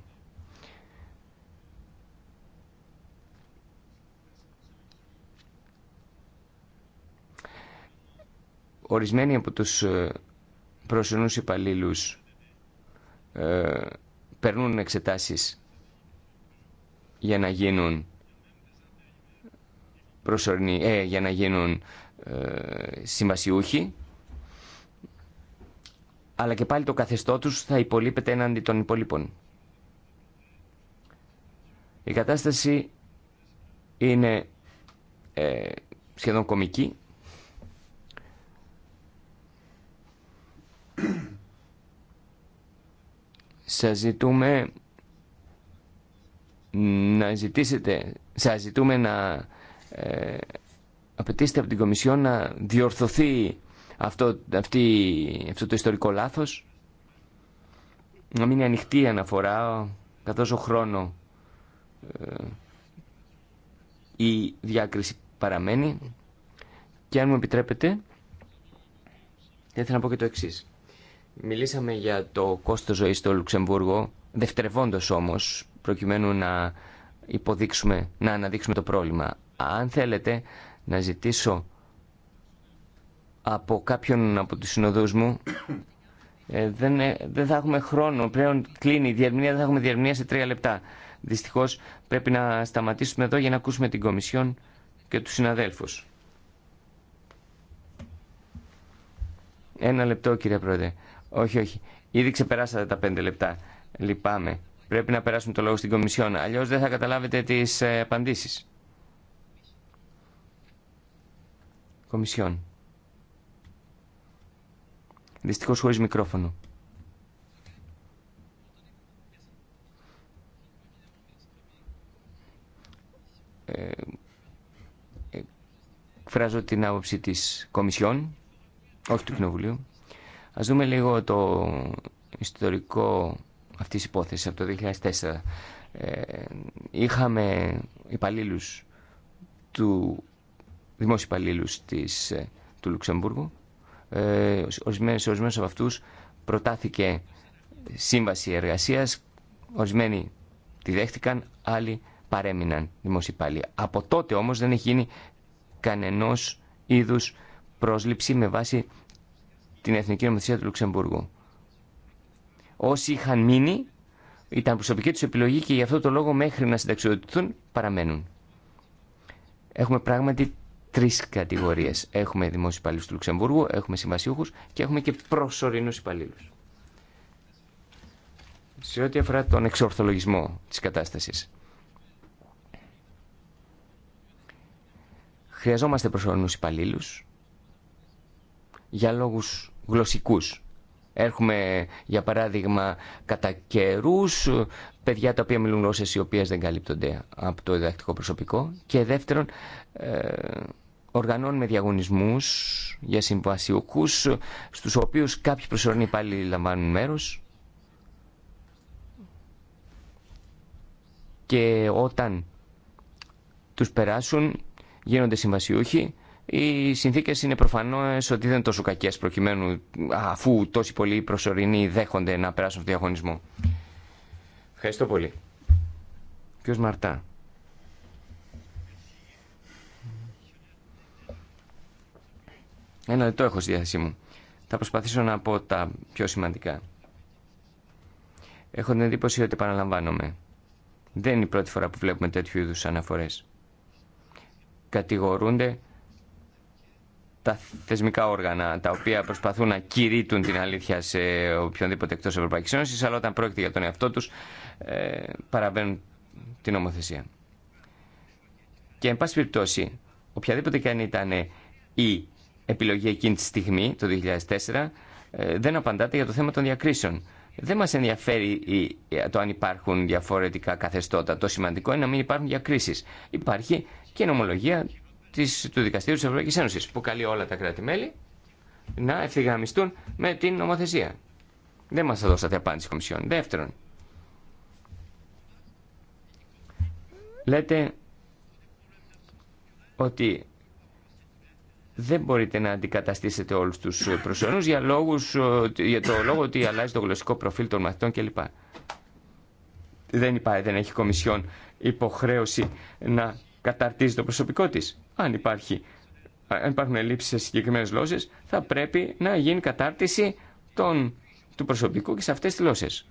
Ορισμένοι από τους ε, προσωρινούς υπαλλήλου ε, περνούν εξετάσεις για να γίνουν προσωρινοί, ε, για να γίνουν ε, συμβασιούχοι αλλά και πάλι το καθεστώ τους θα υπολείπεται έναντι των υπολείπων. Η κατάσταση είναι ε, σχεδόν κομική Σας ζητούμε να ζητήσετε, να ε, απαιτήσετε από την Κομισιόν να διορθωθεί αυτό, αυτή, αυτό το ιστορικό λάθος, να μην είναι ανοιχτή η αναφορά καθώς ο χρόνο ε, η διάκριση παραμένει και αν μου επιτρέπετε θα ήθελα να πω και το εξής. Μιλήσαμε για το κόστος ζωής στο Λουξεμβούργο, δευτερευόντως όμως, προκειμένου να υποδείξουμε, να αναδείξουμε το πρόβλημα. Αν θέλετε να ζητήσω από κάποιον από τους συνοδούς μου, ε, δεν, ε, δεν θα έχουμε χρόνο, πλέον κλείνει η διερμηνία, δεν θα έχουμε διερμηνία σε τρία λεπτά. Δυστυχώς πρέπει να σταματήσουμε εδώ για να ακούσουμε την Κομισιόν και τους συναδέλφους. Ένα λεπτό κύριε Πρόεδρε. Όχι, όχι. Ήδη ξεπεράσατε τα πέντε λεπτά. Λυπάμαι. Πρέπει να περάσουμε το λόγο στην Κομισιόν. Αλλιώς δεν θα καταλάβετε τις ε, απαντήσεις. Κομισιόν. Δυστυχώς χωρίς μικρόφωνο. Ε, εκφράζω την άποψη της Κομισιόν, όχι του Κοινοβουλίου. Ας δούμε λίγο το ιστορικό αυτής της υπόθεσης από το 2004. Ε, είχαμε υπαλλήλους του δημόσιου υπαλλήλου ε, του Λουξεμβούργου. Ε, ορισμένες, από αυτούς προτάθηκε σύμβαση εργασίας, ορισμένοι τη δέχτηκαν, άλλοι παρέμειναν υπάλληλοι. Από τότε όμως δεν έχει γίνει κανενός είδους πρόσληψη με βάση την Εθνική Νομοθεσία του Λουξεμβούργου. Όσοι είχαν μείνει, ήταν προσωπική του επιλογή και γι' αυτό το λόγο μέχρι να συνταξιοδοτηθούν παραμένουν. Έχουμε πράγματι τρει κατηγορίε. Έχουμε δημόσιου υπαλλήλου του Λουξεμβούργου, έχουμε συμβασιούχου και έχουμε και προσωρινού υπαλλήλου. Σε ό,τι αφορά τον εξορθολογισμό τη κατάσταση. Χρειαζόμαστε προσωρινούς υπαλλήλου για λόγους γλωσσικούς. Έρχομαι, για παράδειγμα, κατά καιρού παιδιά τα οποία μιλούν γλώσσε οι οποίε δεν καλύπτονται από το διδακτικό προσωπικό. Και δεύτερον, ε, οργανώνουμε διαγωνισμού για συμβασιούχου, στου οποίου κάποιοι προσωρινοί πάλι λαμβάνουν μέρο. Και όταν τους περάσουν, γίνονται συμβασιούχοι οι συνθήκε είναι προφανώ ότι δεν είναι τόσο κακέ προκειμένου αφού τόσοι πολλοί προσωρινοί δέχονται να περάσουν το διαγωνισμό. Ευχαριστώ πολύ. Ποιο Μαρτά. Ένα λεπτό έχω στη διάθεσή μου. Θα προσπαθήσω να πω τα πιο σημαντικά. Έχω την εντύπωση ότι επαναλαμβάνομαι. Δεν είναι η πρώτη φορά που βλέπουμε τέτοιου είδου αναφορέ. Κατηγορούνται τα θεσμικά όργανα τα οποία προσπαθούν να κηρύττουν την αλήθεια σε οποιονδήποτε εκτός Ευρωπαϊκής Ένωσης αλλά όταν πρόκειται για τον εαυτό τους ε, παραβαίνουν την νομοθεσία. Και εν πάση περιπτώσει, οποιαδήποτε και αν ήταν η επιλογή εκείνη τη στιγμή, το 2004, ε, δεν απαντάται για το θέμα των διακρίσεων. Δεν μας ενδιαφέρει το αν υπάρχουν διαφορετικά καθεστώτα. Το σημαντικό είναι να μην υπάρχουν διακρίσεις. Υπάρχει και νομολογία της, του Δικαστήριου της Ευρωπαϊκής Ένωσης που καλεί όλα τα κράτη-μέλη να ευθυγραμμιστούν με την νομοθεσία. Δεν μας θα δώσατε απάντηση Κομισιόν. Δεύτερον, λέτε ότι δεν μπορείτε να αντικαταστήσετε όλους τους προσωρινούς για, λόγους, για το λόγο ότι αλλάζει το γλωσσικό προφίλ των μαθητών κλπ. Δεν, υπάρχει, δεν έχει κομισιόν υποχρέωση να καταρτίζει το προσωπικό της αν, υπάρχει, αν υπάρχουν ελλείψεις σε συγκεκριμένες γλώσσες, θα πρέπει να γίνει κατάρτιση των, του προσωπικού και σε αυτές τις γλώσσες.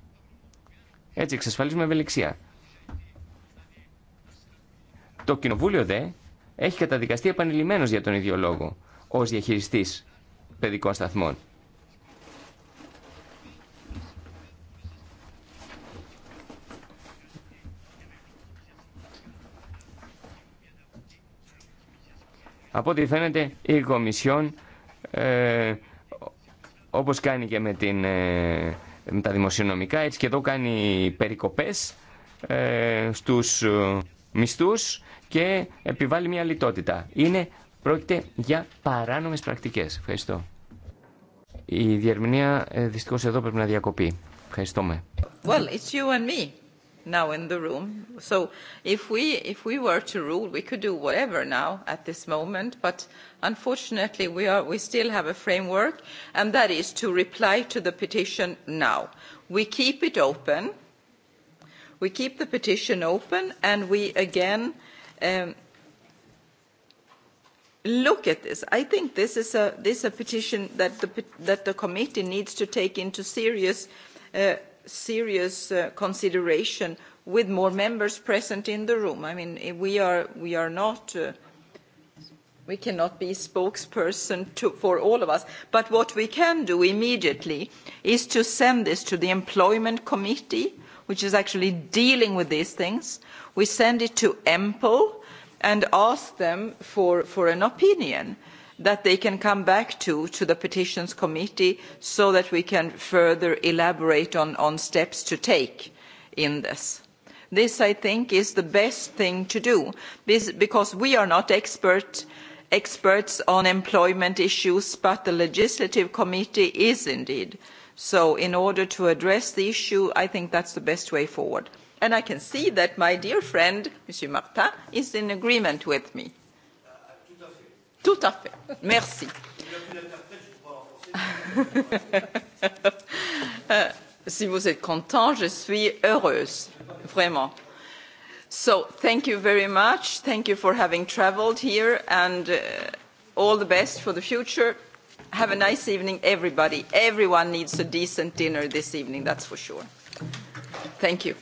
Έτσι εξασφαλίζουμε ευελιξία. Το κοινοβούλιο δε έχει καταδικαστεί επανειλημμένος για τον ίδιο λόγο ως διαχειριστής παιδικών σταθμών. Από ό,τι φαίνεται η Κομισιόν, ε, όπως κάνει και με, την, ε, τα δημοσιονομικά, έτσι και εδώ κάνει περικοπές ε, στους ε, μισθούς και επιβάλλει μια λιτότητα. Είναι, πρόκειται για παράνομες πρακτικές. Ευχαριστώ. Η διερμηνία ε, δυστυχώς εδώ πρέπει να διακοπεί. Ευχαριστώ Well, it's you now in the room. So if we if we were to rule, we could do whatever now at this moment. But unfortunately, we are we still have a framework, and that is to reply to the petition now. We keep it open. We keep the petition open, and we again look at this. I think this is a this a petition that the that the committee needs to take into serious serious consideration with more members present in the room. I mean, we are we are not. We cannot be spokesperson for all of us. But what we can do immediately is to send this to the Employment Committee, which is actually dealing with these things. We send it to EMPL and ask them for an opinion that they can come back to to the petitions committee so that we can further elaborate on steps to take in this. This, I think, is the best thing to do because we are not experts on employment issues, but the Legislative Committee is indeed. So in order to address the issue, I think that's the best way forward. And I can see that my dear friend, Mr. Martin, is in agreement with me. Tout à fait. Merci. Si vous êtes content, je suis heureuse, vraiment. So, thank you very much. Thank you for having traveled here and all the best for the future. Have a nice evening, everybody. Everyone needs a decent dinner this evening, that's for sure. Thank you.